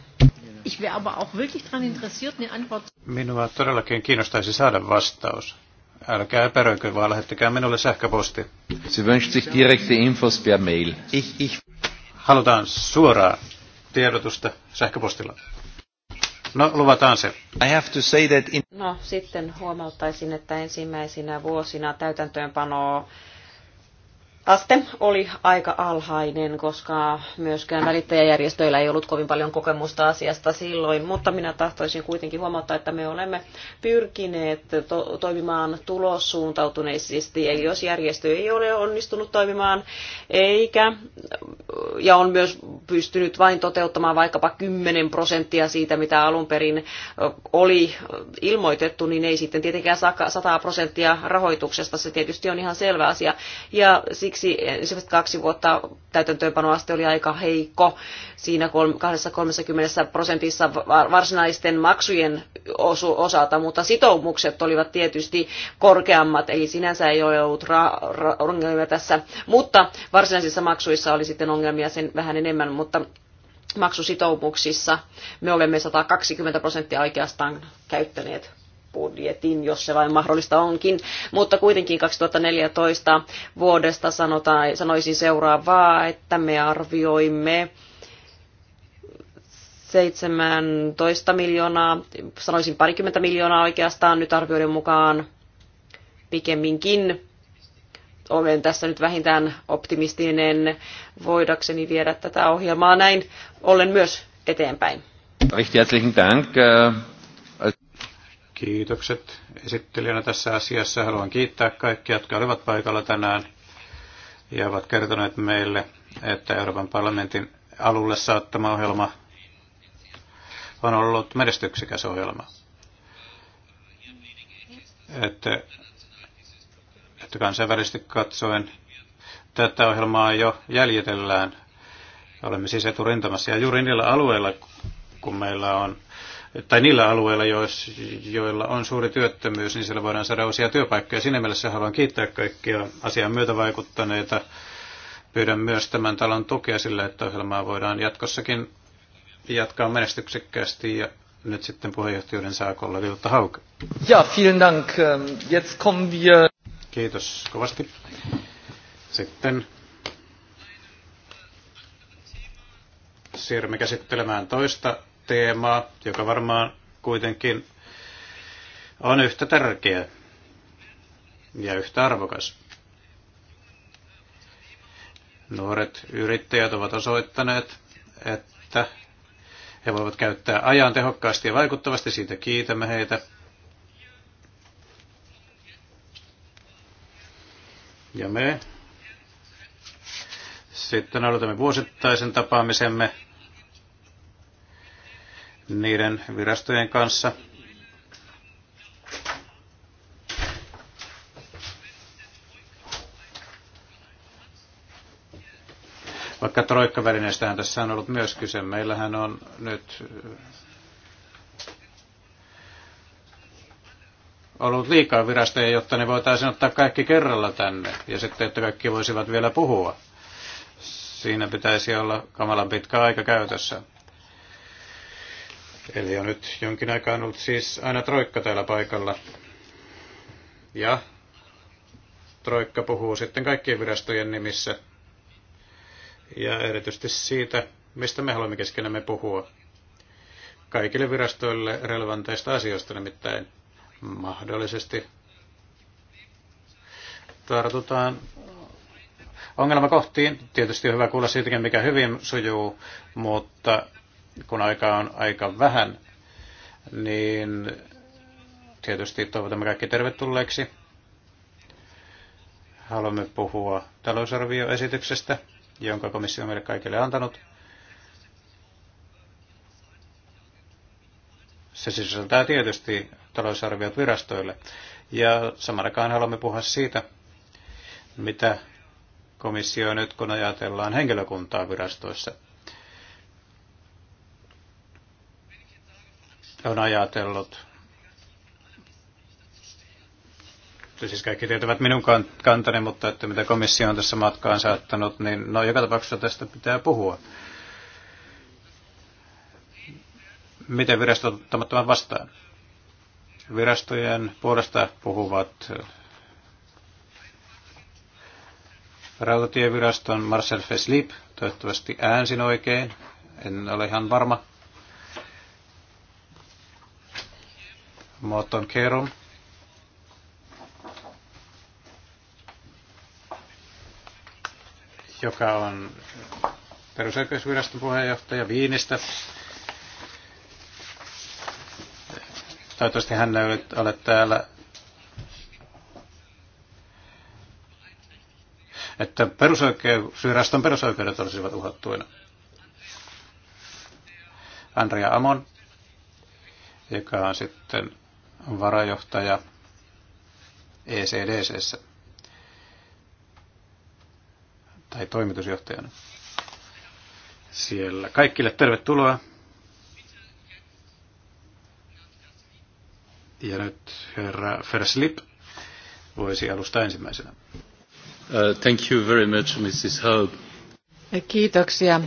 Minua todellakin kiinnostaisi saada vastaus. Älkää epäröikö, vaan lähettäkää minulle sähköposti. Sie wünscht sich direkte Infos per Mail. Ich, ich. Halutaan suoraa tiedotusta sähköpostilla. No, luvataan se. I have to say that in... No, sitten huomauttaisin, että ensimmäisinä vuosina täytäntöönpanoa aste oli aika alhainen, koska myöskään välittäjäjärjestöillä ei ollut kovin paljon kokemusta asiasta silloin, mutta minä tahtoisin kuitenkin huomauttaa, että me olemme pyrkineet to- toimimaan tulossuuntautuneisesti, eli jos järjestö ei ole onnistunut toimimaan eikä, ja on myös pystynyt vain toteuttamaan vaikkapa 10 prosenttia siitä, mitä alun perin oli ilmoitettu, niin ei sitten tietenkään saa 100 prosenttia rahoituksesta, se tietysti on ihan selvä asia, ja siksi esimerkiksi ensimmäiset kaksi vuotta täytäntöönpanoaste oli aika heikko. Siinä 20 prosentissa varsinaisten maksujen osalta, mutta sitoumukset olivat tietysti korkeammat, eli sinänsä ei ole ollut ongelmia tässä, mutta varsinaisissa maksuissa oli sitten ongelmia sen vähän enemmän, mutta maksusitoumuksissa me olemme 120 prosenttia oikeastaan käyttäneet budjetin, jos se vain mahdollista onkin. Mutta kuitenkin 2014 vuodesta sanotaan, sanoisin seuraavaa, että me arvioimme 17 miljoonaa, sanoisin parikymmentä miljoonaa oikeastaan nyt arvioiden mukaan pikemminkin. Olen tässä nyt vähintään optimistinen voidakseni viedä tätä ohjelmaa näin. Olen myös eteenpäin. Recht herzlichen Dank. Äh, Kiitokset esittelijänä tässä asiassa. Haluan kiittää kaikkia, jotka olivat paikalla tänään ja ovat kertoneet meille, että Euroopan parlamentin alulle saattama ohjelma on ollut menestyksikäs ohjelma. Että, että kansainvälisesti katsoen tätä ohjelmaa jo jäljitellään. Olemme siis eturintamassa ja juuri niillä alueilla, kun meillä on tai niillä alueilla, joilla on suuri työttömyys, niin siellä voidaan saada uusia työpaikkoja. Siinä mielessä haluan kiittää kaikkia asian vaikuttaneita. Pyydän myös tämän talon tukea sille, että ohjelmaa voidaan jatkossakin jatkaa menestyksekkäästi ja nyt sitten puheenjohtajuuden saa kollegalta Hauke. Ja, vielen dank. Ähm, jetzt kommen wir... Kiitos kovasti. Sitten siirrymme käsittelemään toista teemaa, joka varmaan kuitenkin on yhtä tärkeä ja yhtä arvokas. Nuoret yrittäjät ovat osoittaneet, että he voivat käyttää ajan tehokkaasti ja vaikuttavasti, siitä kiitämme heitä. Ja me sitten aloitamme vuosittaisen tapaamisemme niiden virastojen kanssa. Vaikka troikkavälineistähän tässä on ollut myös kyse. Meillähän on nyt äh, ollut liikaa virastoja, jotta ne voitaisiin ottaa kaikki kerralla tänne ja sitten, että kaikki voisivat vielä puhua. Siinä pitäisi olla kamalan pitkä aika käytössä. Eli on nyt jonkin aikaa ollut siis aina Troikka täällä paikalla. Ja Troikka puhuu sitten kaikkien virastojen nimissä. Ja erityisesti siitä, mistä me haluamme keskenämme puhua. Kaikille virastoille relevanteista asioista nimittäin mahdollisesti tartutaan ongelmakohtiin. Tietysti on hyvä kuulla siitäkin, mikä hyvin sujuu, mutta kun aikaa on aika vähän, niin tietysti toivotamme kaikki tervetulleeksi. Haluamme puhua talousarvioesityksestä, jonka komissio on meille kaikille antanut. Se sisältää tietysti talousarviot virastoille. Ja samanakaan haluamme puhua siitä, mitä komissio nyt, kun ajatellaan henkilökuntaa virastoissa – on ajatellut. Siis kaikki tietävät minun kantani, mutta että mitä komissio on tässä matkaan saattanut, niin no joka tapauksessa tästä pitää puhua. Miten virastot ottamat tämän vastaan? Virastojen puolesta puhuvat Rautatieviraston Marcel Feslip, toivottavasti äänsin oikein, en ole ihan varma. maton Kerom. joka on perusoikeusviraston puheenjohtaja Viinistä. Toivottavasti hän ei ole täällä että perusoikeusviraston perusoikeudet olisivat uhattuina. Andrea Amon, joka on sitten varajohtaja ECDCssä tai toimitusjohtajana siellä. Kaikille tervetuloa. Ja nyt herra Ferslip voisi alustaa ensimmäisenä. Uh, thank you very much, Mrs. Haug. Kiitoksia,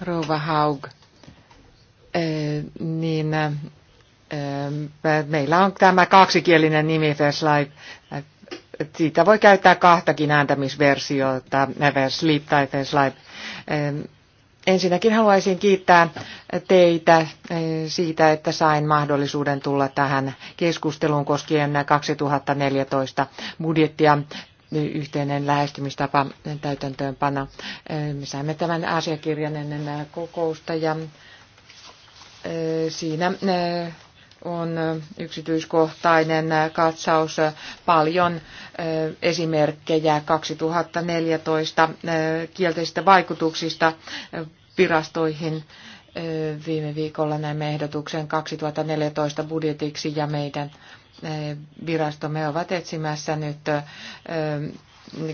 rouva Haug. Eh, niin Meillä on tämä kaksikielinen nimi verslaip, Siitä voi käyttää kahtakin ääntämisversiota, Verslip tai Verslide. Ensinnäkin haluaisin kiittää teitä siitä, että sain mahdollisuuden tulla tähän keskusteluun koskien 2014 budjettia yhteinen lähestymistapa täytäntöönpana. Me saimme tämän asiakirjan ennen kokousta ja siinä on yksityiskohtainen katsaus paljon esimerkkejä 2014 kielteisistä vaikutuksista virastoihin. Viime viikolla näimme ehdotuksen 2014 budjetiksi ja meidän virastomme ovat etsimässä nyt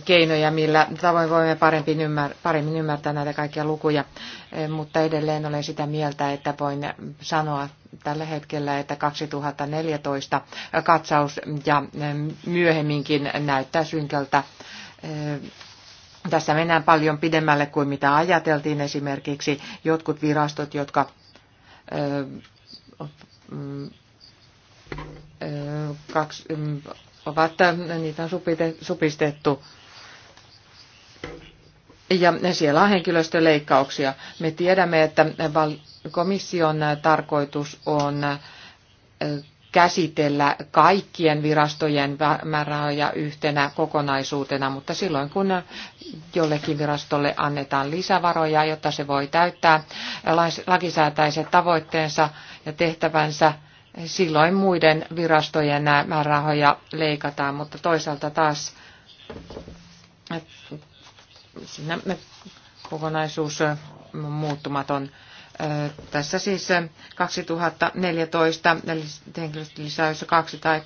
keinoja, millä tavoin voimme paremmin, ymmär, paremmin ymmärtää näitä kaikkia lukuja, mutta edelleen olen sitä mieltä, että voin sanoa tällä hetkellä että 2014 katsaus ja myöhemminkin näyttää synkältä. Tässä mennään paljon pidemmälle kuin mitä ajateltiin esimerkiksi jotkut virastot, jotka ovat, niitä on supistettu. Ja siellä on henkilöstöleikkauksia. Me tiedämme, että Komission tarkoitus on käsitellä kaikkien virastojen määrärahoja yhtenä kokonaisuutena, mutta silloin kun jollekin virastolle annetaan lisävaroja, jotta se voi täyttää lakisääteiset tavoitteensa ja tehtävänsä, silloin muiden virastojen määrärahoja leikataan, mutta toisaalta taas siinä kokonaisuus on muuttumaton. Tässä siis 2014 henkilöstölisäyssä kaksi tai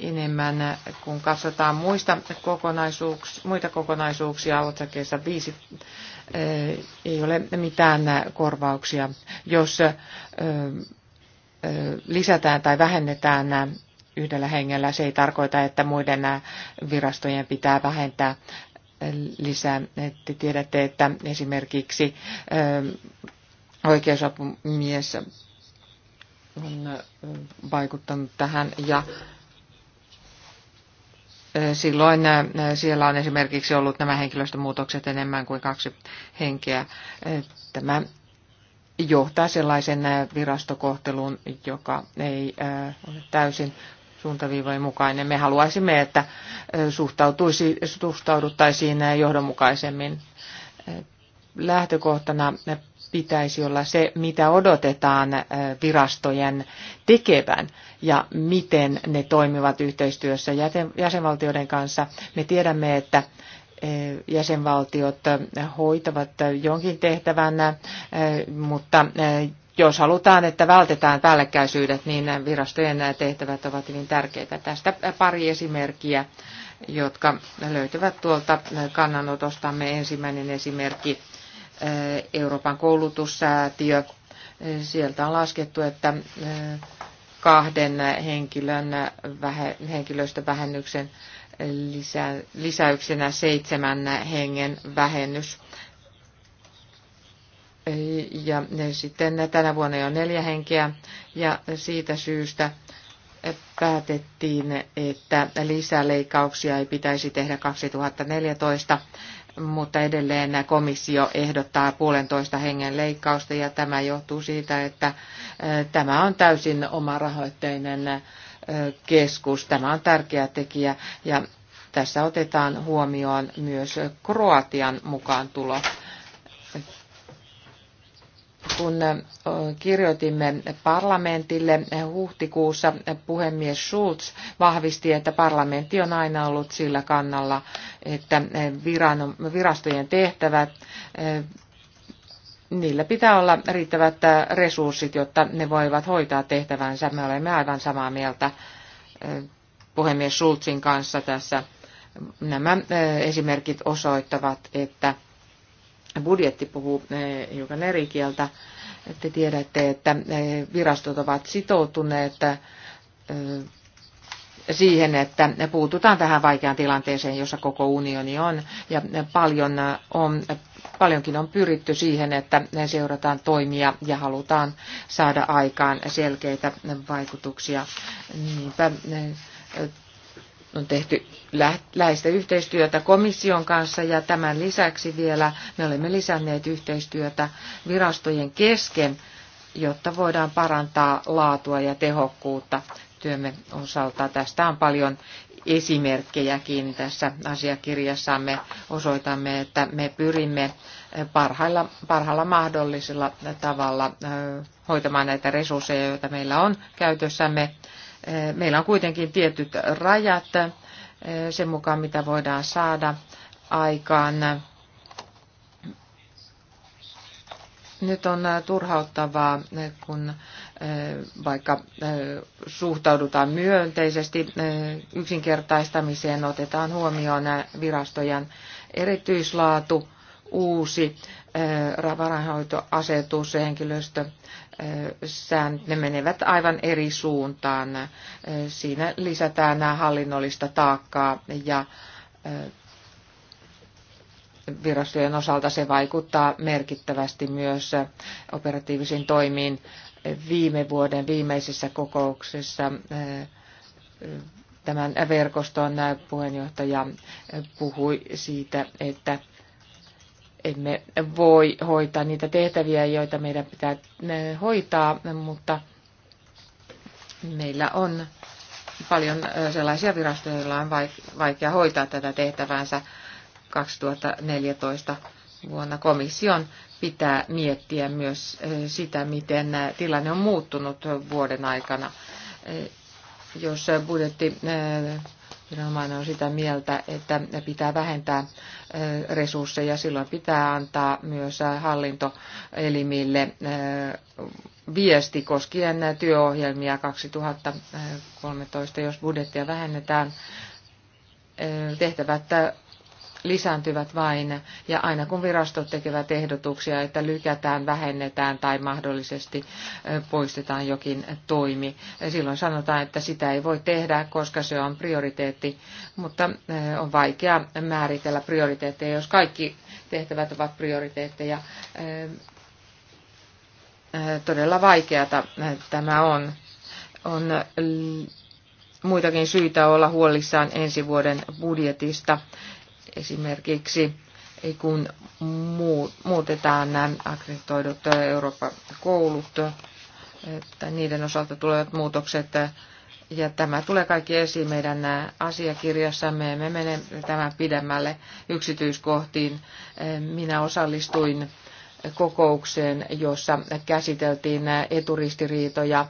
enemmän, kun katsotaan muista kokonaisuuks, muita kokonaisuuksia otsakkeessa viisi, ei ole mitään korvauksia, jos lisätään tai vähennetään yhdellä hengellä. Se ei tarkoita, että muiden virastojen pitää vähentää lisää. Te tiedätte, että esimerkiksi oikeusapumies on vaikuttanut tähän ja Silloin siellä on esimerkiksi ollut nämä henkilöstömuutokset enemmän kuin kaksi henkeä. Tämä johtaa sellaisen virastokohteluun, joka ei ole täysin suuntaviivojen mukainen. Me haluaisimme, että suhtautuisi, suhtauduttaisiin johdonmukaisemmin. Lähtökohtana pitäisi olla se, mitä odotetaan virastojen tekevän ja miten ne toimivat yhteistyössä jäsenvaltioiden kanssa. Me tiedämme, että jäsenvaltiot hoitavat jonkin tehtävän, mutta jos halutaan, että vältetään päällekkäisyydet, niin virastojen tehtävät ovat hyvin tärkeitä. Tästä pari esimerkkiä, jotka löytyvät tuolta kannanotostamme. Ensimmäinen esimerkki Euroopan koulutussäätiö. Sieltä on laskettu, että kahden henkilön henkilöstövähennyksen lisä, lisäyksenä seitsemän hengen vähennys. Ja sitten tänä vuonna jo neljä henkeä ja siitä syystä päätettiin, että lisäleikkauksia ei pitäisi tehdä 2014 mutta edelleen komissio ehdottaa puolentoista hengen leikkausta ja tämä johtuu siitä, että tämä on täysin omarahoitteinen keskus. Tämä on tärkeä tekijä ja tässä otetaan huomioon myös Kroatian mukaan tulo kun kirjoitimme parlamentille huhtikuussa, puhemies Schulz vahvisti, että parlamentti on aina ollut sillä kannalla, että virastojen tehtävät, niillä pitää olla riittävät resurssit, jotta ne voivat hoitaa tehtävänsä. Me olemme aivan samaa mieltä puhemies Schulzin kanssa tässä. Nämä esimerkit osoittavat, että budjetti puhuu eh, hiukan eri kieltä. Te tiedätte, että eh, virastot ovat sitoutuneet eh, siihen, että puututaan tähän vaikeaan tilanteeseen, jossa koko unioni on. Ja paljon on, paljonkin on pyritty siihen, että seurataan toimia ja halutaan saada aikaan selkeitä vaikutuksia. Niinpä on tehty läheistä yhteistyötä komission kanssa ja tämän lisäksi vielä me olemme lisänneet yhteistyötä virastojen kesken, jotta voidaan parantaa laatua ja tehokkuutta työmme osalta. Tästä on paljon esimerkkejäkin tässä asiakirjassamme. Osoitamme, että me pyrimme parhailla, parhailla mahdollisella tavalla hoitamaan näitä resursseja, joita meillä on käytössämme Eh, meillä on kuitenkin tietyt rajat eh, sen mukaan, mitä voidaan saada aikaan. Nyt on eh, turhauttavaa, kun vaikka suhtaudutaan myönteisesti yksinkertaistamiseen, otetaan huomioon virastojen erityislaatu, uusi varainhoitoasetus, henkilöstö, säännöt, ne menevät aivan eri suuntaan. Siinä lisätään nämä hallinnollista taakkaa ja virastojen osalta se vaikuttaa merkittävästi myös operatiivisiin toimiin. Viime vuoden viimeisessä kokouksessa tämän verkoston puheenjohtaja puhui siitä, että emme voi hoitaa niitä tehtäviä, joita meidän pitää hoitaa, mutta meillä on paljon sellaisia virastoja, joilla on vaikea hoitaa tätä tehtäväänsä 2014 vuonna komission pitää miettiä myös sitä, miten tilanne on muuttunut vuoden aikana. Jos budjetti on sitä mieltä, että pitää vähentää Eh, resursseja. Silloin pitää antaa myös hallintoelimille eh, viesti koskien työohjelmia 2013, jos budjettia vähennetään. Eh, tehtävät lisääntyvät vain, ja aina kun virastot tekevät ehdotuksia, että lykätään, vähennetään tai mahdollisesti poistetaan jokin toimi, silloin sanotaan, että sitä ei voi tehdä, koska se on prioriteetti, mutta on vaikea määritellä prioriteetteja, jos kaikki tehtävät ovat prioriteetteja. Todella vaikeata tämä on. On muitakin syitä olla huolissaan ensi vuoden budjetista Esimerkiksi kun muutetaan nämä akkreditoidut Euroopan koulut, että niiden osalta tulevat muutokset, ja tämä tulee kaikki esiin meidän asiakirjassamme. Me mene tämän pidemmälle yksityiskohtiin. Minä osallistuin kokoukseen, jossa käsiteltiin eturistiriitoja.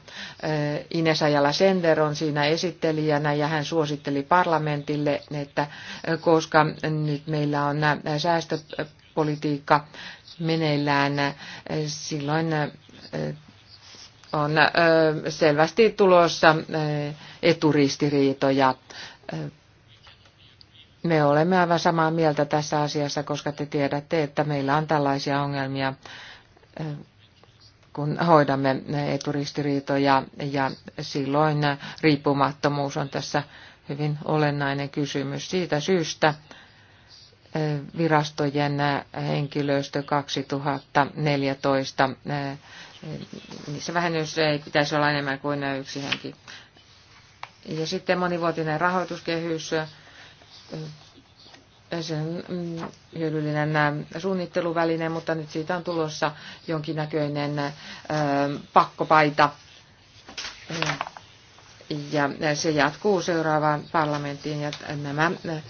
Ines Ajala Sender on siinä esittelijänä ja hän suositteli parlamentille, että koska nyt meillä on säästöpolitiikka meneillään, silloin eh, on eh, selvästi tulossa eh, eturistiriitoja me olemme aivan samaa mieltä tässä asiassa, koska te tiedätte, että meillä on tällaisia ongelmia, kun hoidamme eturistiriitoja ja silloin riippumattomuus on tässä hyvin olennainen kysymys. Siitä syystä virastojen henkilöstö 2014, niissä vähennys ei pitäisi olla enemmän kuin yksi henki. Ja sitten monivuotinen rahoituskehys sen mm, hyödyllinen äh, suunnitteluväline, mutta nyt siitä on tulossa jonkinnäköinen äh, pakkopaita. Ja se jatkuu seuraavaan parlamenttiin ja nämä äh,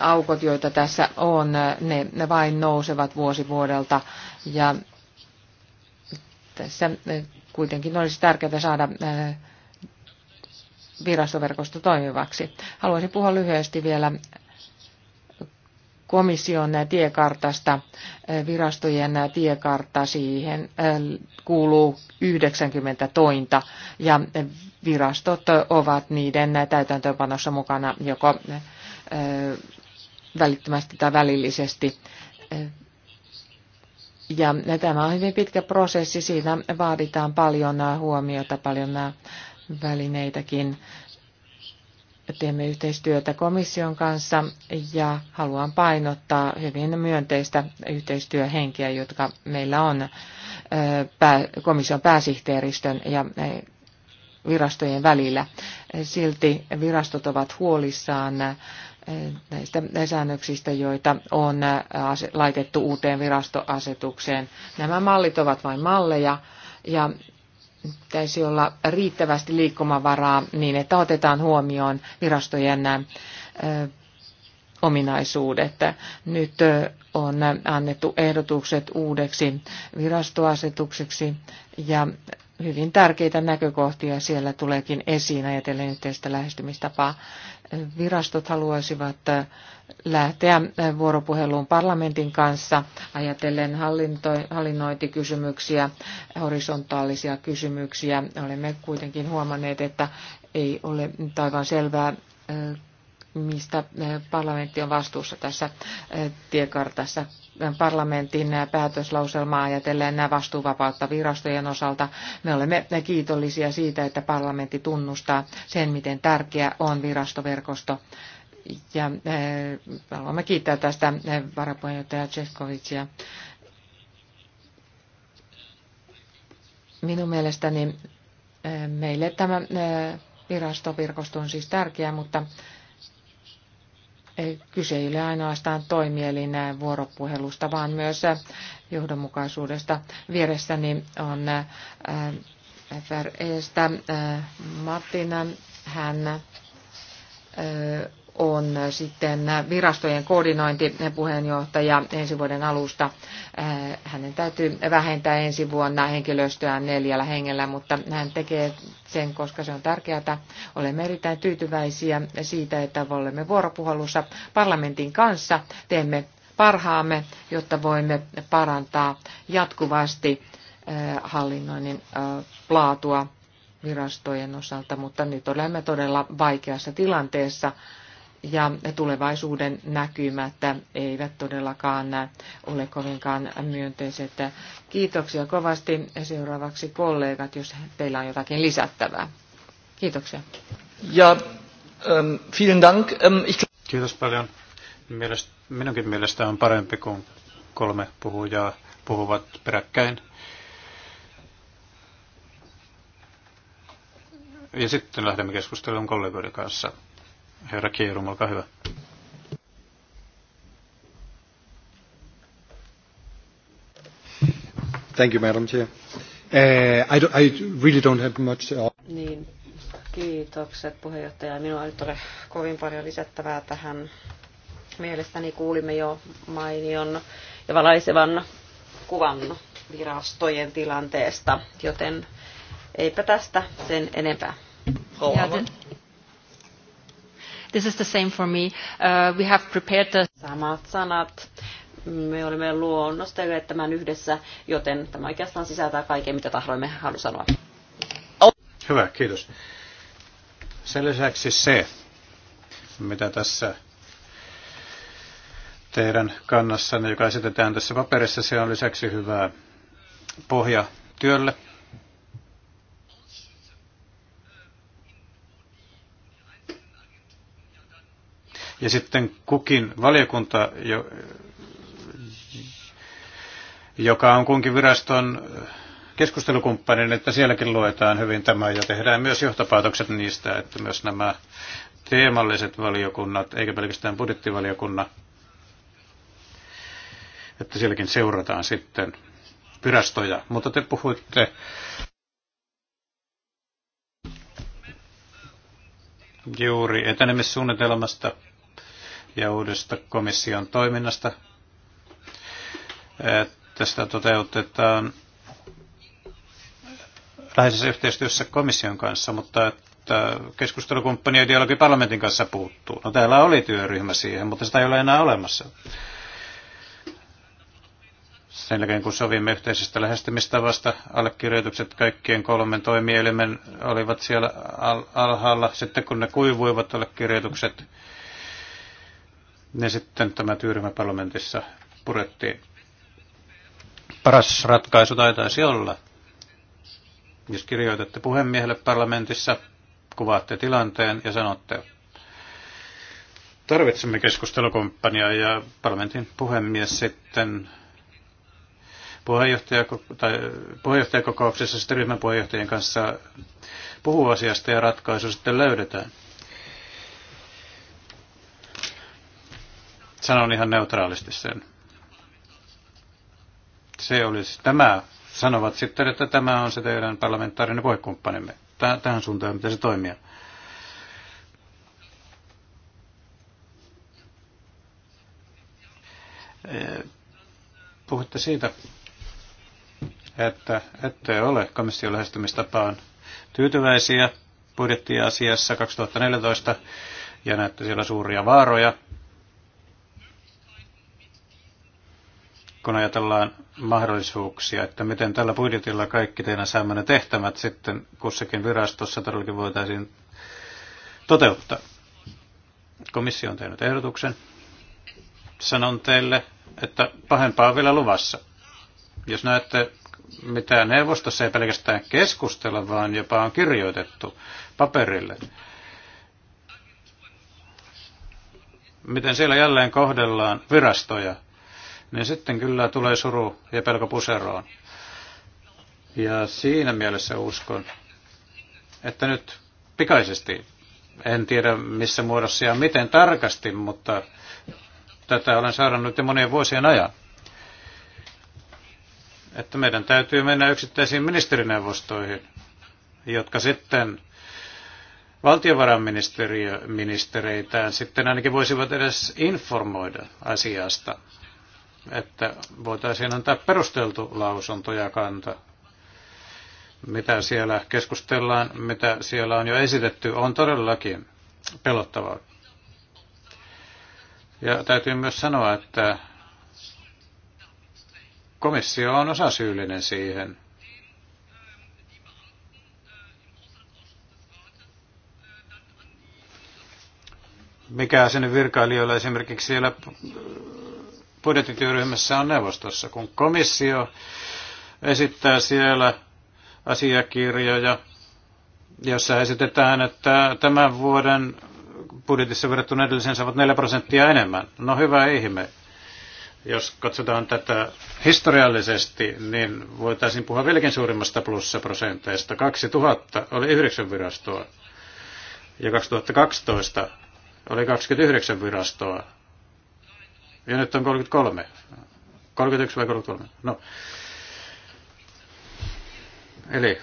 aukot, joita tässä on, ne, vain nousevat vuosi vuodelta. Ja tässä kuitenkin olisi tärkeää saada virastoverkosto toimivaksi. Haluaisin puhua lyhyesti vielä komission tiekartasta, virastojen tiekartta, siihen äh, kuuluu 90 tointa ja virastot ovat niiden täytäntöönpanossa mukana joko äh, välittömästi tai välillisesti. Ja tämä on hyvin pitkä prosessi, siinä vaaditaan paljon huomiota, paljon äh, välineitäkin. Teemme yhteistyötä komission kanssa ja haluan painottaa hyvin myönteistä yhteistyöhenkeä, jotka meillä on komission pääsihteeristön ja virastojen välillä. Silti virastot ovat huolissaan näistä säännöksistä, joita on laitettu uuteen virastoasetukseen. Nämä mallit ovat vain malleja ja pitäisi olla riittävästi liikkumavaraa niin, että otetaan huomioon virastojen ominaisuudet. Nyt on annettu ehdotukset uudeksi virastoasetukseksi ja hyvin tärkeitä näkökohtia siellä tuleekin esiin ajatellen yhteistä lähestymistapaa. Virastot haluaisivat lähteä vuoropuheluun parlamentin kanssa ajatellen hallinto, hallinnointikysymyksiä, horisontaalisia kysymyksiä. Olemme kuitenkin huomanneet, että ei ole aivan selvää mistä eh, parlamentti on vastuussa tässä eh, tiekartassa. Parlamentin eh, päätöslauselmaa ajatellen vastuuvapautta virastojen osalta. Me olemme kiitollisia siitä, että parlamentti tunnustaa sen, miten tärkeä on virastoverkosto. Ja haluamme kiittää tästä varapuheenjohtaja Tseskovicia. Minun mielestäni meille tämä virastovirkosto on siis tärkeä, mutta Kyse ei ole ainoastaan toimielin äh, vuoropuhelusta, vaan myös äh, johdonmukaisuudesta. Vieressäni on äh, FREstä Martina. Hän on sitten virastojen koordinointi puheenjohtaja ensi vuoden alusta. Äh, hänen täytyy vähentää ensi vuonna henkilöstöä neljällä hengellä, mutta hän tekee sen, koska se on tärkeää. Olemme erittäin tyytyväisiä siitä, että olemme vuoropuhelussa parlamentin kanssa. Teemme parhaamme, jotta voimme parantaa jatkuvasti äh, hallinnoinnin äh, laatua virastojen osalta, mutta nyt olemme todella vaikeassa tilanteessa ja tulevaisuuden näkymät eivät todellakaan ole kovinkaan myönteiset. Kiitoksia kovasti seuraavaksi kollegat, jos teillä on jotakin lisättävää. Kiitoksia. Ja, ähm, vielen dank. Ähm, ich... Kiitos paljon. Mielestä, minunkin mielestä on parempi, kun kolme puhujaa puhuvat peräkkäin. Ja sitten lähdemme keskusteluun kollegoiden kanssa. Herra Kierum, olkaa hyvä. Thank you, Madam Chair. Uh, I, do, I really don't have much... Uh, niin, kiitokset puheenjohtaja. Minulla ei ole kovin paljon lisättävää tähän. Mielestäni kuulimme jo mainion ja valaisevan kuvan virastojen tilanteesta, joten eipä tästä sen enempää. Oh, This is the same for me. Uh, we have prepared the... Samat sanat. Me olemme luonnostelleet tämän yhdessä, joten tämä oikeastaan sisältää kaiken, mitä tahdoimme halu sanoa. Hyvä, kiitos. Sen lisäksi se, mitä tässä teidän kannassanne, joka esitetään tässä paperissa, se on lisäksi hyvää pohja työlle, Ja sitten kukin valiokunta, joka on kunkin viraston keskustelukumppanin, että sielläkin luetaan hyvin tämä ja tehdään myös johtopäätökset niistä, että myös nämä teemalliset valiokunnat, eikä pelkästään budjettivaliokunnan, että sielläkin seurataan sitten virastoja. Mutta te puhuitte juuri etenemissuunnitelmasta ja uudesta komission toiminnasta. Äh, tästä toteutetaan läheisessä yhteistyössä komission kanssa, mutta että keskustelukumppani ja dialogi parlamentin kanssa puuttuu. No täällä oli työryhmä siihen, mutta sitä ei ole enää olemassa. Sen jälkeen kun sovimme yhteisestä lähestymistavasta, allekirjoitukset kaikkien kolmen toimielimen olivat siellä alhaalla. Sitten kun ne kuivuivat allekirjoitukset, ne sitten tämä työryhmä parlamentissa purettiin. Paras ratkaisu taitaisi olla, jos kirjoitatte puhemiehelle parlamentissa, kuvaatte tilanteen ja sanotte, tarvitsemme keskustelukumppania ja parlamentin puhemies sitten puheenjohtajako- tai puheenjohtajakokouksessa sitten ryhmän puheenjohtajien kanssa puhuu asiasta ja ratkaisu sitten löydetään. sanon ihan neutraalisti sen. Se olisi, tämä sanovat sitten, että tämä on se teidän parlamentaarinen voikumppanimme. Tähän suuntaan se toimia. Eh, puhutte siitä, että ette ole komission lähestymistapaan tyytyväisiä budjettiasiassa 2014 ja näette siellä suuria vaaroja kun ajatellaan mahdollisuuksia, että miten tällä budjetilla kaikki teidän saamanne tehtävät sitten kussakin virastossa todellakin voitaisiin toteuttaa. Komissio on tehnyt ehdotuksen. Sanon teille, että pahempaa on vielä luvassa. Jos näette, mitä neuvostossa ei pelkästään keskustella, vaan jopa on kirjoitettu paperille, miten siellä jälleen kohdellaan virastoja – niin sitten kyllä tulee suru ja pelko puseroon. Ja siinä mielessä uskon, että nyt pikaisesti, en tiedä missä muodossa ja miten tarkasti, mutta tätä olen saanut jo monien vuosien ajan. Että meidän täytyy mennä yksittäisiin ministerineuvostoihin, jotka sitten valtiovarainministeriöministereitään sitten ainakin voisivat edes informoida asiasta että voitaisiin antaa perusteltu lausunto ja kanta. Mitä siellä keskustellaan, mitä siellä on jo esitetty, on todellakin pelottavaa. Ja täytyy myös sanoa, että komissio on osasyyllinen siihen. Mikä sinne virkailijoilla esimerkiksi siellä budjettityöryhmässä on neuvostossa, kun komissio esittää siellä asiakirjoja, jossa esitetään, että tämän vuoden budjetissa verrattuna edelliseen saavat 4 prosenttia enemmän. No hyvä ihme. Jos katsotaan tätä historiallisesti, niin voitaisiin puhua vieläkin suurimmasta plussaprosenteista. 2000 oli 9 virastoa ja 2012 oli 29 virastoa ja nyt on 33. 31 vai 33? No. Eli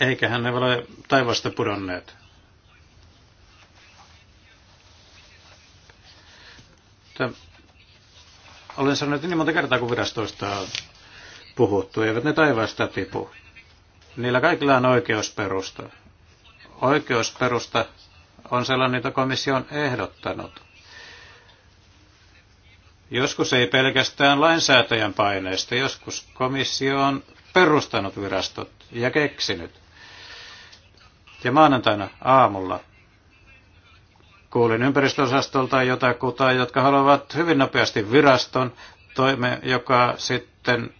eiköhän ne ole taivasta pudonneet. Tämä, olen sanonut niin monta kertaa, kun virastoista on puhuttu, eivät ne taivaasta tipu. Niillä kaikilla on oikeusperusta. Oikeusperusta on sellainen, mitä komissio on ehdottanut. Joskus ei pelkästään lainsäätäjän paineesta, joskus komissio on perustanut virastot ja keksinyt. Ja maanantaina aamulla kuulin ympäristöosastolta jotakuta, jotka haluavat hyvin nopeasti viraston, toime, joka sitten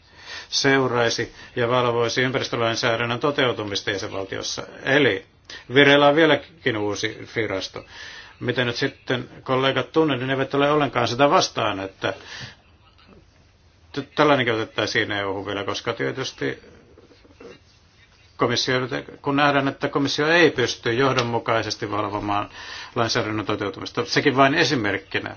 seuraisi ja valvoisi ympäristölainsäädännön toteutumista jäsenvaltiossa. Eli vireillä on vieläkin uusi virasto. Miten nyt sitten kollegat tunne, niin eivät ole ollenkaan sitä vastaan, että tällainen käytettäisiin EU vielä, koska tietysti komissio, kun nähdään, että komissio ei pysty johdonmukaisesti valvomaan lainsäädännön toteutumista, sekin vain esimerkkinä.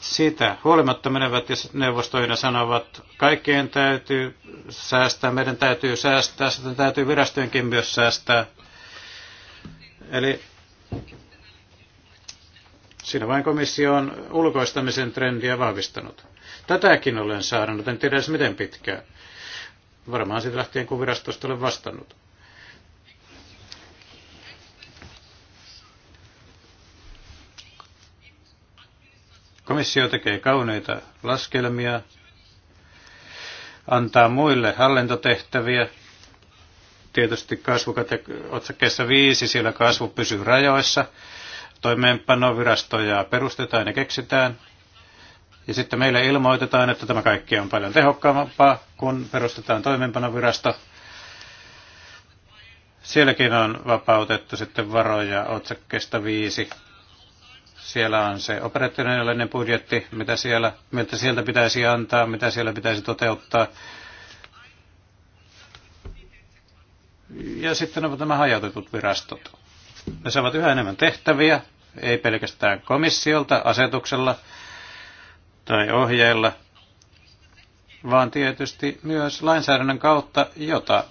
Sitä huolimatta menevät ja neuvostoina sanovat, kaikkien täytyy säästää, meidän täytyy säästää, sitten täytyy virastojenkin myös säästää. Eli Siinä vain komissio on ulkoistamisen trendiä vahvistanut. Tätäkin olen saanut, en tiedä edes miten pitkään. Varmaan siitä lähtien, kun virastosta olen vastannut. Komissio tekee kauneita laskelmia, antaa muille hallintotehtäviä. Tietysti kasvukate otsakkeessa viisi, siellä kasvu pysyy rajoissa toimeenpanovirastoja perustetaan ja keksitään. Ja sitten meille ilmoitetaan, että tämä kaikki on paljon tehokkaampaa, kun perustetaan toimeenpanovirasto. Sielläkin on vapautettu sitten varoja otsakkeesta viisi. Siellä on se operatiivinen budjetti, mitä, siellä, mitä sieltä pitäisi antaa, mitä siellä pitäisi toteuttaa. Ja sitten ovat nämä hajautetut virastot. Ne saavat yhä enemmän tehtäviä, ei pelkästään komissiolta asetuksella tai ohjeilla, vaan tietysti myös lainsäädännön kautta, jota,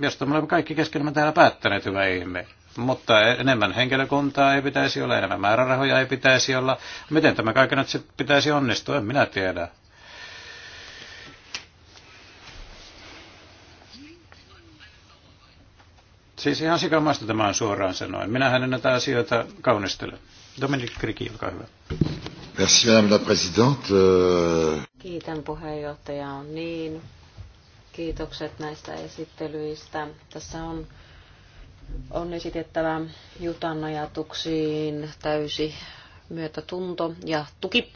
josta me olemme kaikki keskenämme täällä päättäneet, hyvä ihme. Mutta enemmän henkilökuntaa ei pitäisi olla, enemmän määrärahoja ei pitäisi olla. Miten tämä kaiken nyt pitäisi onnistua, en minä tiedä. Siis ihan sikamaista tämä on suoraan sanoen. Minähän en näitä asioita kaunistele. Dominik Kriki, olkaa hyvä. Merci, madame la présidente. Euh, Kiitän puheenjohtajaa. Niin, kiitokset näistä esittelyistä. Tässä on, on esitettävä Jutan ajatuksiin täysi myötätunto ja tuki.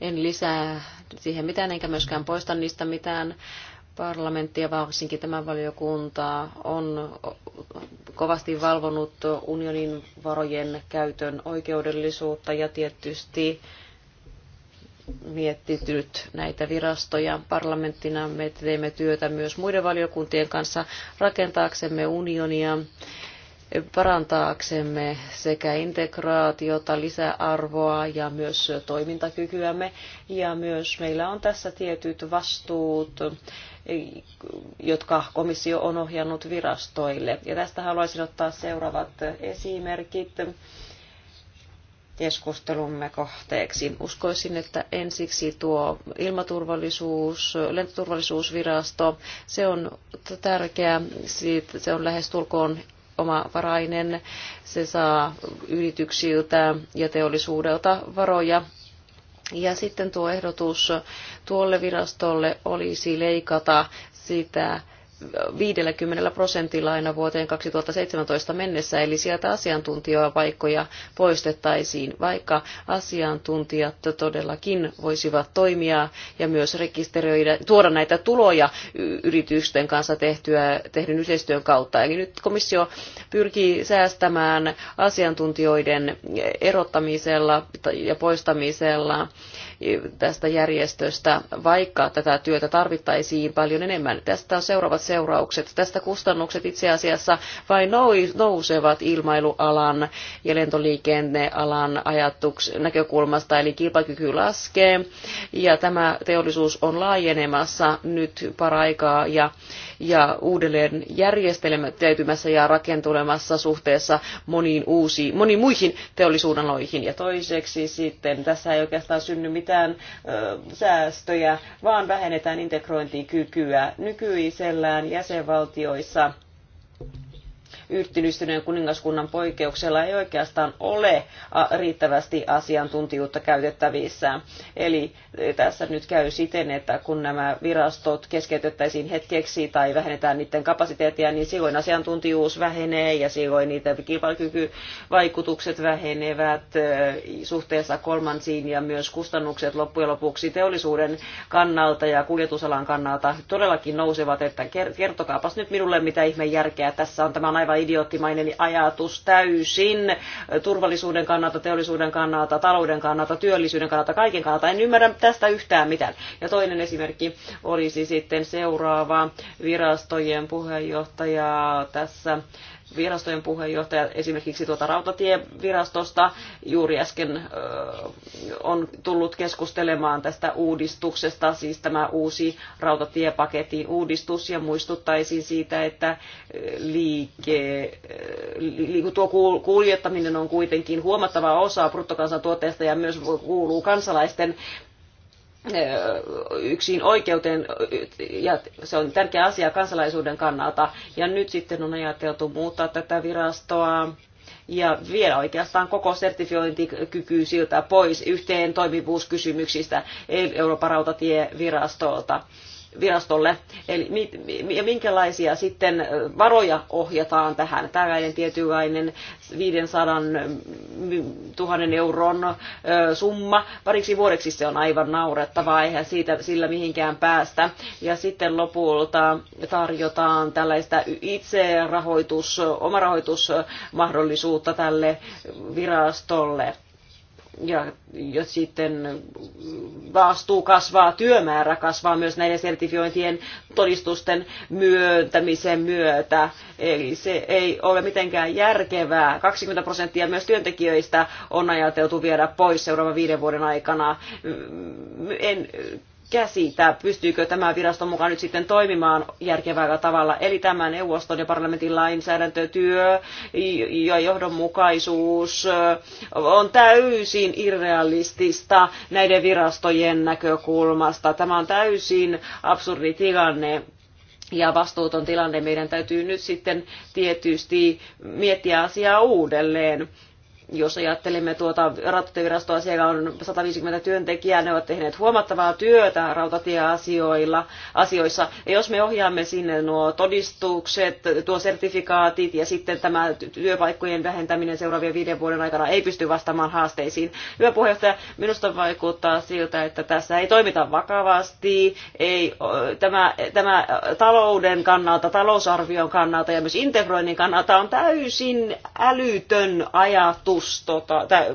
En lisää siihen mitään, enkä myöskään poista niistä mitään Parlamentti ja varsinkin tämä valiokunta on kovasti valvonut unionin varojen käytön oikeudellisuutta ja tietysti miettityt näitä virastoja. Parlamenttina me teemme työtä myös muiden valiokuntien kanssa rakentaaksemme unionia parantaaksemme sekä integraatiota, lisäarvoa ja myös toimintakykyämme. Ja myös meillä on tässä tietyt vastuut, jotka komissio on ohjannut virastoille. Ja tästä haluaisin ottaa seuraavat esimerkit keskustelumme kohteeksi. Uskoisin, että ensiksi tuo ilmaturvallisuus, lentoturvallisuusvirasto, se on tärkeä, se on lähes tulkoon omavarainen. Se saa yrityksiltä ja teollisuudelta varoja ja sitten tuo ehdotus tuolle virastolle olisi leikata sitä 50 prosentilla aina vuoteen 2017 mennessä, eli sieltä asiantuntijapaikkoja poistettaisiin, vaikka asiantuntijat todellakin voisivat toimia ja myös rekisteröidä, tuoda näitä tuloja yritysten kanssa tehtyä, tehdyn yhteistyön kautta. Eli nyt komissio pyrkii säästämään asiantuntijoiden erottamisella ja poistamisella tästä järjestöstä, vaikka tätä työtä tarvittaisiin paljon enemmän. Tästä on seuraavat seuraukset. Tästä kustannukset itse asiassa vain nousevat ilmailualan ja lentoliikennealan ajatuks- näkökulmasta, eli kilpailukyky laskee ja tämä teollisuus on laajenemassa nyt paraikaa ja, ja uudelleen järjestelmätäytymässä ja rakentulemassa suhteessa moniin, uusiin, moniin muihin teollisuudenloihin. Ja toiseksi sitten tässä ei oikeastaan synny mitään ö, säästöjä, vaan vähennetään integrointikykyä nykyisellä jäsenvaltioissa – yhtynystyneen kuningaskunnan poikkeuksella ei oikeastaan ole riittävästi asiantuntijuutta käytettävissä. Eli e, tässä nyt käy siten, että kun nämä virastot keskeytettäisiin hetkeksi tai vähennetään niiden kapasiteettia, niin silloin asiantuntijuus vähenee ja silloin niitä kilpailukykyvaikutukset vähenevät e, suhteessa kolmansiin ja myös kustannukset loppujen lopuksi teollisuuden kannalta ja kuljetusalan kannalta todellakin nousevat, että kertokaapas nyt minulle mitä ihme järkeä tässä on. Tämä on aivan idioottimainen ajatus täysin turvallisuuden kannalta, teollisuuden kannalta, talouden kannalta, työllisyyden kannalta, kaiken kannalta. En ymmärrä tästä yhtään mitään. Ja toinen esimerkki olisi sitten seuraava virastojen puheenjohtaja tässä virastojen puheenjohtaja esimerkiksi tuota rautatievirastosta juuri äsken on tullut keskustelemaan tästä uudistuksesta, siis tämä uusi rautatiepaketin uudistus ja muistuttaisin siitä, että liike, tuo kuljettaminen on kuitenkin huomattava osa bruttokansantuotteesta ja myös kuuluu kansalaisten yksin oikeuteen, ja se on tärkeä asia kansalaisuuden kannalta. Ja nyt sitten on ajateltu muuttaa tätä virastoa ja vielä oikeastaan koko sertifiointikyky siltä pois yhteen toimivuuskysymyksistä Euroopan rautatievirastolta virastolle. Eli ja minkälaisia sitten varoja ohjataan tähän? Tällainen tietynlainen 500 000 mm, euron summa pariksi vuodeksi se on aivan naurettavaa, eihän siitä sillä mihinkään päästä. Ja sitten lopulta tarjotaan tällaista itse rahoitus, omarahoitusmahdollisuutta tälle virastolle ja, ja sitten vastuu kasvaa, työmäärä kasvaa myös näiden sertifiointien todistusten myöntämisen myötä. Eli se ei ole mitenkään järkevää. 20 prosenttia myös työntekijöistä on ajateltu viedä pois seuraavan viiden vuoden aikana. En käsitä, pystyykö tämä viraston mukaan nyt sitten toimimaan järkevällä tavalla. Eli tämä neuvoston ja parlamentin lainsäädäntötyö ja johdonmukaisuus on täysin irrealistista näiden virastojen näkökulmasta. Tämä on täysin absurdi tilanne ja vastuuton tilanne. Meidän täytyy nyt sitten tietysti miettiä asiaa uudelleen. Jos ajattelemme tuota rautatievirastoa, siellä on 150 työntekijää, ne ovat tehneet huomattavaa työtä rautatieasioilla, asioissa. Ja jos me ohjaamme sinne nuo todistukset, tuo sertifikaatit ja sitten tämä työpaikkojen vähentäminen seuraavien viiden vuoden aikana ei pysty vastaamaan haasteisiin. Hyvä puheenjohtaja, minusta vaikuttaa siltä, että tässä ei toimita vakavasti, ei, tämä, tämä talouden kannalta, talousarvion kannalta ja myös integroinnin kannalta on täysin älytön ajatus neuvosto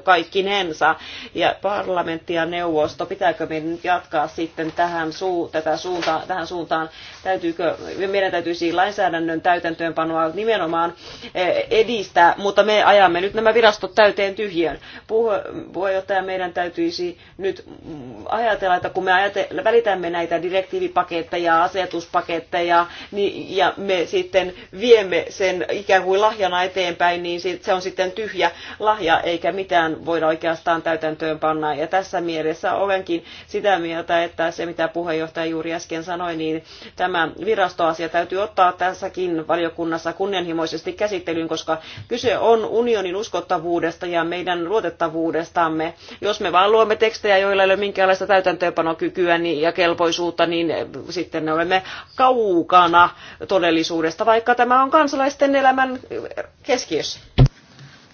kaikkinensa ja parlamentti ja neuvosto, pitääkö meidän nyt jatkaa sitten tähän, suu, tätä suunta, tähän suuntaan, täytyykö, meidän täytyisi lainsäädännön täytäntöönpanoa nimenomaan e, edistää, mutta me ajamme nyt nämä virastot täyteen tyhjön. Puheenjohtaja, meidän täytyisi nyt ajatella, että kun me ajate, välitämme näitä direktiivipaketteja, asetuspaketteja, niin, ja me sitten viemme sen ikään kuin lahjana eteenpäin, niin se on sitten tyhjä lahja lahja ja eikä mitään voida oikeastaan täytäntöön panna. Ja tässä mielessä olenkin sitä mieltä, että se mitä puheenjohtaja juuri äsken sanoi, niin tämä virastoasia täytyy ottaa tässäkin valiokunnassa kunnianhimoisesti käsittelyyn, koska kyse on unionin uskottavuudesta ja meidän luotettavuudestamme. Jos me vaan luomme tekstejä, joilla ei ole minkäänlaista täytäntöönpanokykyä niin- ja kelpoisuutta, niin sitten me olemme kaukana todellisuudesta, vaikka tämä on kansalaisten elämän keskiössä.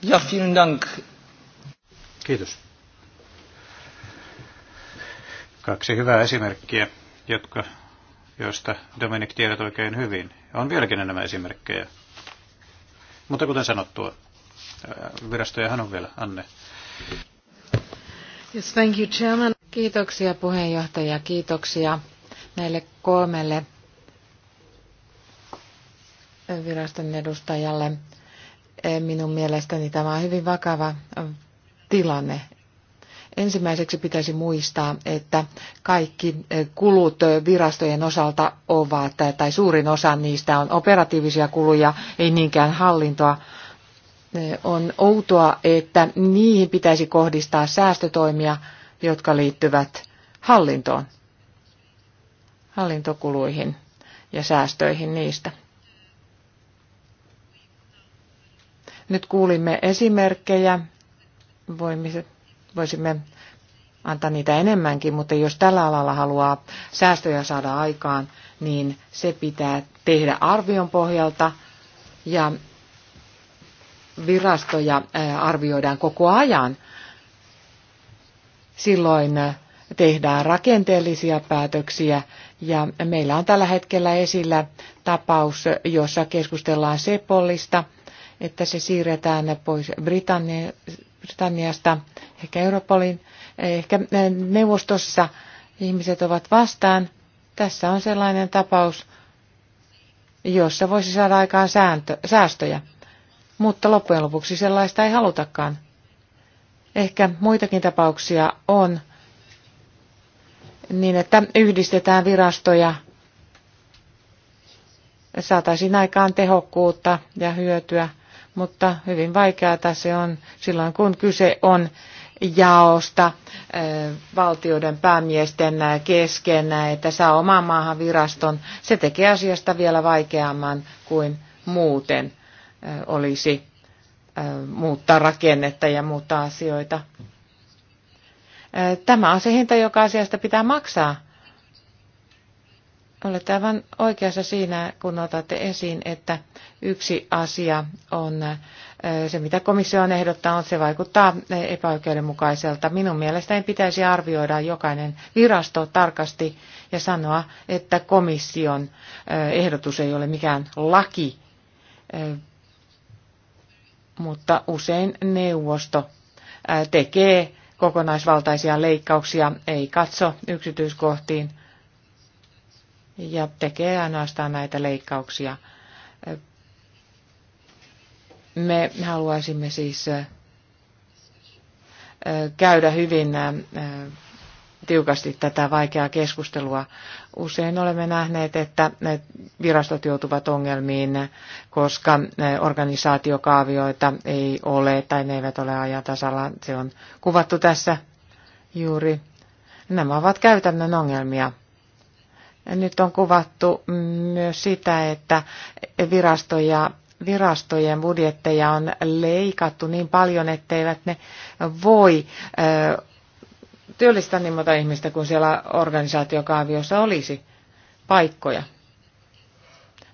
Ja, vielen dank. Kiitos. Kaksi hyvää esimerkkiä, jotka, joista Dominik tiedät oikein hyvin. On vieläkin enemmän esimerkkejä. Mutta kuten sanottua, äh, virastojahan on vielä. Anne. Yes, thank you, Chairman. Kiitoksia puheenjohtaja, kiitoksia näille kolmelle viraston edustajalle Minun mielestäni tämä on hyvin vakava tilanne. Ensimmäiseksi pitäisi muistaa, että kaikki e, kulut e, virastojen osalta ovat, e, tai suurin osa niistä on operatiivisia kuluja, ei niinkään hallintoa. On outoa, että niihin pitäisi kohdistaa säästötoimia, jotka liittyvät hallintoon, hallintokuluihin ja säästöihin niistä. Nyt kuulimme esimerkkejä. Voimme, voisimme antaa niitä enemmänkin, mutta jos tällä alalla haluaa säästöjä saada aikaan, niin se pitää tehdä arvion pohjalta ja virastoja arvioidaan koko ajan. Silloin tehdään rakenteellisia päätöksiä ja meillä on tällä hetkellä esillä tapaus, jossa keskustellaan Sepollista – että se siirretään pois Britannia, Britanniasta, ehkä Europolin, ehkä eh, neuvostossa ihmiset ovat vastaan. Tässä on sellainen tapaus, jossa voisi saada aikaan sääntö, säästöjä, mutta loppujen lopuksi sellaista ei halutakaan. Ehkä muitakin tapauksia on niin, että yhdistetään virastoja, saataisiin aikaan tehokkuutta ja hyötyä – mutta hyvin vaikeata se on silloin, kun kyse on jaosta valtioiden päämiesten kesken, että saa oman maahan viraston. Se tekee asiasta vielä vaikeamman kuin muuten olisi muuttaa rakennetta ja muuttaa asioita. Tämä on se hinta, joka asiasta pitää maksaa Olette aivan oikeassa siinä, kun otatte esiin, että yksi asia on se, mitä komissio on ehdottanut, se vaikuttaa epäoikeudenmukaiselta. Minun mielestäni pitäisi arvioida jokainen virasto tarkasti ja sanoa, että komission ehdotus ei ole mikään laki, mutta usein neuvosto tekee kokonaisvaltaisia leikkauksia, ei katso yksityiskohtiin – ja tekee ainoastaan näitä leikkauksia. Me haluaisimme siis käydä hyvin tiukasti tätä vaikeaa keskustelua. Usein olemme nähneet, että virastot joutuvat ongelmiin, koska organisaatiokaavioita ei ole tai ne eivät ole ajan tasalla. Se on kuvattu tässä juuri. Nämä ovat käytännön ongelmia. Nyt on kuvattu myös sitä, että virastoja, virastojen budjetteja on leikattu niin paljon, etteivät ne voi työllistää niin monta ihmistä kuin siellä organisaatiokaaviossa olisi paikkoja.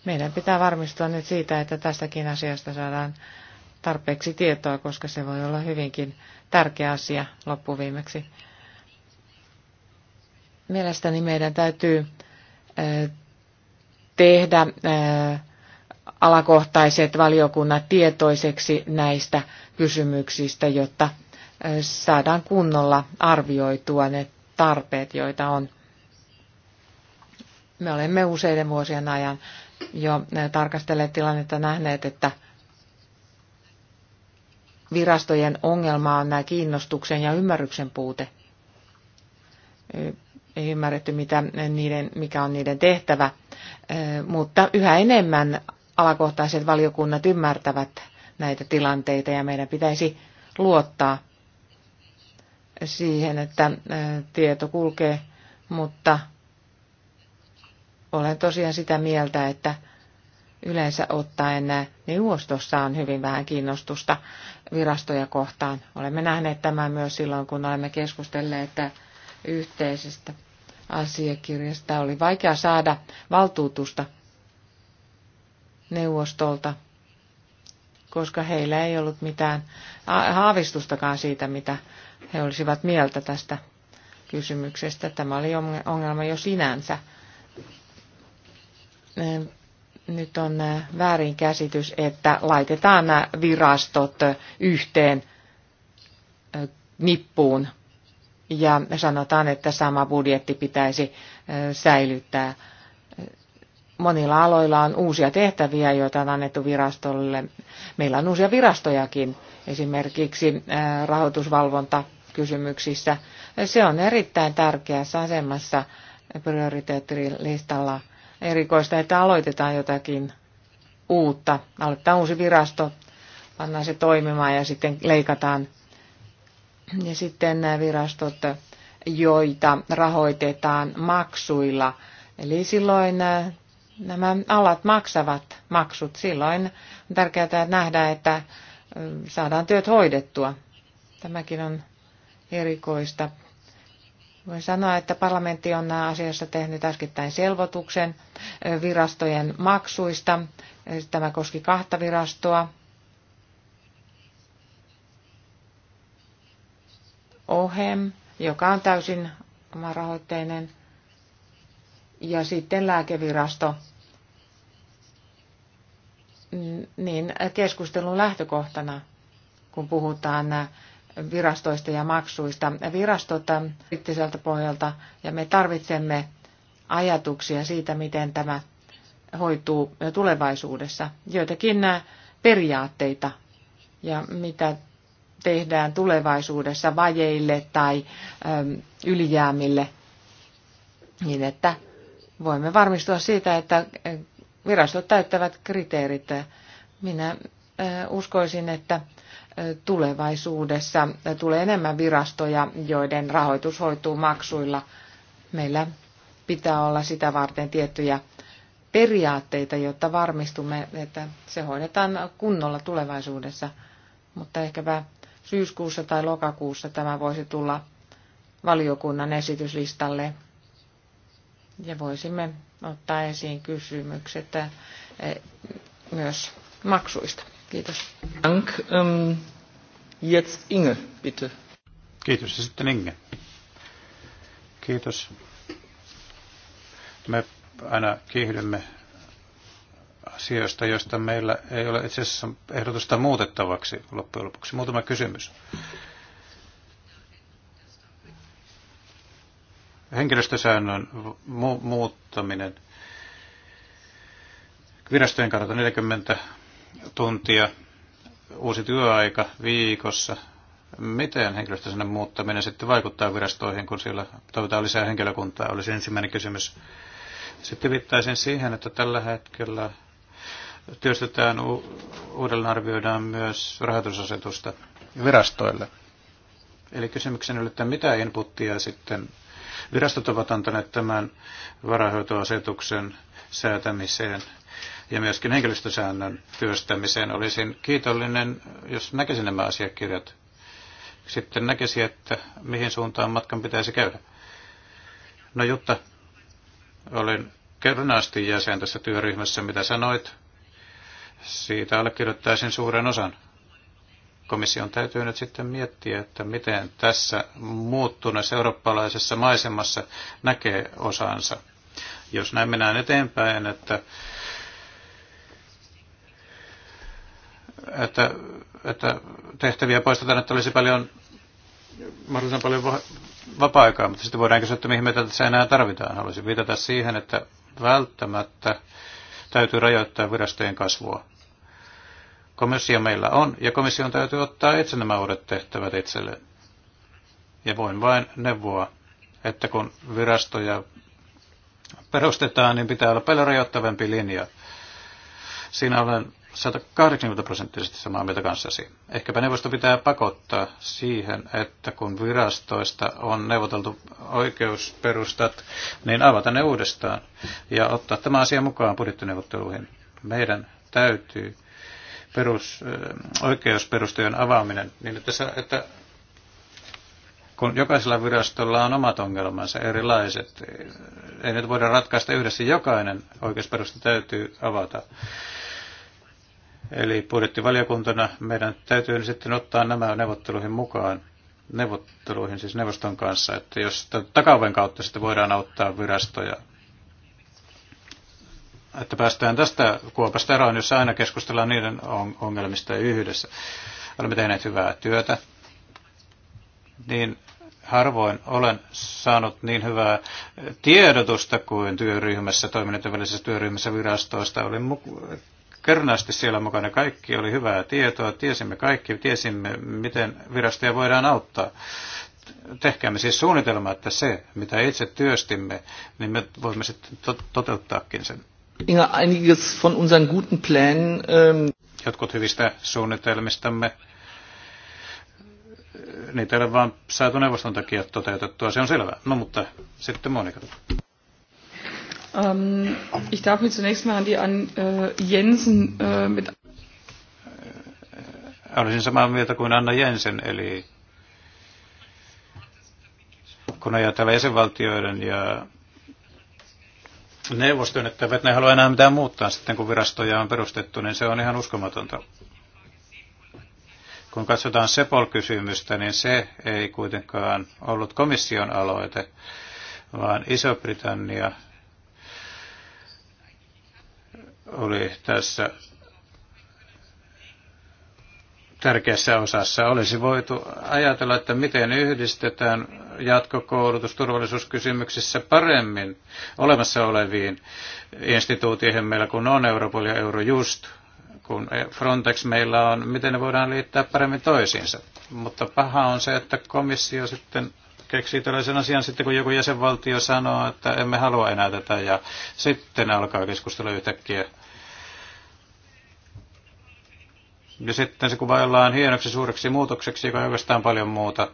Meidän pitää varmistua nyt siitä, että tästäkin asiasta saadaan tarpeeksi tietoa, koska se voi olla hyvinkin tärkeä asia loppuviimeksi. Mielestäni meidän täytyy tehdä alakohtaiset valiokunnat tietoiseksi näistä kysymyksistä, jotta saadaan kunnolla arvioitua ne tarpeet, joita on. Me olemme useiden vuosien ajan jo tarkastelleet tilannetta nähneet, että virastojen ongelma on nämä kiinnostuksen ja ymmärryksen puute ei ymmärretty, mitä niiden, mikä on niiden tehtävä, mutta yhä enemmän alakohtaiset valiokunnat ymmärtävät näitä tilanteita ja meidän pitäisi luottaa siihen, että tieto kulkee, mutta olen tosiaan sitä mieltä, että yleensä ottaen neuvostossa on hyvin vähän kiinnostusta virastoja kohtaan. Olemme nähneet tämän myös silloin, kun olemme keskustelleet yhteisestä asiakirjasta. Oli vaikea saada valtuutusta neuvostolta, koska heillä ei ollut mitään haavistustakaan siitä, mitä he olisivat mieltä tästä kysymyksestä. Tämä oli ongelma jo sinänsä. Äh, nyt on äh, väärin käsitys, että laitetaan nämä äh, virastot yhteen nippuun ja sanotaan, että sama budjetti pitäisi säilyttää. Monilla aloilla on uusia tehtäviä, joita on annettu virastolle. Meillä on uusia virastojakin, esimerkiksi rahoitusvalvonta kysymyksissä. Se on erittäin tärkeässä asemassa prioriteettilistalla. Erikoista, että aloitetaan jotakin uutta. Aloitetaan uusi virasto, pannaan se toimimaan ja sitten leikataan ja sitten nämä virastot, joita rahoitetaan maksuilla. Eli silloin äh, nämä alat maksavat maksut. Silloin on tärkeää nähdä, että äh, saadaan työt hoidettua. Tämäkin on erikoista. Voin sanoa, että parlamentti on asiassa tehnyt äskettäin selvotuksen äh, virastojen maksuista. Tämä koski kahta virastoa, OHEM, joka on täysin omarahoitteinen, ja sitten lääkevirasto. Niin keskustelun lähtökohtana, kun puhutaan virastoista ja maksuista. Virastot kriittiseltä äh, pohjalta ja me tarvitsemme ajatuksia siitä, miten tämä hoituu tulevaisuudessa. Joitakin äh, periaatteita ja mitä tehdään tulevaisuudessa vajeille tai ylijäämille, niin että voimme varmistua siitä, että virastot täyttävät kriteerit. Minä uskoisin, että tulevaisuudessa tulee enemmän virastoja, joiden rahoitus hoituu maksuilla. Meillä pitää olla sitä varten tiettyjä periaatteita, jotta varmistumme, että se hoidetaan kunnolla tulevaisuudessa. Mutta ehkäpä syyskuussa tai lokakuussa tämä voisi tulla valiokunnan esityslistalle. Ja voisimme ottaa esiin kysymykset eh, myös maksuista. Kiitos. Dank. Um, jetzt Inge, bitte. Kiitos. Ja sitten Inge. Kiitos. Me aina kiihdymme asioista, joista meillä ei ole itse asiassa ehdotusta muutettavaksi loppujen lopuksi. Muutama kysymys. Henkilöstösäännön mu- muuttaminen virastojen kannalta 40 tuntia, uusi työaika viikossa. Miten henkilöstösäännön muuttaminen sitten vaikuttaa virastoihin, kun siellä toivotaan lisää henkilökuntaa, olisi ensimmäinen kysymys. Sitten viittaisin siihen, että tällä hetkellä työstetään, uudelleen arvioidaan myös rahoitusasetusta virastoille. Eli kysymyksen oli, että mitä inputtia sitten virastot ovat antaneet tämän varahoitoasetuksen säätämiseen ja myöskin henkilöstösäännön työstämiseen. Olisin kiitollinen, jos näkisin nämä asiakirjat. Sitten näkisi, että mihin suuntaan matkan pitäisi käydä. No Jutta, olen kerran asti jäsen tässä työryhmässä, mitä sanoit siitä allekirjoittaisin suuren osan. Komission täytyy nyt sitten miettiä, että miten tässä muuttuneessa eurooppalaisessa maisemassa näkee osansa. Jos näin mennään eteenpäin, että, että, että tehtäviä poistetaan, että olisi paljon, mahdollisimman paljon vapaa-aikaa, mutta sitten voidaan kysyä, että mihin meitä tässä enää tarvitaan. Haluaisin viitata siihen, että välttämättä täytyy rajoittaa virastojen kasvua. Komissio meillä on, ja komission täytyy ottaa itse nämä uudet tehtävät itselleen. Ja voin vain neuvoa, että kun virastoja perustetaan, niin pitää olla paljon rajoittavampi linja. Siinä olen 180 prosenttisesti samaa mieltä kanssasi. Ehkäpä neuvosto pitää pakottaa siihen, että kun virastoista on neuvoteltu oikeusperustat, niin avata ne uudestaan ja ottaa tämä asia mukaan budjettineuvotteluihin. Meidän täytyy perus, oikeusperustojen avaaminen, niin että, se, että kun jokaisella virastolla on omat ongelmansa erilaiset, ei nyt voida ratkaista yhdessä, jokainen oikeusperusta täytyy avata. Eli budjettivaliokuntana meidän täytyy sitten ottaa nämä neuvotteluihin mukaan, neuvotteluihin siis neuvoston kanssa, että jos takaven kautta sitten voidaan auttaa virastoja että päästään tästä kuopasta eroon, jossa aina keskustellaan niiden ongelmista yhdessä. Olemme tehneet hyvää työtä. Niin harvoin olen saanut niin hyvää tiedotusta kuin työryhmässä, toiminnan työryhmässä virastoista. Olin mu- kernaasti siellä mukana kaikki, oli hyvää tietoa, tiesimme kaikki, tiesimme miten virastoja voidaan auttaa. Tehkäämme siis suunnitelma, että se, mitä itse työstimme, niin me voimme sitten to- toteuttaakin sen einiges von unseren guten Plänen. Ähm Jotkut hyvistä suunnitelmistamme, niitä ei ole vain saatu neuvoston takia toteutettua, se on selvää. No mutta sitten Monika. Ähm, ich darf mich zunächst mal an die an äh, Jensen äh, mit äh, Olisin samaa mieltä kuin Anna Jensen, eli kun ajatellaan jäsenvaltioiden ja neuvostoon, että eivät ne halua enää mitään muuttaa sitten, kun virastoja on perustettu, niin se on ihan uskomatonta. Kun katsotaan Sepol-kysymystä, niin se ei kuitenkaan ollut komission aloite, vaan Iso-Britannia oli tässä tärkeässä osassa. Olisi voitu ajatella, että miten yhdistetään jatkokoulutus turvallisuuskysymyksissä paremmin olemassa oleviin instituutioihin meillä, kun on Europol ja Eurojust, kun Frontex meillä on, miten ne voidaan liittää paremmin toisiinsa. Mutta paha on se, että komissio sitten keksii tällaisen asian sitten, kun joku jäsenvaltio sanoo, että emme halua enää tätä, ja sitten alkaa keskustella yhtäkkiä ja sitten se kuvaillaan hienoksi suureksi muutokseksi, joka ei oikeastaan paljon muuta.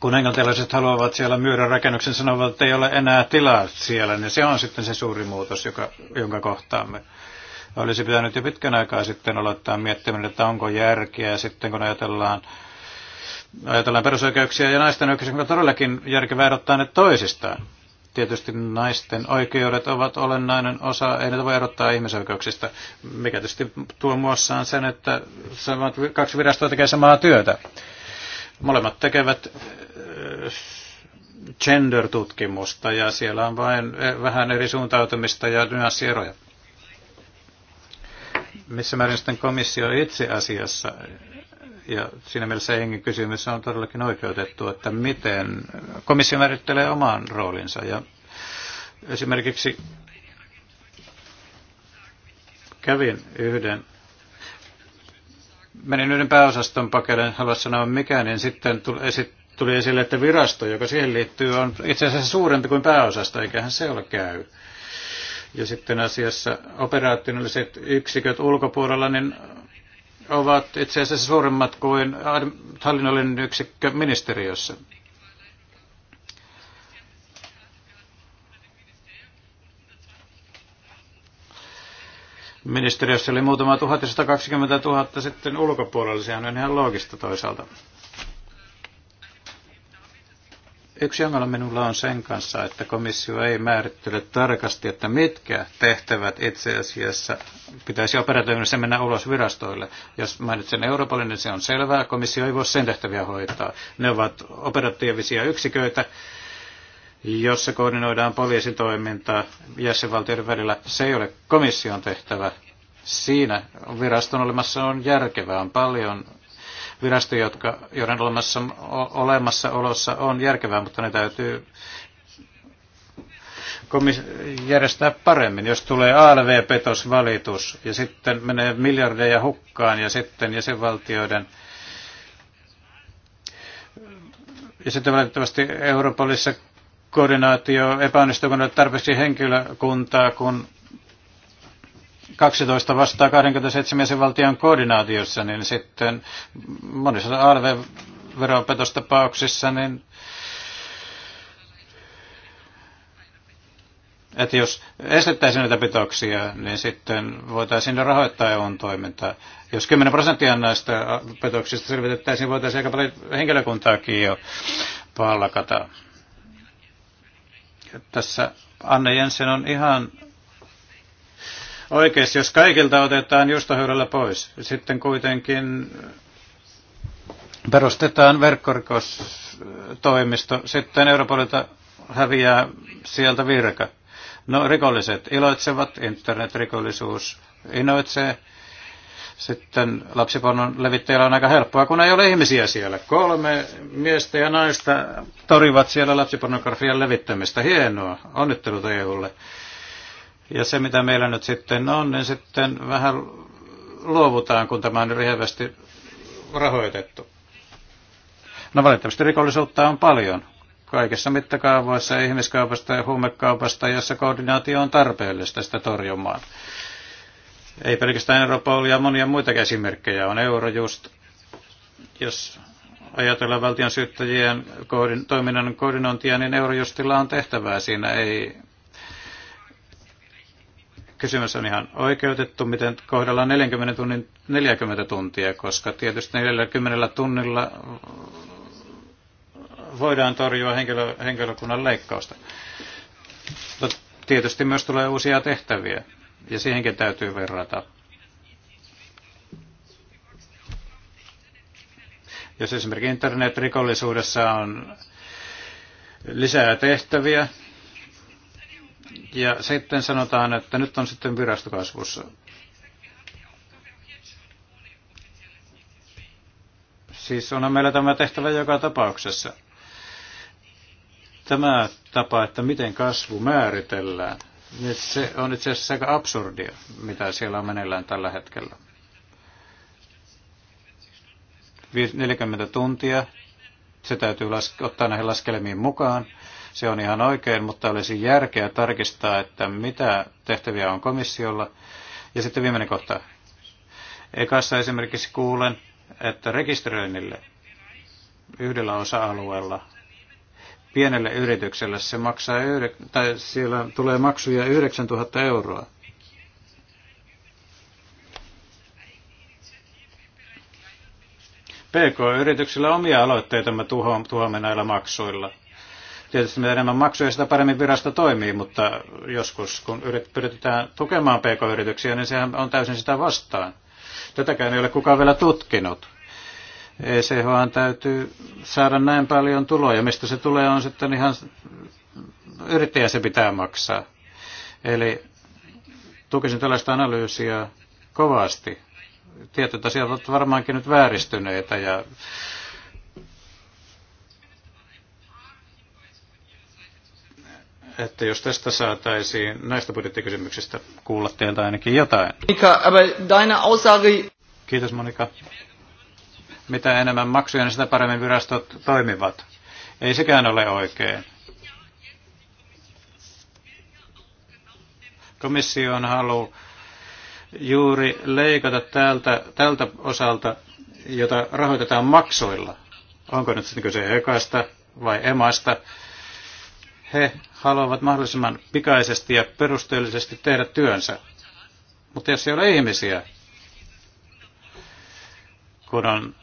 Kun englantilaiset haluavat siellä myydä rakennuksen, sanovat, että ei ole enää tilaa siellä, niin se on sitten se suuri muutos, joka, jonka kohtaamme. Olisi pitänyt jo pitkän aikaa sitten aloittaa miettimään, että onko järkeä sitten, kun ajatellaan, ajatellaan perusoikeuksia ja naisten oikeuksia, onko todellakin järkevää erottaa ne toisistaan. Tietysti naisten oikeudet ovat olennainen osa, ei niitä voi erottaa ihmisoikeuksista, mikä tietysti tuo muassaan sen, että samat, kaksi virastoa tekee samaa työtä. Molemmat tekevät äh, gender-tutkimusta ja siellä on vain äh, vähän eri suuntautumista ja nyanssieroja. Missä määrin sitten komissio itse asiassa ja siinä mielessä Engin kysymys on todellakin oikeutettu, että miten komissio määrittelee oman roolinsa. Ja esimerkiksi kävin yhden, menin yhden pääosaston pakeleen, haluaisin sanoa mikä, niin sitten tuli, tuli esille, että virasto, joka siihen liittyy, on itse asiassa suurempi kuin pääosasto, eiköhän se ole käy. Ja sitten asiassa operaationaliset yksiköt ulkopuolella, niin ovat itse asiassa suuremmat kuin hallinnollinen yksikkö ministeriössä. Ministeriössä oli muutama 1120 000 sitten ulkopuolella, sehän on ihan loogista toisaalta. Yksi ongelma minulla on sen kanssa, että komissio ei määrittele tarkasti, että mitkä tehtävät itse asiassa pitäisi operatiivisesti mennä ulos virastoille. Jos mainitsen Euroopalle, niin se on selvää. Komissio ei voi sen tehtäviä hoitaa. Ne ovat operatiivisia yksiköitä, jossa koordinoidaan poliisitoimintaa jäsenvaltioiden välillä. Se ei ole komission tehtävä. Siinä viraston olemassa on järkevää, on paljon virasto, jotka, joiden olemassa, olemassaolossa on järkevää, mutta ne täytyy komis- järjestää paremmin. Jos tulee ALV-petosvalitus ja sitten menee miljardeja hukkaan ja sitten jäsenvaltioiden ja sitten valitettavasti Europolissa koordinaatio epäonnistuu, kun tarpeeksi henkilökuntaa, kun 12 vastaa 27 jäsenvaltion koordinaatiossa, niin sitten monissa ALV-veropetostapauksissa, niin että jos estettäisiin näitä petoksia, niin sitten voitaisiin rahoittaa EUn toimintaa. Jos 10 prosenttia näistä petoksista selvitettäisiin, niin voitaisiin aika paljon henkilökuntaakin jo palkata. Tässä Anne Jensen on ihan oikeasti, jos kaikilta otetaan justohöylällä pois, sitten kuitenkin perustetaan verkkorikostoimisto, sitten Europolilta häviää sieltä virka. No rikolliset iloitsevat, internetrikollisuus inoitsee. Sitten lapsipornon levittäjällä on aika helppoa, kun ei ole ihmisiä siellä. Kolme miestä ja naista torivat siellä lapsipornografian levittämistä. Hienoa. Onnittelut EUlle. Ja se, mitä meillä nyt sitten on, niin sitten vähän luovutaan, kun tämä on rihevästi rahoitettu. No valitettavasti rikollisuutta on paljon. Kaikessa mittakaavoissa ihmiskaupasta ja huumekaupasta, jossa koordinaatio on tarpeellista sitä torjumaan. Ei pelkästään Europol ja monia muita esimerkkejä on Eurojust. Jos ajatellaan valtion syyttäjien koordin, toiminnan koordinointia, niin Eurojustilla on tehtävää siinä. Ei kysymys on ihan oikeutettu, miten kohdellaan 40 tunnin 40 tuntia, koska tietysti 40 tunnilla voidaan torjua henkilö, henkilökunnan leikkausta. Mutta tietysti myös tulee uusia tehtäviä, ja siihenkin täytyy verrata. Jos esimerkiksi internetrikollisuudessa on lisää tehtäviä, ja sitten sanotaan, että nyt on sitten virastokasvussa. Siis onhan meillä tämä tehtävä joka tapauksessa. Tämä tapa, että miten kasvu määritellään, niin se on itse asiassa aika absurdia, mitä siellä on meneillään tällä hetkellä. 40 tuntia, se täytyy ottaa näihin laskelmiin mukaan. Se on ihan oikein, mutta olisi järkeä tarkistaa, että mitä tehtäviä on komissiolla. Ja sitten viimeinen kohta. Ekassa esimerkiksi kuulen, että rekisteröinnille yhdellä osa-alueella pienelle yritykselle se maksaa, tai siellä tulee maksuja 9000 euroa. PK-yrityksillä omia aloitteita me tuhoamme näillä maksuilla. Tietysti mitä enemmän maksuja, sitä paremmin virasto toimii, mutta joskus kun yrit, pyritään tukemaan pk-yrityksiä, niin sehän on täysin sitä vastaan. Tätäkään ei ole kukaan vielä tutkinut. ECH täytyy saada näin paljon tuloja. Mistä se tulee, on sitten ihan yrittäjä se pitää maksaa. Eli tukisin tällaista analyysiä kovasti. Tietyt asiat ovat varmaankin nyt vääristyneitä ja että jos tästä saataisiin näistä budjettikysymyksistä kuulla teiltä ainakin jotain. Monika, aber deine Aussage... Kiitos Monika. Mitä enemmän maksuja, niin sitä paremmin virastot toimivat. Ei sekään ole oikein. Komissio on halu juuri leikata tältä, tältä osalta, jota rahoitetaan maksuilla. Onko nyt sitten kyse ekasta vai emasta? He haluavat mahdollisimman pikaisesti ja perusteellisesti tehdä työnsä. Mutta jos ei ole ihmisiä, kun on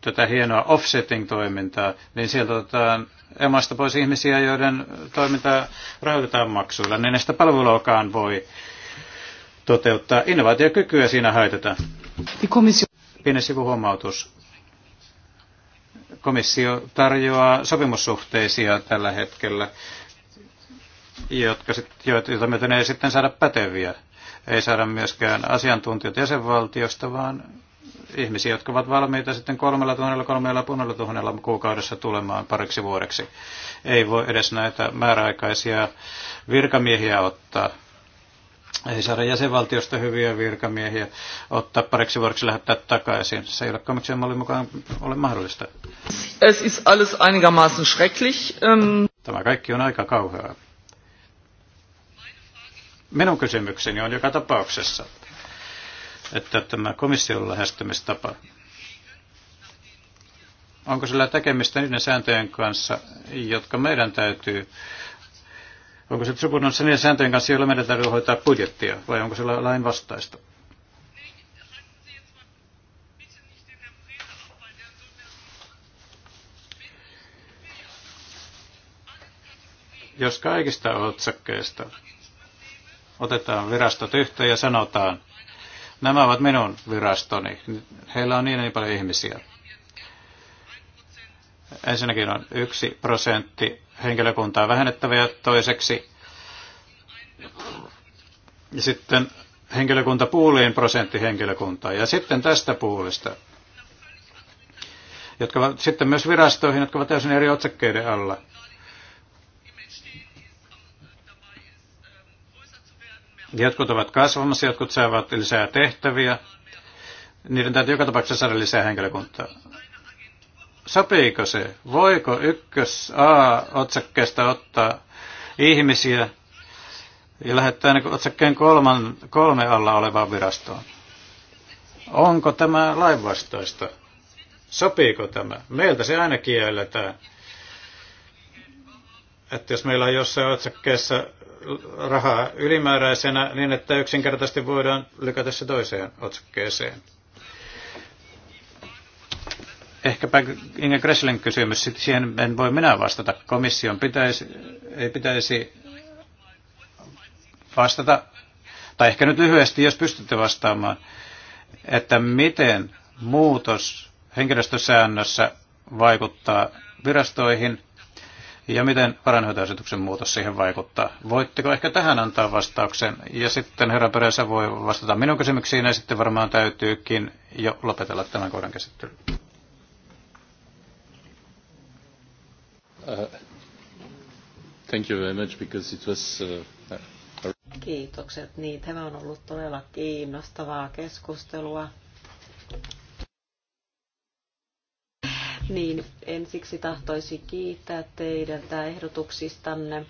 tätä hienoa offsetting-toimintaa, niin sieltä otetaan emasta pois ihmisiä, joiden toimintaa rahoitetaan maksuilla, niin näistä palveluakaan voi toteuttaa. Innovaatiokykyä siinä haitetaan. Niin Pienen sivuhuomautus komissio tarjoaa sopimussuhteisia tällä hetkellä, jotka sit, joita myöten ei sitten saada päteviä. Ei saada myöskään asiantuntijoita jäsenvaltiosta, vaan ihmisiä, jotka ovat valmiita sitten kolmella tuhannella, kolmella punnella tuhannella kuukaudessa tulemaan pariksi vuodeksi. Ei voi edes näitä määräaikaisia virkamiehiä ottaa ei saada jäsenvaltiosta hyviä virkamiehiä ottaa pareksi vuodeksi lähettää takaisin. Se ei ole komission mallin mukaan ole mahdollista. Es ist alles einigermaßen schrecklich. Um... Tämä kaikki on aika kauheaa. Minun kysymykseni on joka tapauksessa, että tämä komission lähestymistapa, onko sillä tekemistä niiden sääntöjen kanssa, jotka meidän täytyy Onko se tribunassa sen sääntöjen kanssa, joilla meidän täytyy hoitaa budjettia, vai onko se lain vastaista? Jos kaikista otsakkeista otetaan virastot yhteen ja sanotaan, nämä ovat minun virastoni, niin heillä on niin, niin paljon ihmisiä, Ensinnäkin on yksi prosentti henkilökuntaa vähennettäviä toiseksi ja sitten henkilökunta puuliin prosentti henkilökuntaa. Ja sitten tästä puulista, jotka ovat sitten myös virastoihin, jotka ovat täysin eri otsakkeiden alla. Jotkut ovat kasvamassa, jotkut saavat lisää tehtäviä. Niiden täytyy joka tapauksessa saada lisää henkilökuntaa sopiiko se? Voiko ykkös A-otsakkeesta ottaa ihmisiä ja lähettää ne otsakkeen kolman, kolme alla olevaan virastoon? Onko tämä lainvastaista? Sopiiko tämä? Meiltä se aina kielletään. Että jos meillä on jossain otsakkeessa rahaa ylimääräisenä, niin että yksinkertaisesti voidaan lykätä se toiseen otsakkeeseen. Ehkäpä Inge Kresslin kysymys, siihen en voi minä vastata. Komission pitäisi, ei pitäisi vastata, tai ehkä nyt lyhyesti, jos pystytte vastaamaan, että miten muutos henkilöstösäännössä vaikuttaa virastoihin ja miten varainhoitoasetuksen muutos siihen vaikuttaa. Voitteko ehkä tähän antaa vastauksen? Ja sitten herra Perässä voi vastata minun kysymyksiin ja sitten varmaan täytyykin jo lopetella tämän kohdan käsittely. Uh, thank you very much because it was, uh, Kiitokset. Niin, tämä on ollut todella kiinnostavaa keskustelua. Niin, ensiksi tahtoisin kiittää teidältä ehdotuksistanne.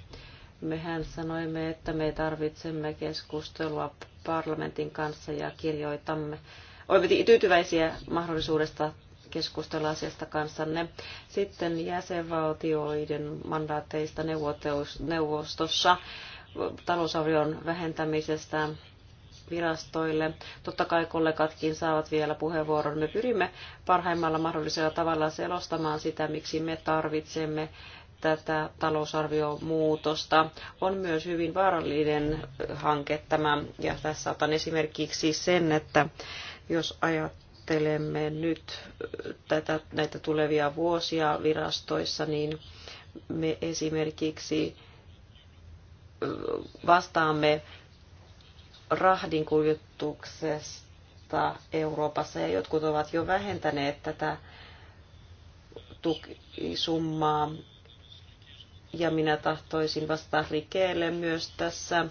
Mehän sanoimme, että me tarvitsemme keskustelua parlamentin kanssa ja kirjoitamme. Olemme tyytyväisiä mahdollisuudesta keskustella asiasta kanssanne. Sitten jäsenvaltioiden mandaateista neuvostossa talousarvion vähentämisestä virastoille. Totta kai kollegatkin saavat vielä puheenvuoron. Me pyrimme parhaimmalla mahdollisella tavalla selostamaan sitä, miksi me tarvitsemme tätä talousarviomuutosta. On myös hyvin vaarallinen hanke tämä, ja tässä otan esimerkiksi sen, että jos ajattelee, tarkastelemme nyt tätä, näitä tulevia vuosia virastoissa, niin me esimerkiksi vastaamme kuljetuksesta Euroopassa ja jotkut ovat jo vähentäneet tätä tukisummaa. Ja minä tahtoisin vastata Rikeelle myös tässä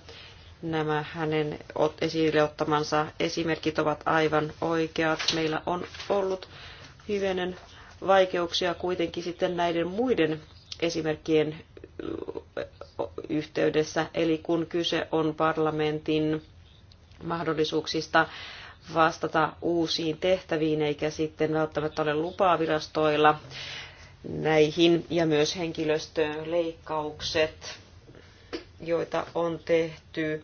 Nämä hänen esille ottamansa esimerkit ovat aivan oikeat. Meillä on ollut hyvänen vaikeuksia kuitenkin sitten näiden muiden esimerkkien yhteydessä, eli kun kyse on parlamentin mahdollisuuksista vastata uusiin tehtäviin, eikä sitten välttämättä ole lupaa virastoilla näihin, ja myös henkilöstöleikkaukset joita on tehty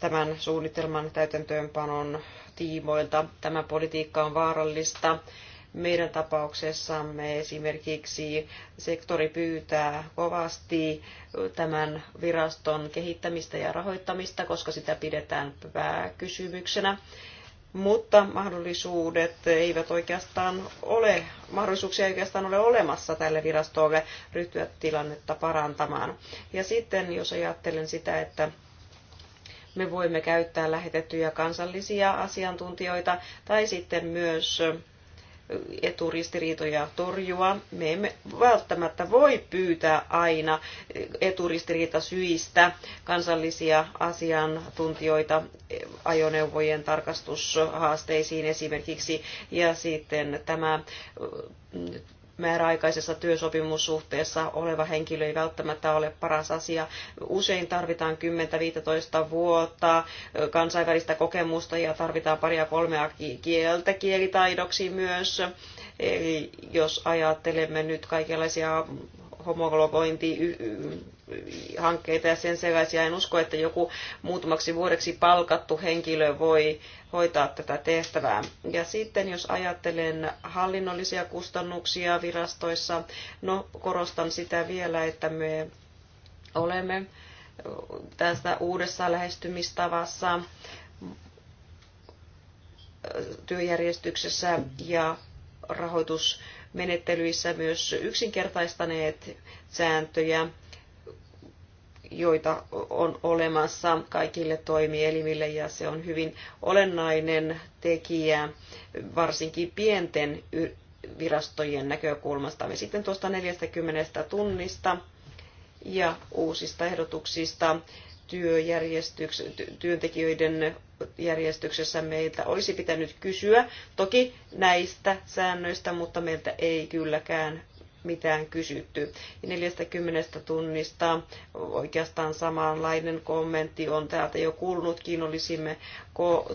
tämän suunnitelman täytäntöönpanon tiimoilta. Tämä politiikka on vaarallista. Meidän tapauksessamme esimerkiksi sektori pyytää kovasti tämän viraston kehittämistä ja rahoittamista, koska sitä pidetään pääkysymyksenä mutta mahdollisuudet eivät oikeastaan ole, mahdollisuuksia ei oikeastaan ole olemassa tälle virastolle ryhtyä tilannetta parantamaan. Ja sitten jos ajattelen sitä, että me voimme käyttää lähetettyjä kansallisia asiantuntijoita tai sitten myös eturistiriitoja torjua. Me emme välttämättä voi pyytää aina eturistiriitasyistä kansallisia asiantuntijoita ajoneuvojen tarkastushaasteisiin esimerkiksi. Ja sitten tämä määräaikaisessa työsopimussuhteessa oleva henkilö ei välttämättä ole paras asia. Usein tarvitaan 10-15 vuotta kansainvälistä kokemusta ja tarvitaan paria kolmea kieltä kielitaidoksi myös. Eli jos ajattelemme nyt kaikenlaisia homologointihankkeita ja sen sellaisia. En usko, että joku muutamaksi vuodeksi palkattu henkilö voi hoitaa tätä tehtävää. Ja sitten jos ajattelen hallinnollisia kustannuksia virastoissa, no korostan sitä vielä, että me olemme tässä uudessa lähestymistavassa työjärjestyksessä ja rahoitusmenettelyissä myös yksinkertaistaneet sääntöjä, joita on olemassa kaikille toimielimille ja se on hyvin olennainen tekijä varsinkin pienten virastojen näkökulmasta. Me sitten tuosta 40 tunnista ja uusista ehdotuksista työjärjestyks, työntekijöiden järjestyksessä meiltä olisi pitänyt kysyä toki näistä säännöistä, mutta meiltä ei kylläkään mitään kysytty. 40 tunnista oikeastaan samanlainen kommentti on täältä jo kuulunutkin. Olisimme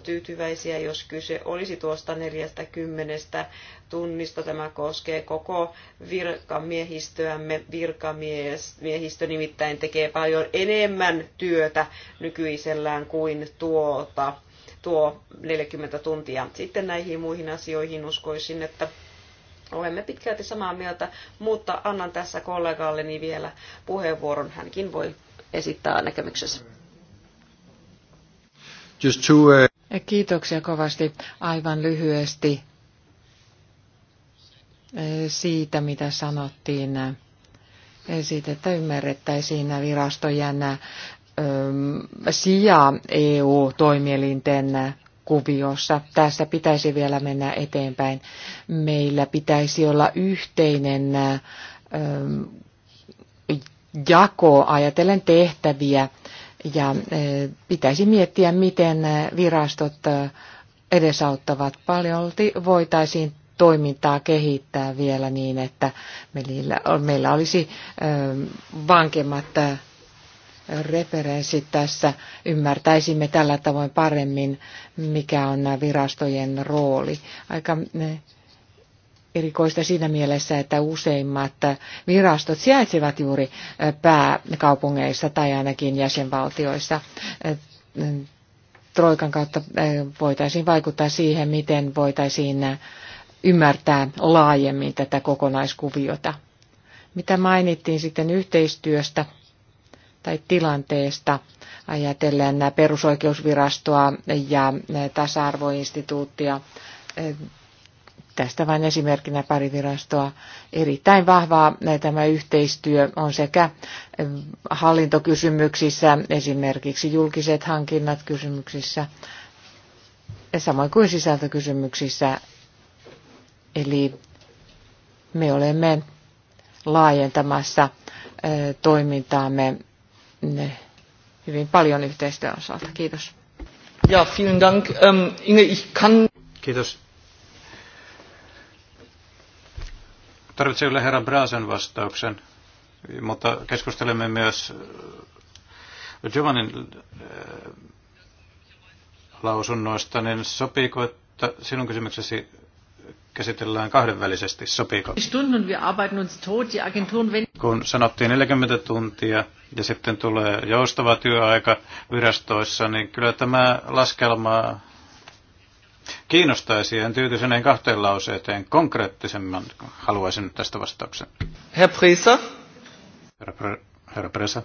tyytyväisiä, jos kyse olisi tuosta 40 tunnista. Tämä koskee koko virkamiehistöämme. Virkamiehistö nimittäin tekee paljon enemmän työtä nykyisellään kuin tuota tuo 40 tuntia. Sitten näihin muihin asioihin uskoisin, että Olemme pitkälti samaa mieltä, mutta annan tässä kollegalleni vielä puheenvuoron. Hänkin voi esittää näkemyksensä. Just uh... Kiitoksia kovasti. Aivan lyhyesti eh, siitä, mitä sanottiin eh, siitä, että ymmärrettäisiin virastojen eh, sijaa EU-toimielinten kuviossa. Tässä pitäisi vielä mennä eteenpäin. Meillä pitäisi olla yhteinen ähm, jako ajatellen tehtäviä ja äh, pitäisi miettiä, miten äh, virastot äh, edesauttavat paljolti. Voitaisiin toimintaa kehittää vielä niin, että meillä, meillä olisi ähm, vankemmat referenssit tässä. Ymmärtäisimme tällä tavoin paremmin, mikä on virastojen rooli. Aika eh, erikoista siinä mielessä, että useimmat virastot sijaitsevat juuri eh, pääkaupungeissa tai ainakin jäsenvaltioissa. Eh, Troikan kautta voitaisiin vaikuttaa siihen, miten voitaisiin ymmärtää laajemmin tätä kokonaiskuviota. Mitä mainittiin sitten yhteistyöstä tai tilanteesta ajatellen perusoikeusvirastoa ja tasa-arvoinstituuttia. Tästä vain esimerkkinä pari virastoa. Erittäin vahvaa tämä yhteistyö on sekä hallintokysymyksissä, esimerkiksi julkiset hankinnat kysymyksissä, samoin kuin sisältökysymyksissä. Eli me olemme laajentamassa toimintaamme hyvin paljon yhteistyön osalta. Kiitos. Ja, vielen dank. Um, Inge, ich kann... Kiitos. Tarvitsee kyllä Braasen vastauksen, mutta keskustelemme myös äh, Giovannin äh, lausunnoista, niin sopiiko, että sinun kysymyksesi käsitellään kahdenvälisesti, sopiiko? Kun sanottiin 40 tuntia, ja sitten tulee joustava työaika virastoissa, niin kyllä tämä laskelma kiinnostaisi. En tyytyisi näin kahteen lauseeseen. Konkreettisemman haluaisin nyt tästä vastauksen. Herr Prisa. Herra, Pre- herra Prisa.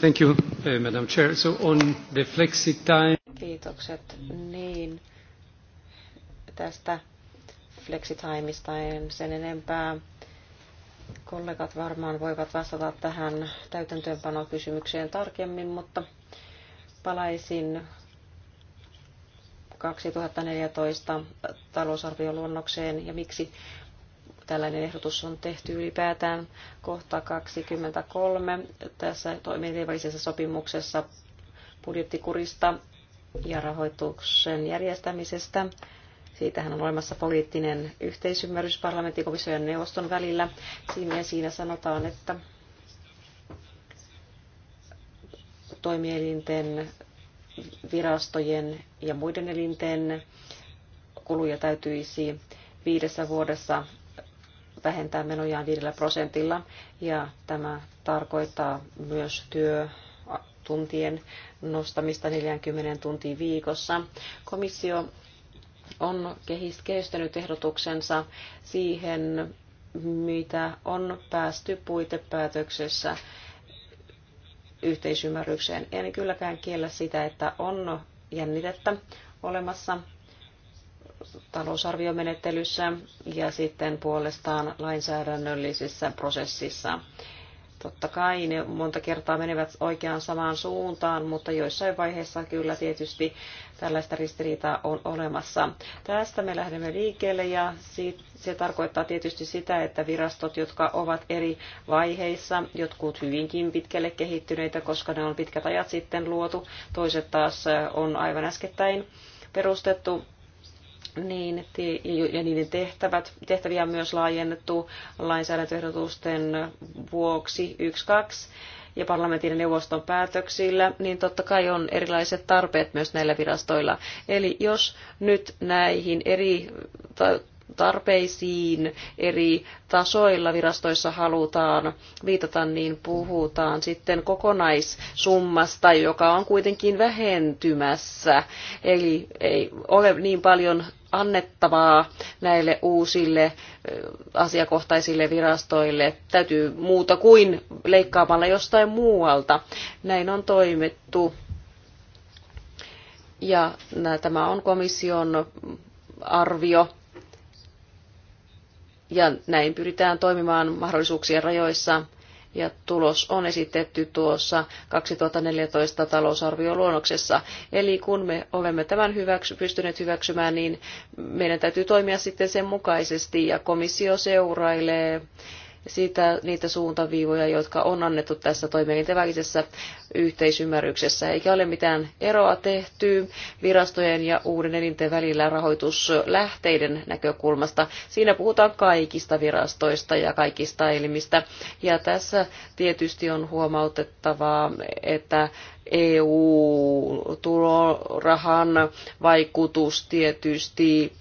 Thank you, eh, Madam Chair. So on the flexi time. Kiitokset. Niin, tästä flexitimeista en sen enempää. Kollegat varmaan voivat vastata tähän täytäntöönpanokysymykseen tarkemmin, mutta palaisin 2014 talousarvioluonnokseen ja miksi tällainen ehdotus on tehty ylipäätään. Kohta 23 tässä toimintavälisessä sopimuksessa budjettikurista ja rahoituksen järjestämisestä Siitähän on olemassa poliittinen yhteisymmärrys parlamentin, komission ja neuvoston välillä. Siinä, siinä sanotaan, että toimielinten, virastojen ja muiden elinten kuluja täytyisi viidessä vuodessa vähentää menojaan viidellä prosentilla ja tämä tarkoittaa myös työtuntien nostamista 40 tuntiin viikossa. Komissio on kehistänyt ehdotuksensa siihen, mitä on päästy puitepäätöksessä yhteisymmärrykseen. En kylläkään kiellä sitä, että on jännitettä olemassa talousarviomenettelyssä ja sitten puolestaan lainsäädännöllisissä prosessissa. Totta kai ne monta kertaa menevät oikeaan samaan suuntaan, mutta joissain vaiheissa kyllä tietysti tällaista ristiriitaa on olemassa. Tästä me lähdemme liikkeelle ja se tarkoittaa tietysti sitä, että virastot, jotka ovat eri vaiheissa, jotkut hyvinkin pitkälle kehittyneitä, koska ne on pitkät ajat sitten luotu, toiset taas on aivan äskettäin perustettu, niin, ja niiden tehtävät, tehtäviä on myös laajennettu lainsäädäntöehdotusten vuoksi 1-2 ja parlamentin ja neuvoston päätöksillä, niin totta kai on erilaiset tarpeet myös näillä virastoilla. Eli jos nyt näihin eri tarpeisiin eri tasoilla virastoissa halutaan viitata, niin puhutaan sitten kokonaissummasta, joka on kuitenkin vähentymässä. Eli ei ole niin paljon annettavaa näille uusille asiakohtaisille virastoille. Täytyy muuta kuin leikkaamalla jostain muualta. Näin on toimittu. Ja tämä on komission arvio ja näin pyritään toimimaan mahdollisuuksien rajoissa. Ja tulos on esitetty tuossa 2014 talousarvioluonnoksessa. Eli kun me olemme tämän hyväksy, pystyneet hyväksymään, niin meidän täytyy toimia sitten sen mukaisesti. Ja komissio seurailee sitä, niitä suuntaviivoja, jotka on annettu tässä toimielintävälisessä yhteisymmärryksessä. Eikä ole mitään eroa tehty virastojen ja uuden elinten välillä rahoituslähteiden näkökulmasta. Siinä puhutaan kaikista virastoista ja kaikista elimistä. Ja tässä tietysti on huomautettavaa, että EU-tulorahan vaikutus tietysti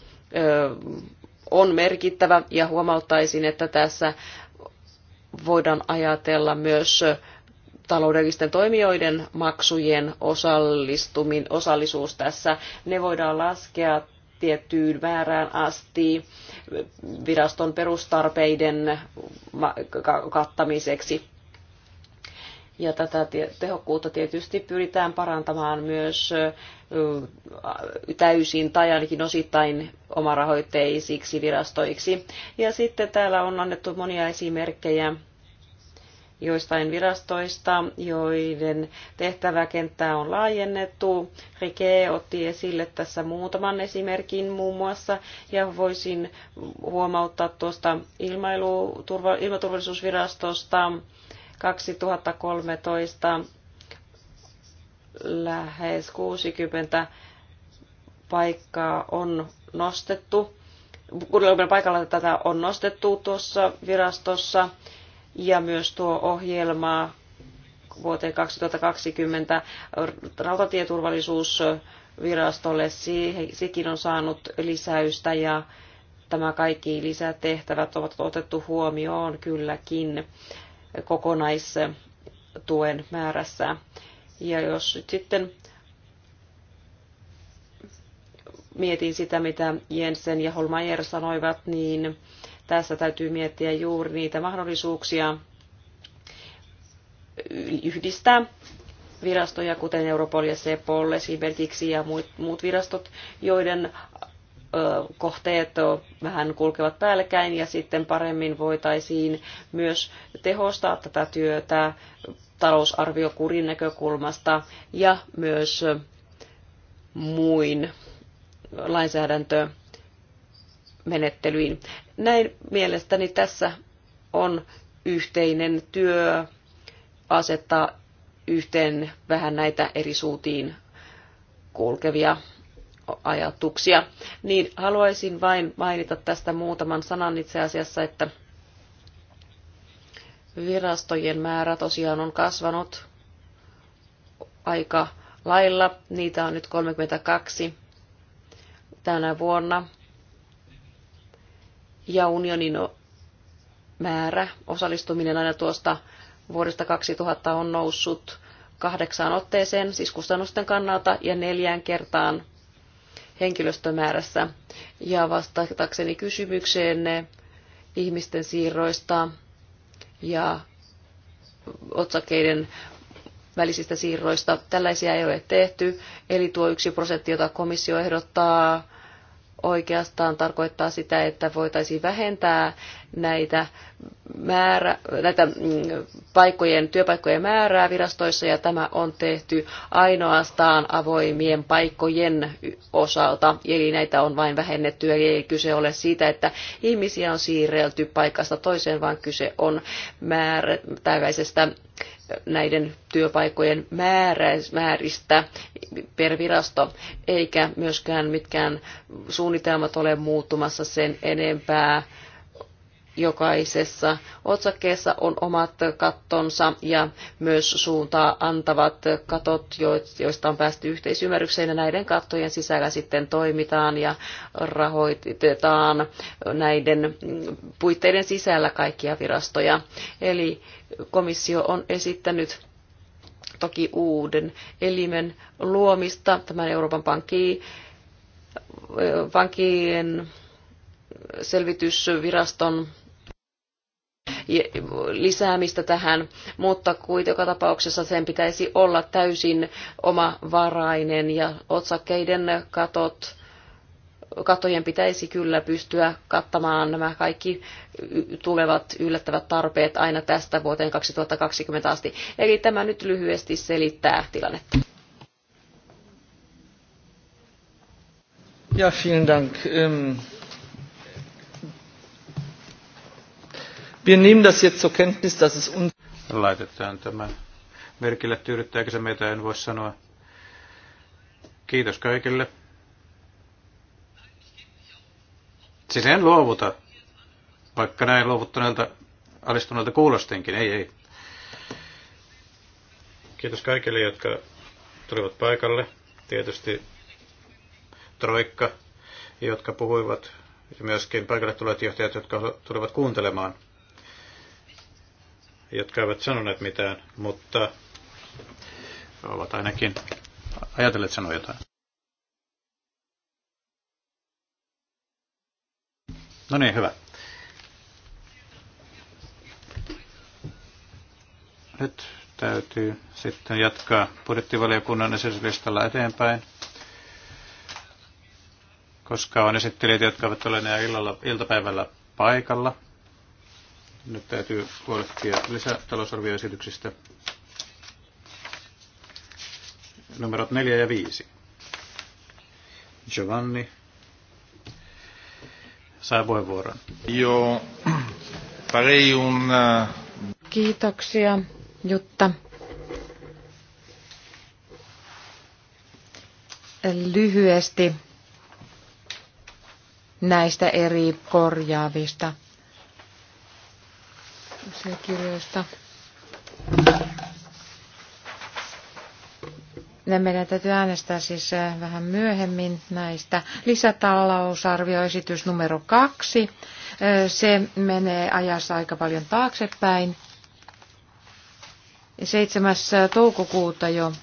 on merkittävä ja huomauttaisin, että tässä voidaan ajatella myös taloudellisten toimijoiden maksujen osallistumin, osallisuus tässä. Ne voidaan laskea tiettyyn määrään asti viraston perustarpeiden kattamiseksi. Ja tätä tehokkuutta tietysti pyritään parantamaan myös täysin tai ainakin osittain omarahoitteisiksi virastoiksi. Ja sitten täällä on annettu monia esimerkkejä joistain virastoista, joiden tehtäväkenttää on laajennettu. Rike otti esille tässä muutaman esimerkin muun muassa, ja voisin huomauttaa tuosta ilmaturvallisuusvirastosta 2013 lähes 60 paikkaa on nostettu. Kuudella paikalla tätä on nostettu tuossa virastossa ja myös tuo ohjelma vuoteen 2020 rautatieturvallisuusvirastolle, sekin on saanut lisäystä ja tämä kaikki lisätehtävät ovat otettu huomioon kylläkin kokonaistuen määrässä. Ja jos nyt sitten mietin sitä, mitä Jensen ja Holmeier sanoivat, niin tässä täytyy miettiä juuri niitä mahdollisuuksia yhdistää virastoja, kuten Europol ja Cepol esimerkiksi ja muut virastot, joiden kohteet vähän kulkevat päällekkäin ja sitten paremmin voitaisiin myös tehostaa tätä työtä talousarviokurin näkökulmasta ja myös muin lainsäädäntö menettelyin. Näin mielestäni tässä on yhteinen työ asettaa yhteen vähän näitä eri suutiin kulkevia ajatuksia. Niin haluaisin vain mainita tästä muutaman sanan itse asiassa, että virastojen määrä tosiaan on kasvanut aika lailla. Niitä on nyt 32 tänä vuonna ja unionin määrä, osallistuminen aina tuosta vuodesta 2000 on noussut kahdeksaan otteeseen, siis kustannusten kannalta, ja neljään kertaan henkilöstömäärässä. Ja vastatakseni kysymykseen ihmisten siirroista ja otsakkeiden välisistä siirroista, tällaisia ei ole tehty, eli tuo yksi prosentti, jota komissio ehdottaa, oikeastaan tarkoittaa sitä, että voitaisiin vähentää näitä, määrä, näitä mm, paikkojen, työpaikkojen määrää virastoissa ja tämä on tehty ainoastaan avoimien paikkojen osalta. Eli näitä on vain vähennetty, eli ei kyse ole siitä, että ihmisiä on siirrelty paikasta toiseen, vaan kyse on määrä, täyväisestä näiden työpaikkojen määristä per virasto, eikä myöskään mitkään suunnitelmat ole muuttumassa sen enempää Jokaisessa otsakkeessa on omat kattonsa ja myös suuntaa antavat katot, joista on päästy yhteisymmärrykseen ja näiden kattojen sisällä sitten toimitaan ja rahoitetaan näiden puitteiden sisällä kaikkia virastoja. Eli komissio on esittänyt toki uuden elimen luomista, tämän Euroopan pankkiin pankkien selvitysviraston lisäämistä tähän, mutta kuitenkin tapauksessa sen pitäisi olla täysin omavarainen ja otsakkeiden katot katojen pitäisi kyllä pystyä kattamaan nämä kaikki tulevat yllättävät tarpeet aina tästä vuoteen 2020 asti. Eli tämä nyt lyhyesti selittää tilannetta. Ja, vielen Dank. Ähm, Wir nehmen das jetzt zur Kenntnis, dass es uns... Laitetaan tämä merkille tyydyttääkö se meitä, en voi sanoa. Kiitos kaikille. Siis en luovuta, vaikka näin luovuttuneelta alistuneelta kuulostinkin, ei ei. Kiitos kaikille, jotka tulivat paikalle. Tietysti Troikka, jotka puhuivat, ja myöskin paikalle tulevat johtajat, jotka tulivat kuuntelemaan jotka eivät sanoneet mitään, mutta ovat ainakin ajatelleet sanoa jotain. No niin, hyvä. Nyt täytyy sitten jatkaa budjettivaliokunnan esityslistalla eteenpäin, koska on esittelijät, jotka ovat olleet illalla, iltapäivällä paikalla. Nyt täytyy huolehtia lisätalousarvioesityksistä numerot 4 ja 5. Giovanni saa puheenvuoron. Joo, parei äh, Kiitoksia, Jutta. Lyhyesti näistä eri korjaavista asiakirjoista. Meidän täytyy äänestää siis äh, vähän myöhemmin näistä. Lisätalousarvioesitys numero kaksi. Äh, se menee ajassa aika paljon taaksepäin. 7. Äh, toukokuuta jo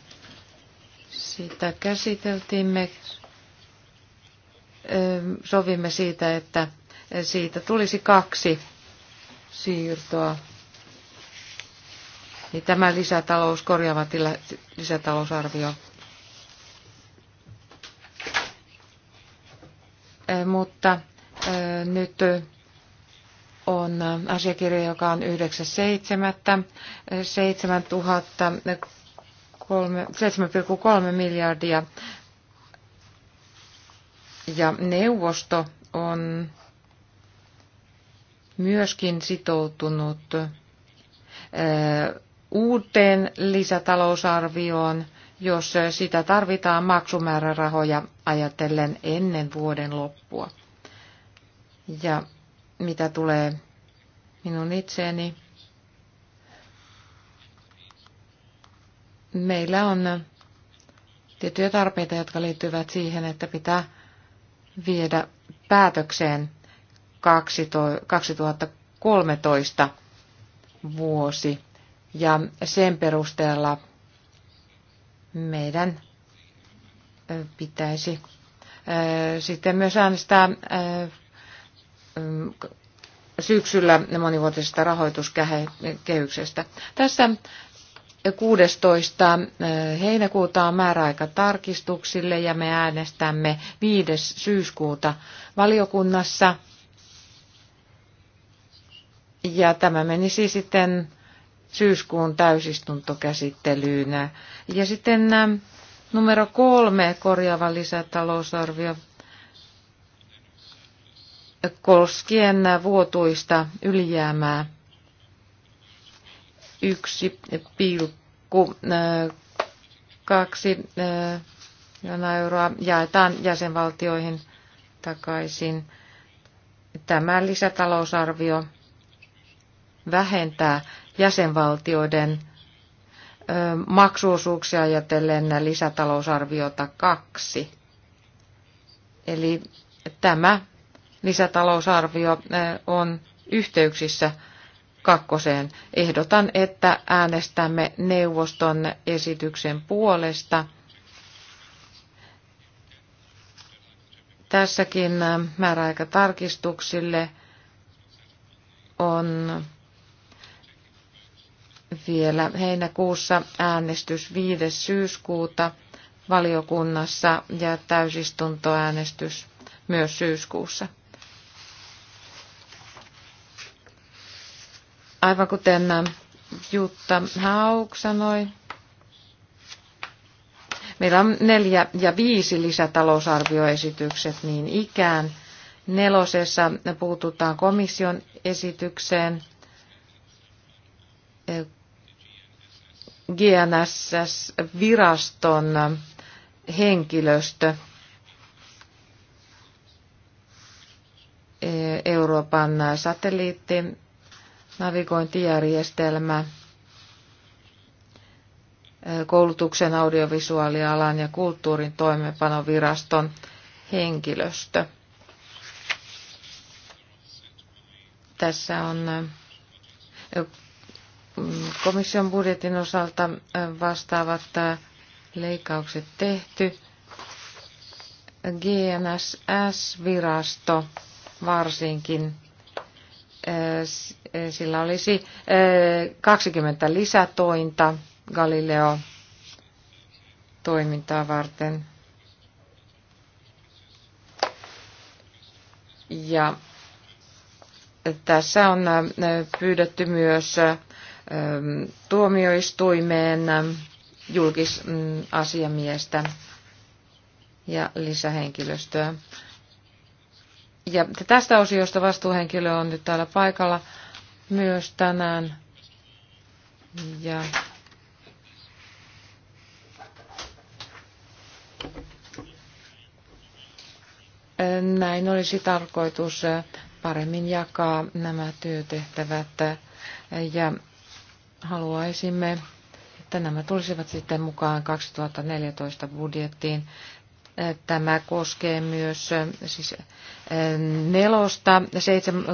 sitä käsiteltiimme. Sovimme siitä, että siitä tulisi kaksi siirtoa. Niin tämä lisätalous, korjaava tila, lisätalousarvio. Mutta nyt on asiakirja, joka on 9.7. 7,3 miljardia. Ja neuvosto on myöskin sitoutunut uuteen lisätalousarvioon, jos sitä tarvitaan maksumäärärahoja ajatellen ennen vuoden loppua. Ja mitä tulee minun itseeni, meillä on tiettyjä tarpeita, jotka liittyvät siihen, että pitää viedä päätökseen 2013 vuosi ja sen perusteella meidän pitäisi sitten myös äänestää syksyllä monivuotisesta rahoituskehyksestä. Tässä 16. heinäkuuta on määräaika tarkistuksille ja me äänestämme 5. syyskuuta valiokunnassa ja tämä menisi siis sitten syyskuun täysistuntokäsittelyynä. Ja sitten numero kolme korjaava lisätalousarvio koskien vuotuista ylijäämää 1,2 euroa jaetaan jäsenvaltioihin takaisin. Tämä lisätalousarvio vähentää jäsenvaltioiden maksuosuuksia ajatellen lisätalousarviota kaksi. Eli tämä lisätalousarvio on yhteyksissä kakkoseen. Ehdotan, että äänestämme neuvoston esityksen puolesta. Tässäkin määräaikatarkistuksille on vielä heinäkuussa äänestys 5. syyskuuta valiokunnassa ja täysistuntoäänestys myös syyskuussa. Aivan kuten Jutta Hauk sanoi, meillä on neljä ja viisi lisätalousarvioesitykset niin ikään. Nelosessa puututaan komission esitykseen GNSS-viraston henkilöstö Euroopan satelliitti navigointijärjestelmä, koulutuksen audiovisuaalialan ja kulttuurin toimeenpanoviraston henkilöstö. Tässä on komission budjetin osalta vastaavat leikkaukset tehty. GNSS-virasto varsinkin, sillä olisi 20 lisätointa Galileo-toimintaa varten. Ja tässä on pyydetty myös Ähm, tuomioistuimeen ähm, julkisasiamiestä ja lisähenkilöstöä. Ja tästä osiosta vastuuhenkilö on nyt täällä paikalla myös tänään. Ja näin olisi tarkoitus paremmin jakaa nämä työtehtävät ja haluaisimme, että nämä tulisivat sitten mukaan 2014 budjettiin. Tämä koskee myös siis eh, nelosta,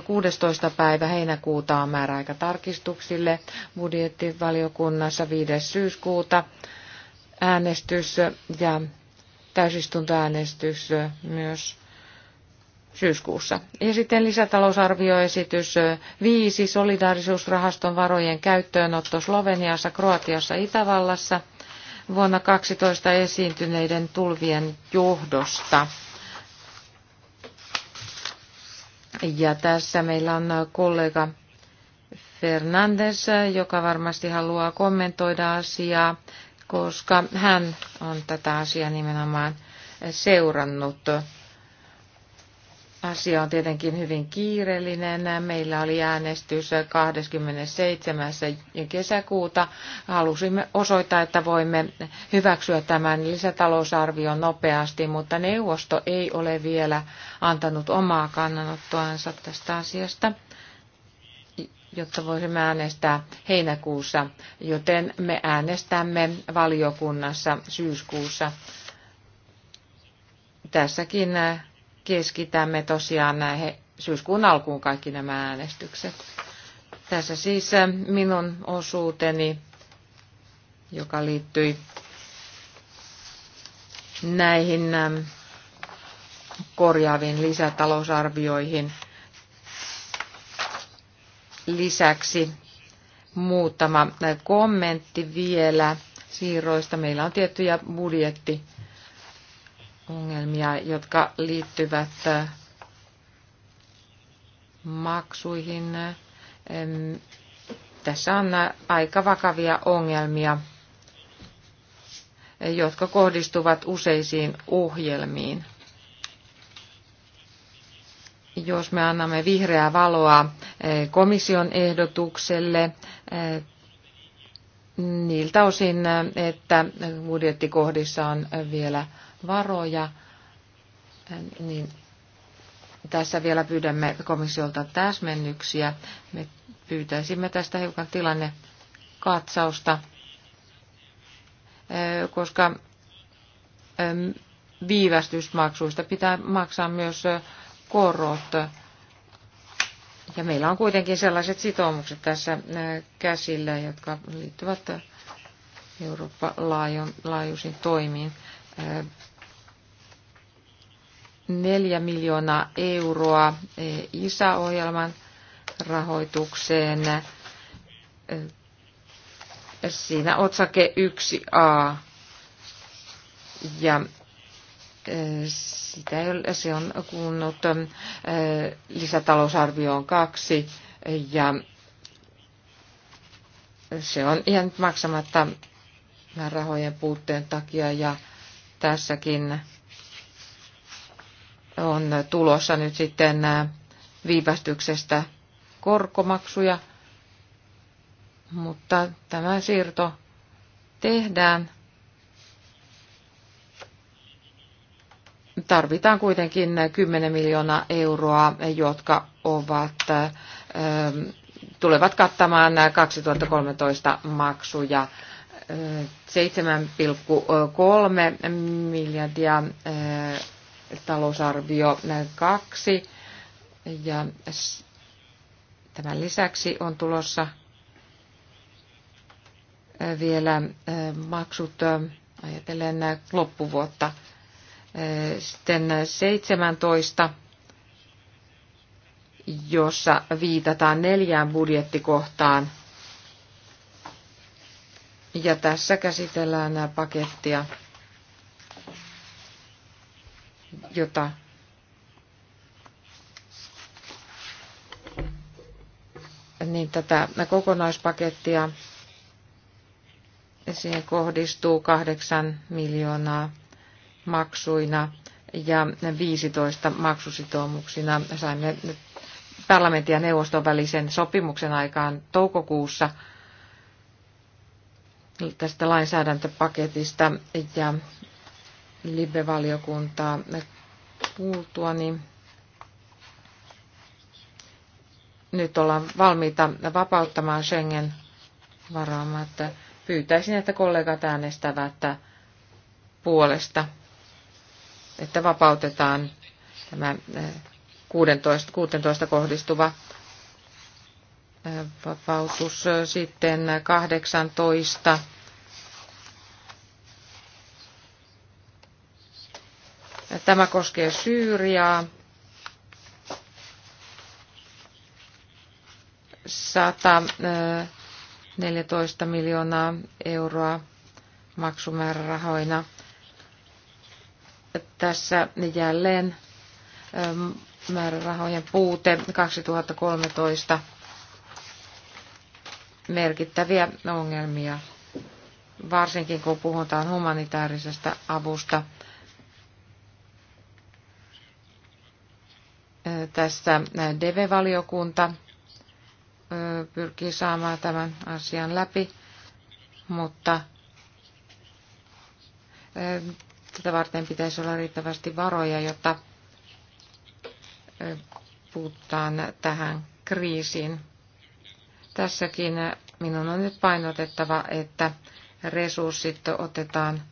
16. päivä heinäkuuta on määräaika tarkistuksille budjettivaliokunnassa 5. syyskuuta äänestys ja täysistuntoäänestys myös syyskuussa. Ja sitten lisätalousarvioesitys 5, solidaarisuusrahaston varojen käyttöönotto Sloveniassa, Kroatiassa, Itävallassa vuonna 12 esiintyneiden tulvien johdosta. Ja tässä meillä on kollega Fernandes, joka varmasti haluaa kommentoida asiaa, koska hän on tätä asiaa nimenomaan seurannut Asia on tietenkin hyvin kiireellinen. Meillä oli äänestys 27. kesäkuuta. Halusimme osoittaa, että voimme hyväksyä tämän lisätalousarvion nopeasti, mutta neuvosto ei ole vielä antanut omaa kannanottoansa tästä asiasta jotta voisimme äänestää heinäkuussa, joten me äänestämme valiokunnassa syyskuussa. Tässäkin keskitämme tosiaan näihin syyskuun alkuun kaikki nämä äänestykset. Tässä siis minun osuuteni, joka liittyi näihin korjaaviin lisätalousarvioihin. Lisäksi muutama kommentti vielä siirroista. Meillä on tiettyjä budjetti ongelmia, jotka liittyvät eh, maksuihin. Tässä on eh, aika vakavia ongelmia, eh, jotka kohdistuvat useisiin ohjelmiin. Jos me annamme vihreää valoa komission ehdotukselle, niiltä osin, että budjettikohdissa on vielä varoja, niin tässä vielä pyydämme komissiolta täsmennyksiä. Me pyytäisimme tästä hiukan tilannekatsausta, koska viivästysmaksuista pitää maksaa myös korot. Ja meillä on kuitenkin sellaiset sitoumukset tässä käsillä, jotka liittyvät Euroopan laajuisiin toimiin 4 miljoonaa euroa eh, ISA-ohjelman rahoitukseen. Eh, siinä otsake 1a. Ja eh, sitä ei ole, se on kuunnut lisätalousarvioon kaksi ja se on jäänyt maksamatta rahojen puutteen takia ja tässäkin on tulossa nyt sitten viivästyksestä korkomaksuja, mutta tämä siirto tehdään. Tarvitaan kuitenkin 10 miljoonaa euroa, jotka ovat, tulevat kattamaan 2013 maksuja. 7,3 miljardia talousarvio kaksi ja tämän lisäksi on tulossa vielä maksut ajatellen loppuvuotta. Sitten 17, jossa viitataan neljään budjettikohtaan. Ja tässä käsitellään pakettia jota niin tätä kokonaispakettia siihen kohdistuu 8 miljoonaa maksuina ja 15 maksusitoumuksina. Saimme nyt parlamentin ja neuvoston välisen sopimuksen aikaan toukokuussa tästä lainsäädäntöpaketista ja live-valiokuntaa kuultua, niin nyt ollaan valmiita vapauttamaan Schengen että Pyytäisin, että kollegat äänestävät puolesta, että vapautetaan tämä 16, eh, 16 kohdistuva eh, vapautus sitten 18 Tämä koskee Syyriaa. 114 eh, miljoonaa euroa maksumäärärahoina. Tässä jälleen eh, määrärahojen puute 2013 merkittäviä ongelmia, varsinkin kun puhutaan humanitaarisesta avusta – tässä DV-valiokunta pyrkii saamaan tämän asian läpi, mutta tätä varten pitäisi olla riittävästi varoja, jotta puhutaan tähän kriisiin. Tässäkin minun on nyt painotettava, että resurssit otetaan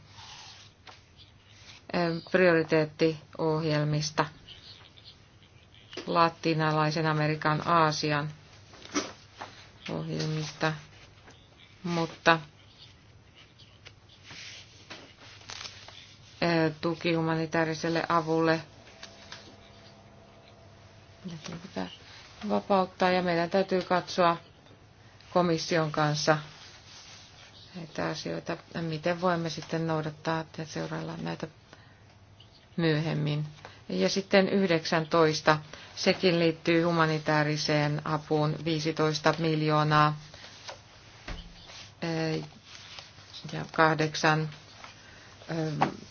prioriteettiohjelmista – latinalaisen Amerikan Aasian ohjelmista, mutta tuki humanitaariselle avulle pitää vapauttaa ja meidän täytyy katsoa komission kanssa näitä asioita, miten voimme sitten noudattaa ja seurailla näitä myöhemmin. Ja sitten 19, sekin liittyy humanitaariseen apuun 15 miljoonaa ja kahdeksan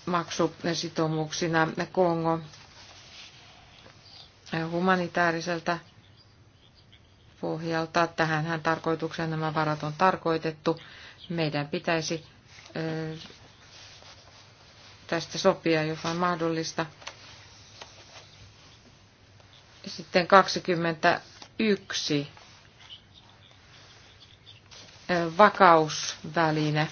maksusitoumuksina Kongo humanitaariselta pohjalta. Tähänhän tarkoitukseen nämä varat on tarkoitettu. Meidän pitäisi tästä sopia, jos on mahdollista. Sitten 21 vakausväline.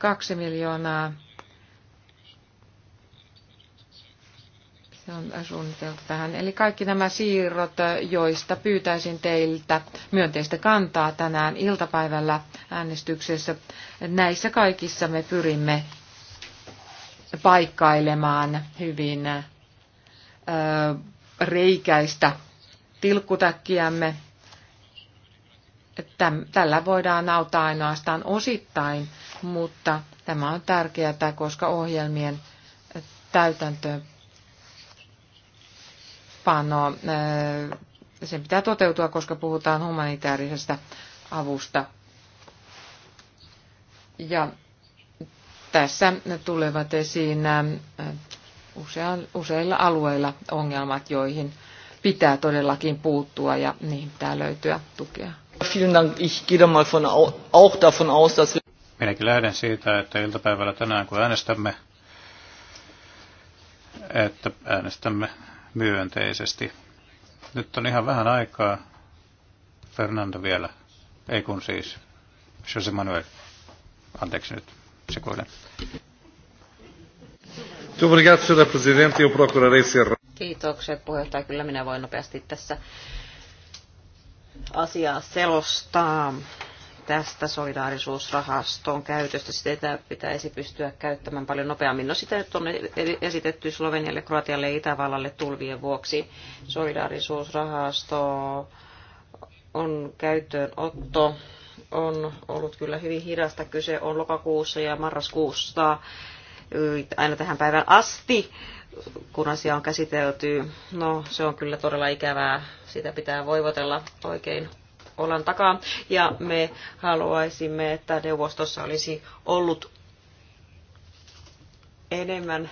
kaksi miljoonaa on suunniteltu tähän. Eli kaikki nämä siirrot, joista pyytäisin teiltä myönteistä kantaa tänään iltapäivällä äänestyksessä, näissä kaikissa me pyrimme paikkailemaan hyvin ö, reikäistä tilkkutäkkiämme. Tällä voidaan auttaa ainoastaan osittain, mutta tämä on tärkeää, koska ohjelmien täytäntöön täytäntöönpano, eh, sen pitää toteutua, koska puhutaan humanitaarisesta avusta. Ja tässä tulevat esiin eh, useilla alueilla ongelmat, joihin pitää todellakin puuttua ja niihin pitää löytyä tukea. Minäkin lähden siitä, että iltapäivällä tänään kun äänestämme, että äänestämme myönteisesti. Nyt on ihan vähän aikaa. Fernando vielä. Ei kun siis. Jose Manuel. Anteeksi nyt. Sekoilen. Kiitokset puheenjohtaja. Kyllä minä voin nopeasti tässä asiaa selostaa tästä solidaarisuusrahaston käytöstä. Sitä pitäisi pystyä käyttämään paljon nopeammin. No sitä nyt on esitetty Slovenialle, Kroatialle ja Itävallalle tulvien vuoksi. Solidaarisuusrahasto on käyttöönotto on ollut kyllä hyvin hidasta. Kyse on lokakuussa ja marraskuussa aina tähän päivään asti, kun asia on käsitelty. No, se on kyllä todella ikävää. Sitä pitää voivotella oikein olan takaa. Ja me haluaisimme, että neuvostossa olisi ollut enemmän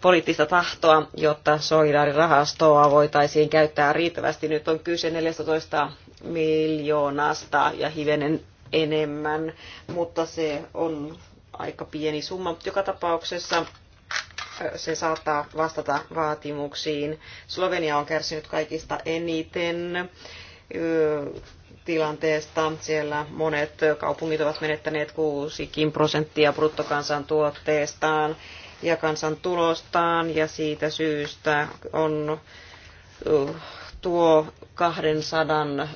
poliittista tahtoa, jotta solidaarirahastoa voitaisiin käyttää riittävästi. Nyt on kyse 14 miljoonasta ja hivenen enemmän, mutta se on aika pieni summa joka tapauksessa se saattaa vastata vaatimuksiin. Slovenia on kärsinyt kaikista eniten tilanteesta. Siellä monet kaupungit ovat menettäneet 6 prosenttia bruttokansantuotteestaan ja kansantulostaan ja siitä syystä on tuo 200 000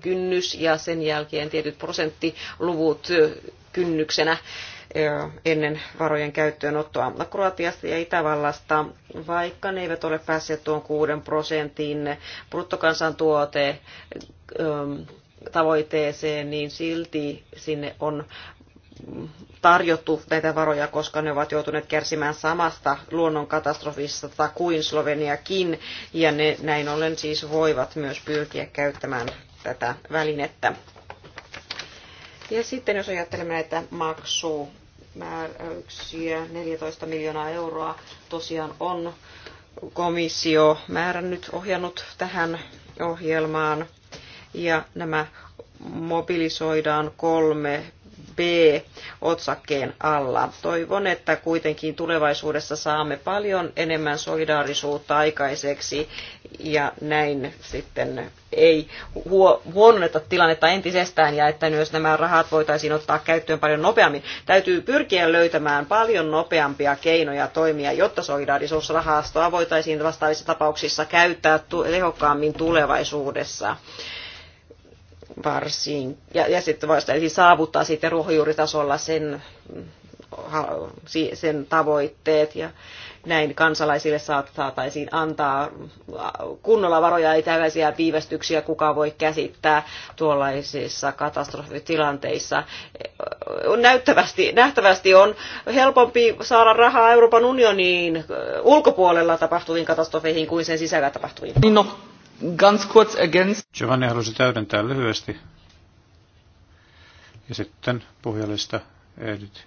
kynnys ja sen jälkeen tietyt prosenttiluvut kynnyksenä ennen varojen käyttöönottoa Kroatiasta ja Itävallasta, vaikka ne eivät ole päässeet tuon 6 prosentin bruttokansantuote tavoitteeseen, niin silti sinne on tarjottu näitä varoja, koska ne ovat joutuneet kärsimään samasta luonnonkatastrofista kuin Sloveniakin, ja ne näin ollen siis voivat myös pyrkiä käyttämään tätä välinettä. Ja sitten jos ajattelemme näitä maksu määräyksiä. 14 miljoonaa euroa tosiaan on komissio määrännyt, ohjannut tähän ohjelmaan. Ja nämä mobilisoidaan kolme B-otsakkeen alla. Toivon, että kuitenkin tulevaisuudessa saamme paljon enemmän solidaarisuutta aikaiseksi ja näin sitten ei huononneta tilannetta entisestään ja että myös nämä rahat voitaisiin ottaa käyttöön paljon nopeammin. Täytyy pyrkiä löytämään paljon nopeampia keinoja toimia, jotta solidaarisuusrahastoa voitaisiin vastaavissa tapauksissa käyttää tehokkaammin tulevaisuudessa varsin, ja, ja sitten vasta, eli siis saavuttaa sitten ruohonjuuritasolla sen, sen tavoitteet ja näin kansalaisille saataisiin antaa kunnolla varoja, ei tällaisia viivästyksiä kuka voi käsittää tuollaisissa katastrofitilanteissa. Näyttävästi, nähtävästi on helpompi saada rahaa Euroopan unioniin ulkopuolella tapahtuviin katastrofeihin kuin sen sisällä tapahtuviin. No, ganz kurz ergänzen. Giovanni halusi täydentää lyhyesti. Ja sitten puhujalista Edith.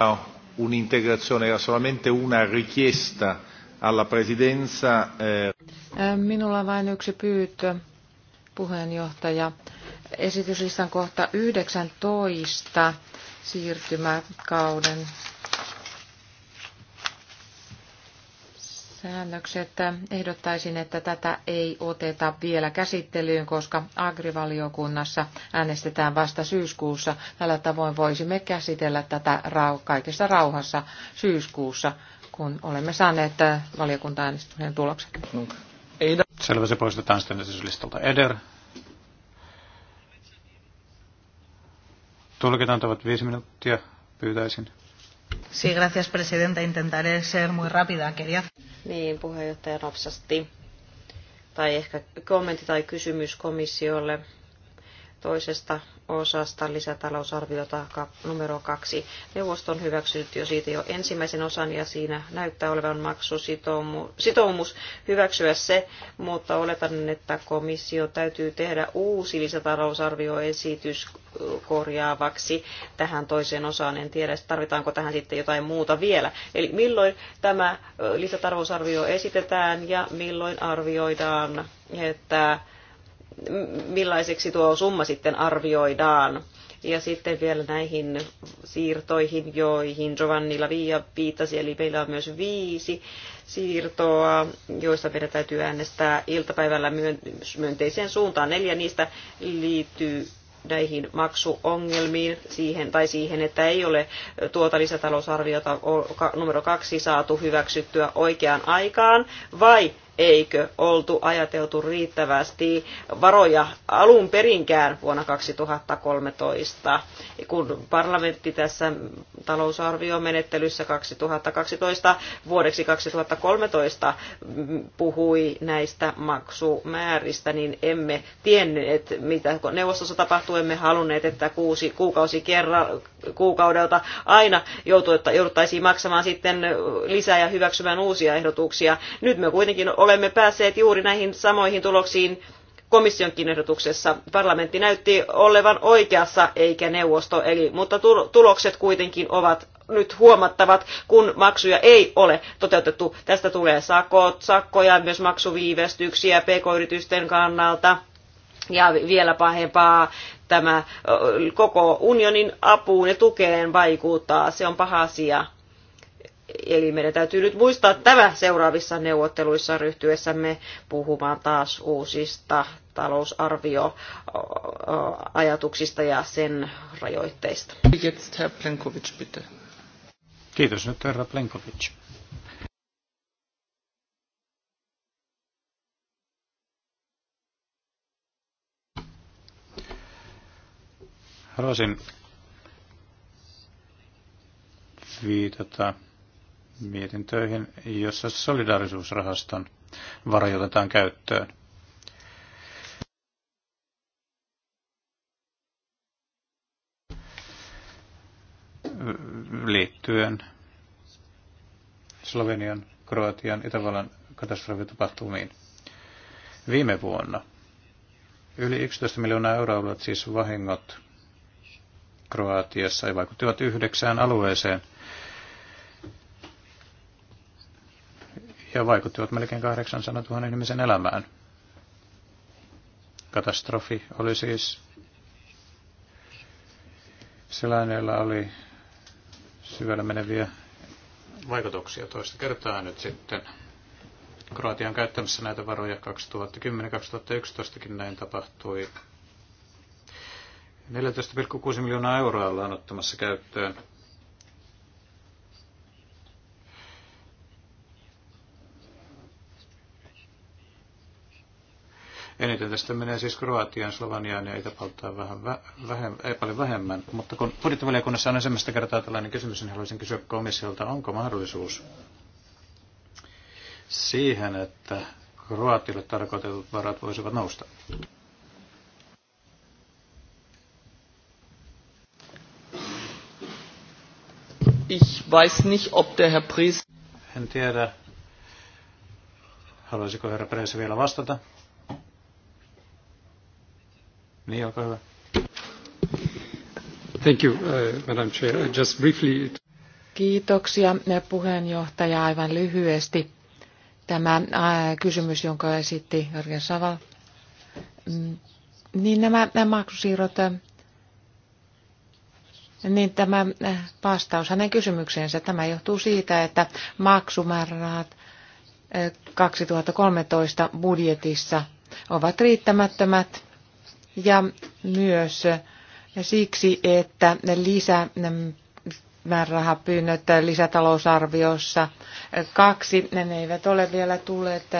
No, un'integrazione, era solamente una richiesta alla presidenza. Eh... Äh, minulla on vain yksi pyyntö, puheenjohtaja. Esityslistan kohta 19 siirtymäkauden säännökset. Ehdottaisin, että tätä ei oteta vielä käsittelyyn, koska agrivaliokunnassa äänestetään vasta syyskuussa. Tällä tavoin voisimme käsitellä tätä kaikessa rauhassa syyskuussa, kun olemme saaneet äh, valiokunta-äänestyksen tulokset. Selvä, se poistetaan sitten listalta. Eder. Tulkitaan ovat viisi minuuttia, pyytäisin. Sí, gracias, presidenta. Intentaré ser muy rápida. Quería... Niin, puheenjohtaja Rapsasti. Tai ehkä kommentti tai kysymys komissiolle toisesta osasta lisätalousarviota numero kaksi. Neuvosto on hyväksynyt jo siitä jo ensimmäisen osan ja siinä näyttää olevan maksusitoumus hyväksyä se, mutta oletan, että komissio täytyy tehdä uusi lisätalousarvioesitys korjaavaksi tähän toiseen osaan. En tiedä, tarvitaanko tähän sitten jotain muuta vielä. Eli milloin tämä lisätalousarvio esitetään ja milloin arvioidaan, että millaiseksi tuo summa sitten arvioidaan. Ja sitten vielä näihin siirtoihin, joihin Giovanni Lavia viittasi, eli meillä on myös viisi siirtoa, joista meidän täytyy äänestää iltapäivällä myönteiseen suuntaan. Neljä niistä liittyy näihin maksuongelmiin siihen, tai siihen, että ei ole tuota lisätalousarviota numero kaksi saatu hyväksyttyä oikeaan aikaan, vai eikö oltu ajateltu riittävästi varoja alun perinkään vuonna 2013, kun parlamentti tässä talousarviomenettelyssä 2012 vuodeksi 2013 puhui näistä maksumääristä, niin emme tienneet, mitä neuvostossa tapahtuu, emme halunneet, että kuusi, kuukausi kerran, kuukaudelta aina jouduttaisiin maksamaan sitten lisää ja hyväksymään uusia ehdotuksia. Nyt me kuitenkin olemme päässeet juuri näihin samoihin tuloksiin komissionkin ehdotuksessa. Parlamentti näytti olevan oikeassa eikä neuvosto, eli, mutta tulokset kuitenkin ovat nyt huomattavat, kun maksuja ei ole toteutettu. Tästä tulee sakot, sakkoja, myös maksuviivästyksiä pk-yritysten kannalta. Ja vielä pahempaa tämä koko unionin apuun ja tukeen vaikuttaa. Se on paha asia Eli meidän täytyy nyt muistaa tämä seuraavissa neuvotteluissa ryhtyessämme puhumaan taas uusista talousarvioajatuksista ja sen rajoitteista. Kiitos nyt herra Plenkovic. Haluaisin viitata mietintöihin, jossa solidaarisuusrahaston varoja otetaan käyttöön. liittyen Slovenian, Kroatian, Itävallan katastrofitapahtumiin. Viime vuonna yli 11 miljoonaa euroa olivat siis vahingot Kroatiassa ja vaikuttivat yhdeksään alueeseen – ja vaikuttivat melkein 800 000 ihmisen elämään. Katastrofi oli siis sellainen, jolla oli syvällä meneviä vaikutuksia toista kertaa nyt sitten. Kroatian käyttämässä näitä varoja 2010-2011kin näin tapahtui. 14,6 miljoonaa euroa ollaan ottamassa käyttöön Eniten tästä menee siis Kroatiaan, Slovaniaan ja Itävaltaan vähän vähem, ei paljon vähemmän. Mutta kun budjettivaliokunnassa on ensimmäistä kertaa tällainen kysymys, niin haluaisin kysyä komissiolta, onko mahdollisuus siihen, että Kroatille tarkoitetut varat voisivat nousta? Ich weiß nicht, ob der Herr Prees... En tiedä, haluaisiko herra Prees vielä vastata. Niin, olkaa hyvä. Thank you, uh, Madam Chair. Uh, just briefly... Kiitoksia puheenjohtaja aivan lyhyesti. Tämä uh, kysymys, jonka esitti Jörgen Saval. Mm, niin nämä, nämä maksusiirrot, uh, niin tämä vastaus hänen kysymykseensä, tämä johtuu siitä, että maksumäärärahat 2013 budjetissa ovat riittämättömät ja myös siksi, että lisä lisätalousarviossa kaksi, ne eivät ole vielä tulleet.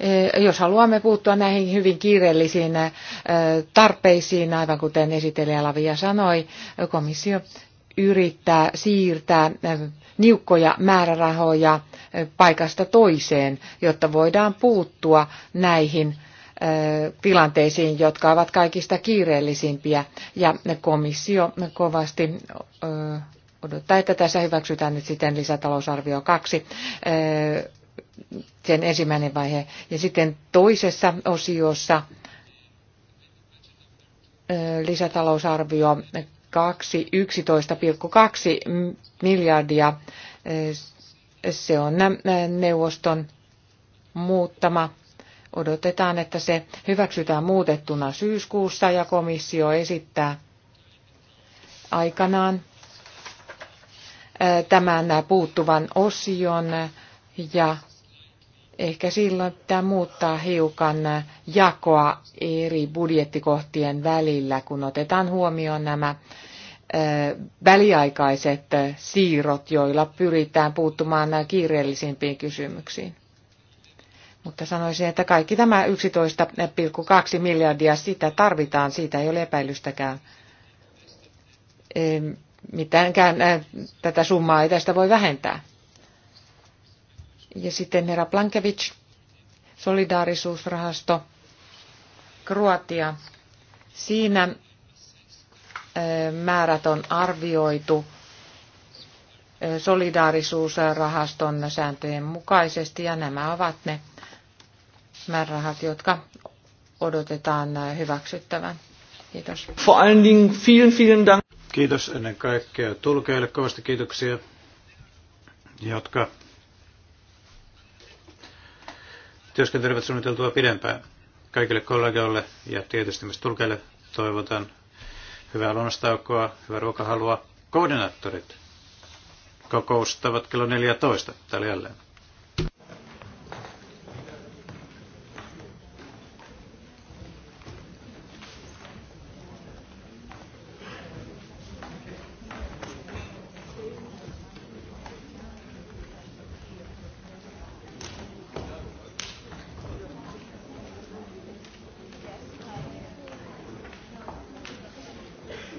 Eh, jos haluamme puuttua näihin hyvin kiireellisiin eh, tarpeisiin, aivan kuten esittelijä Lavia sanoi, komissio yrittää siirtää eh, niukkoja määrärahoja paikasta toiseen, jotta voidaan puuttua näihin tilanteisiin, jotka ovat kaikista kiireellisimpiä. Ja komissio kovasti odottaa, että tässä hyväksytään nyt sitten lisätalousarvio 2, sen ensimmäinen vaihe. Ja sitten toisessa osiossa lisätalousarvio 2, 11,2 miljardia. Se on neuvoston muuttama Odotetaan, että se hyväksytään muutettuna syyskuussa ja komissio esittää aikanaan äh, tämän puuttuvan osion ja ehkä silloin pitää muuttaa hiukan jakoa eri budjettikohtien välillä, kun otetaan huomioon nämä äh, väliaikaiset siirrot, joilla pyritään puuttumaan kiireellisimpiin kysymyksiin. Mutta sanoisin, että kaikki tämä 11,2 miljardia, sitä tarvitaan, siitä ei ole epäilystäkään. Mitäänkään tätä summaa ei tästä voi vähentää. Ja sitten herra Plankevich, solidaarisuusrahasto, Kroatia. Siinä määrät on arvioitu solidaarisuusrahaston sääntöjen mukaisesti ja nämä ovat ne määrärahat, jotka odotetaan hyväksyttävän. Kiitos. Vor allen Dingen vielen, vielen Dank. Kiitos ennen kaikkea tulkeille kovasti kiitoksia, jotka työskentelevät suunniteltua pidempään. Kaikille kollegoille ja tietysti myös tulkeille toivotan hyvää lunastaukoa, hyvää ruokahalua. Koordinaattorit kokoustavat kello 14 täällä jälleen.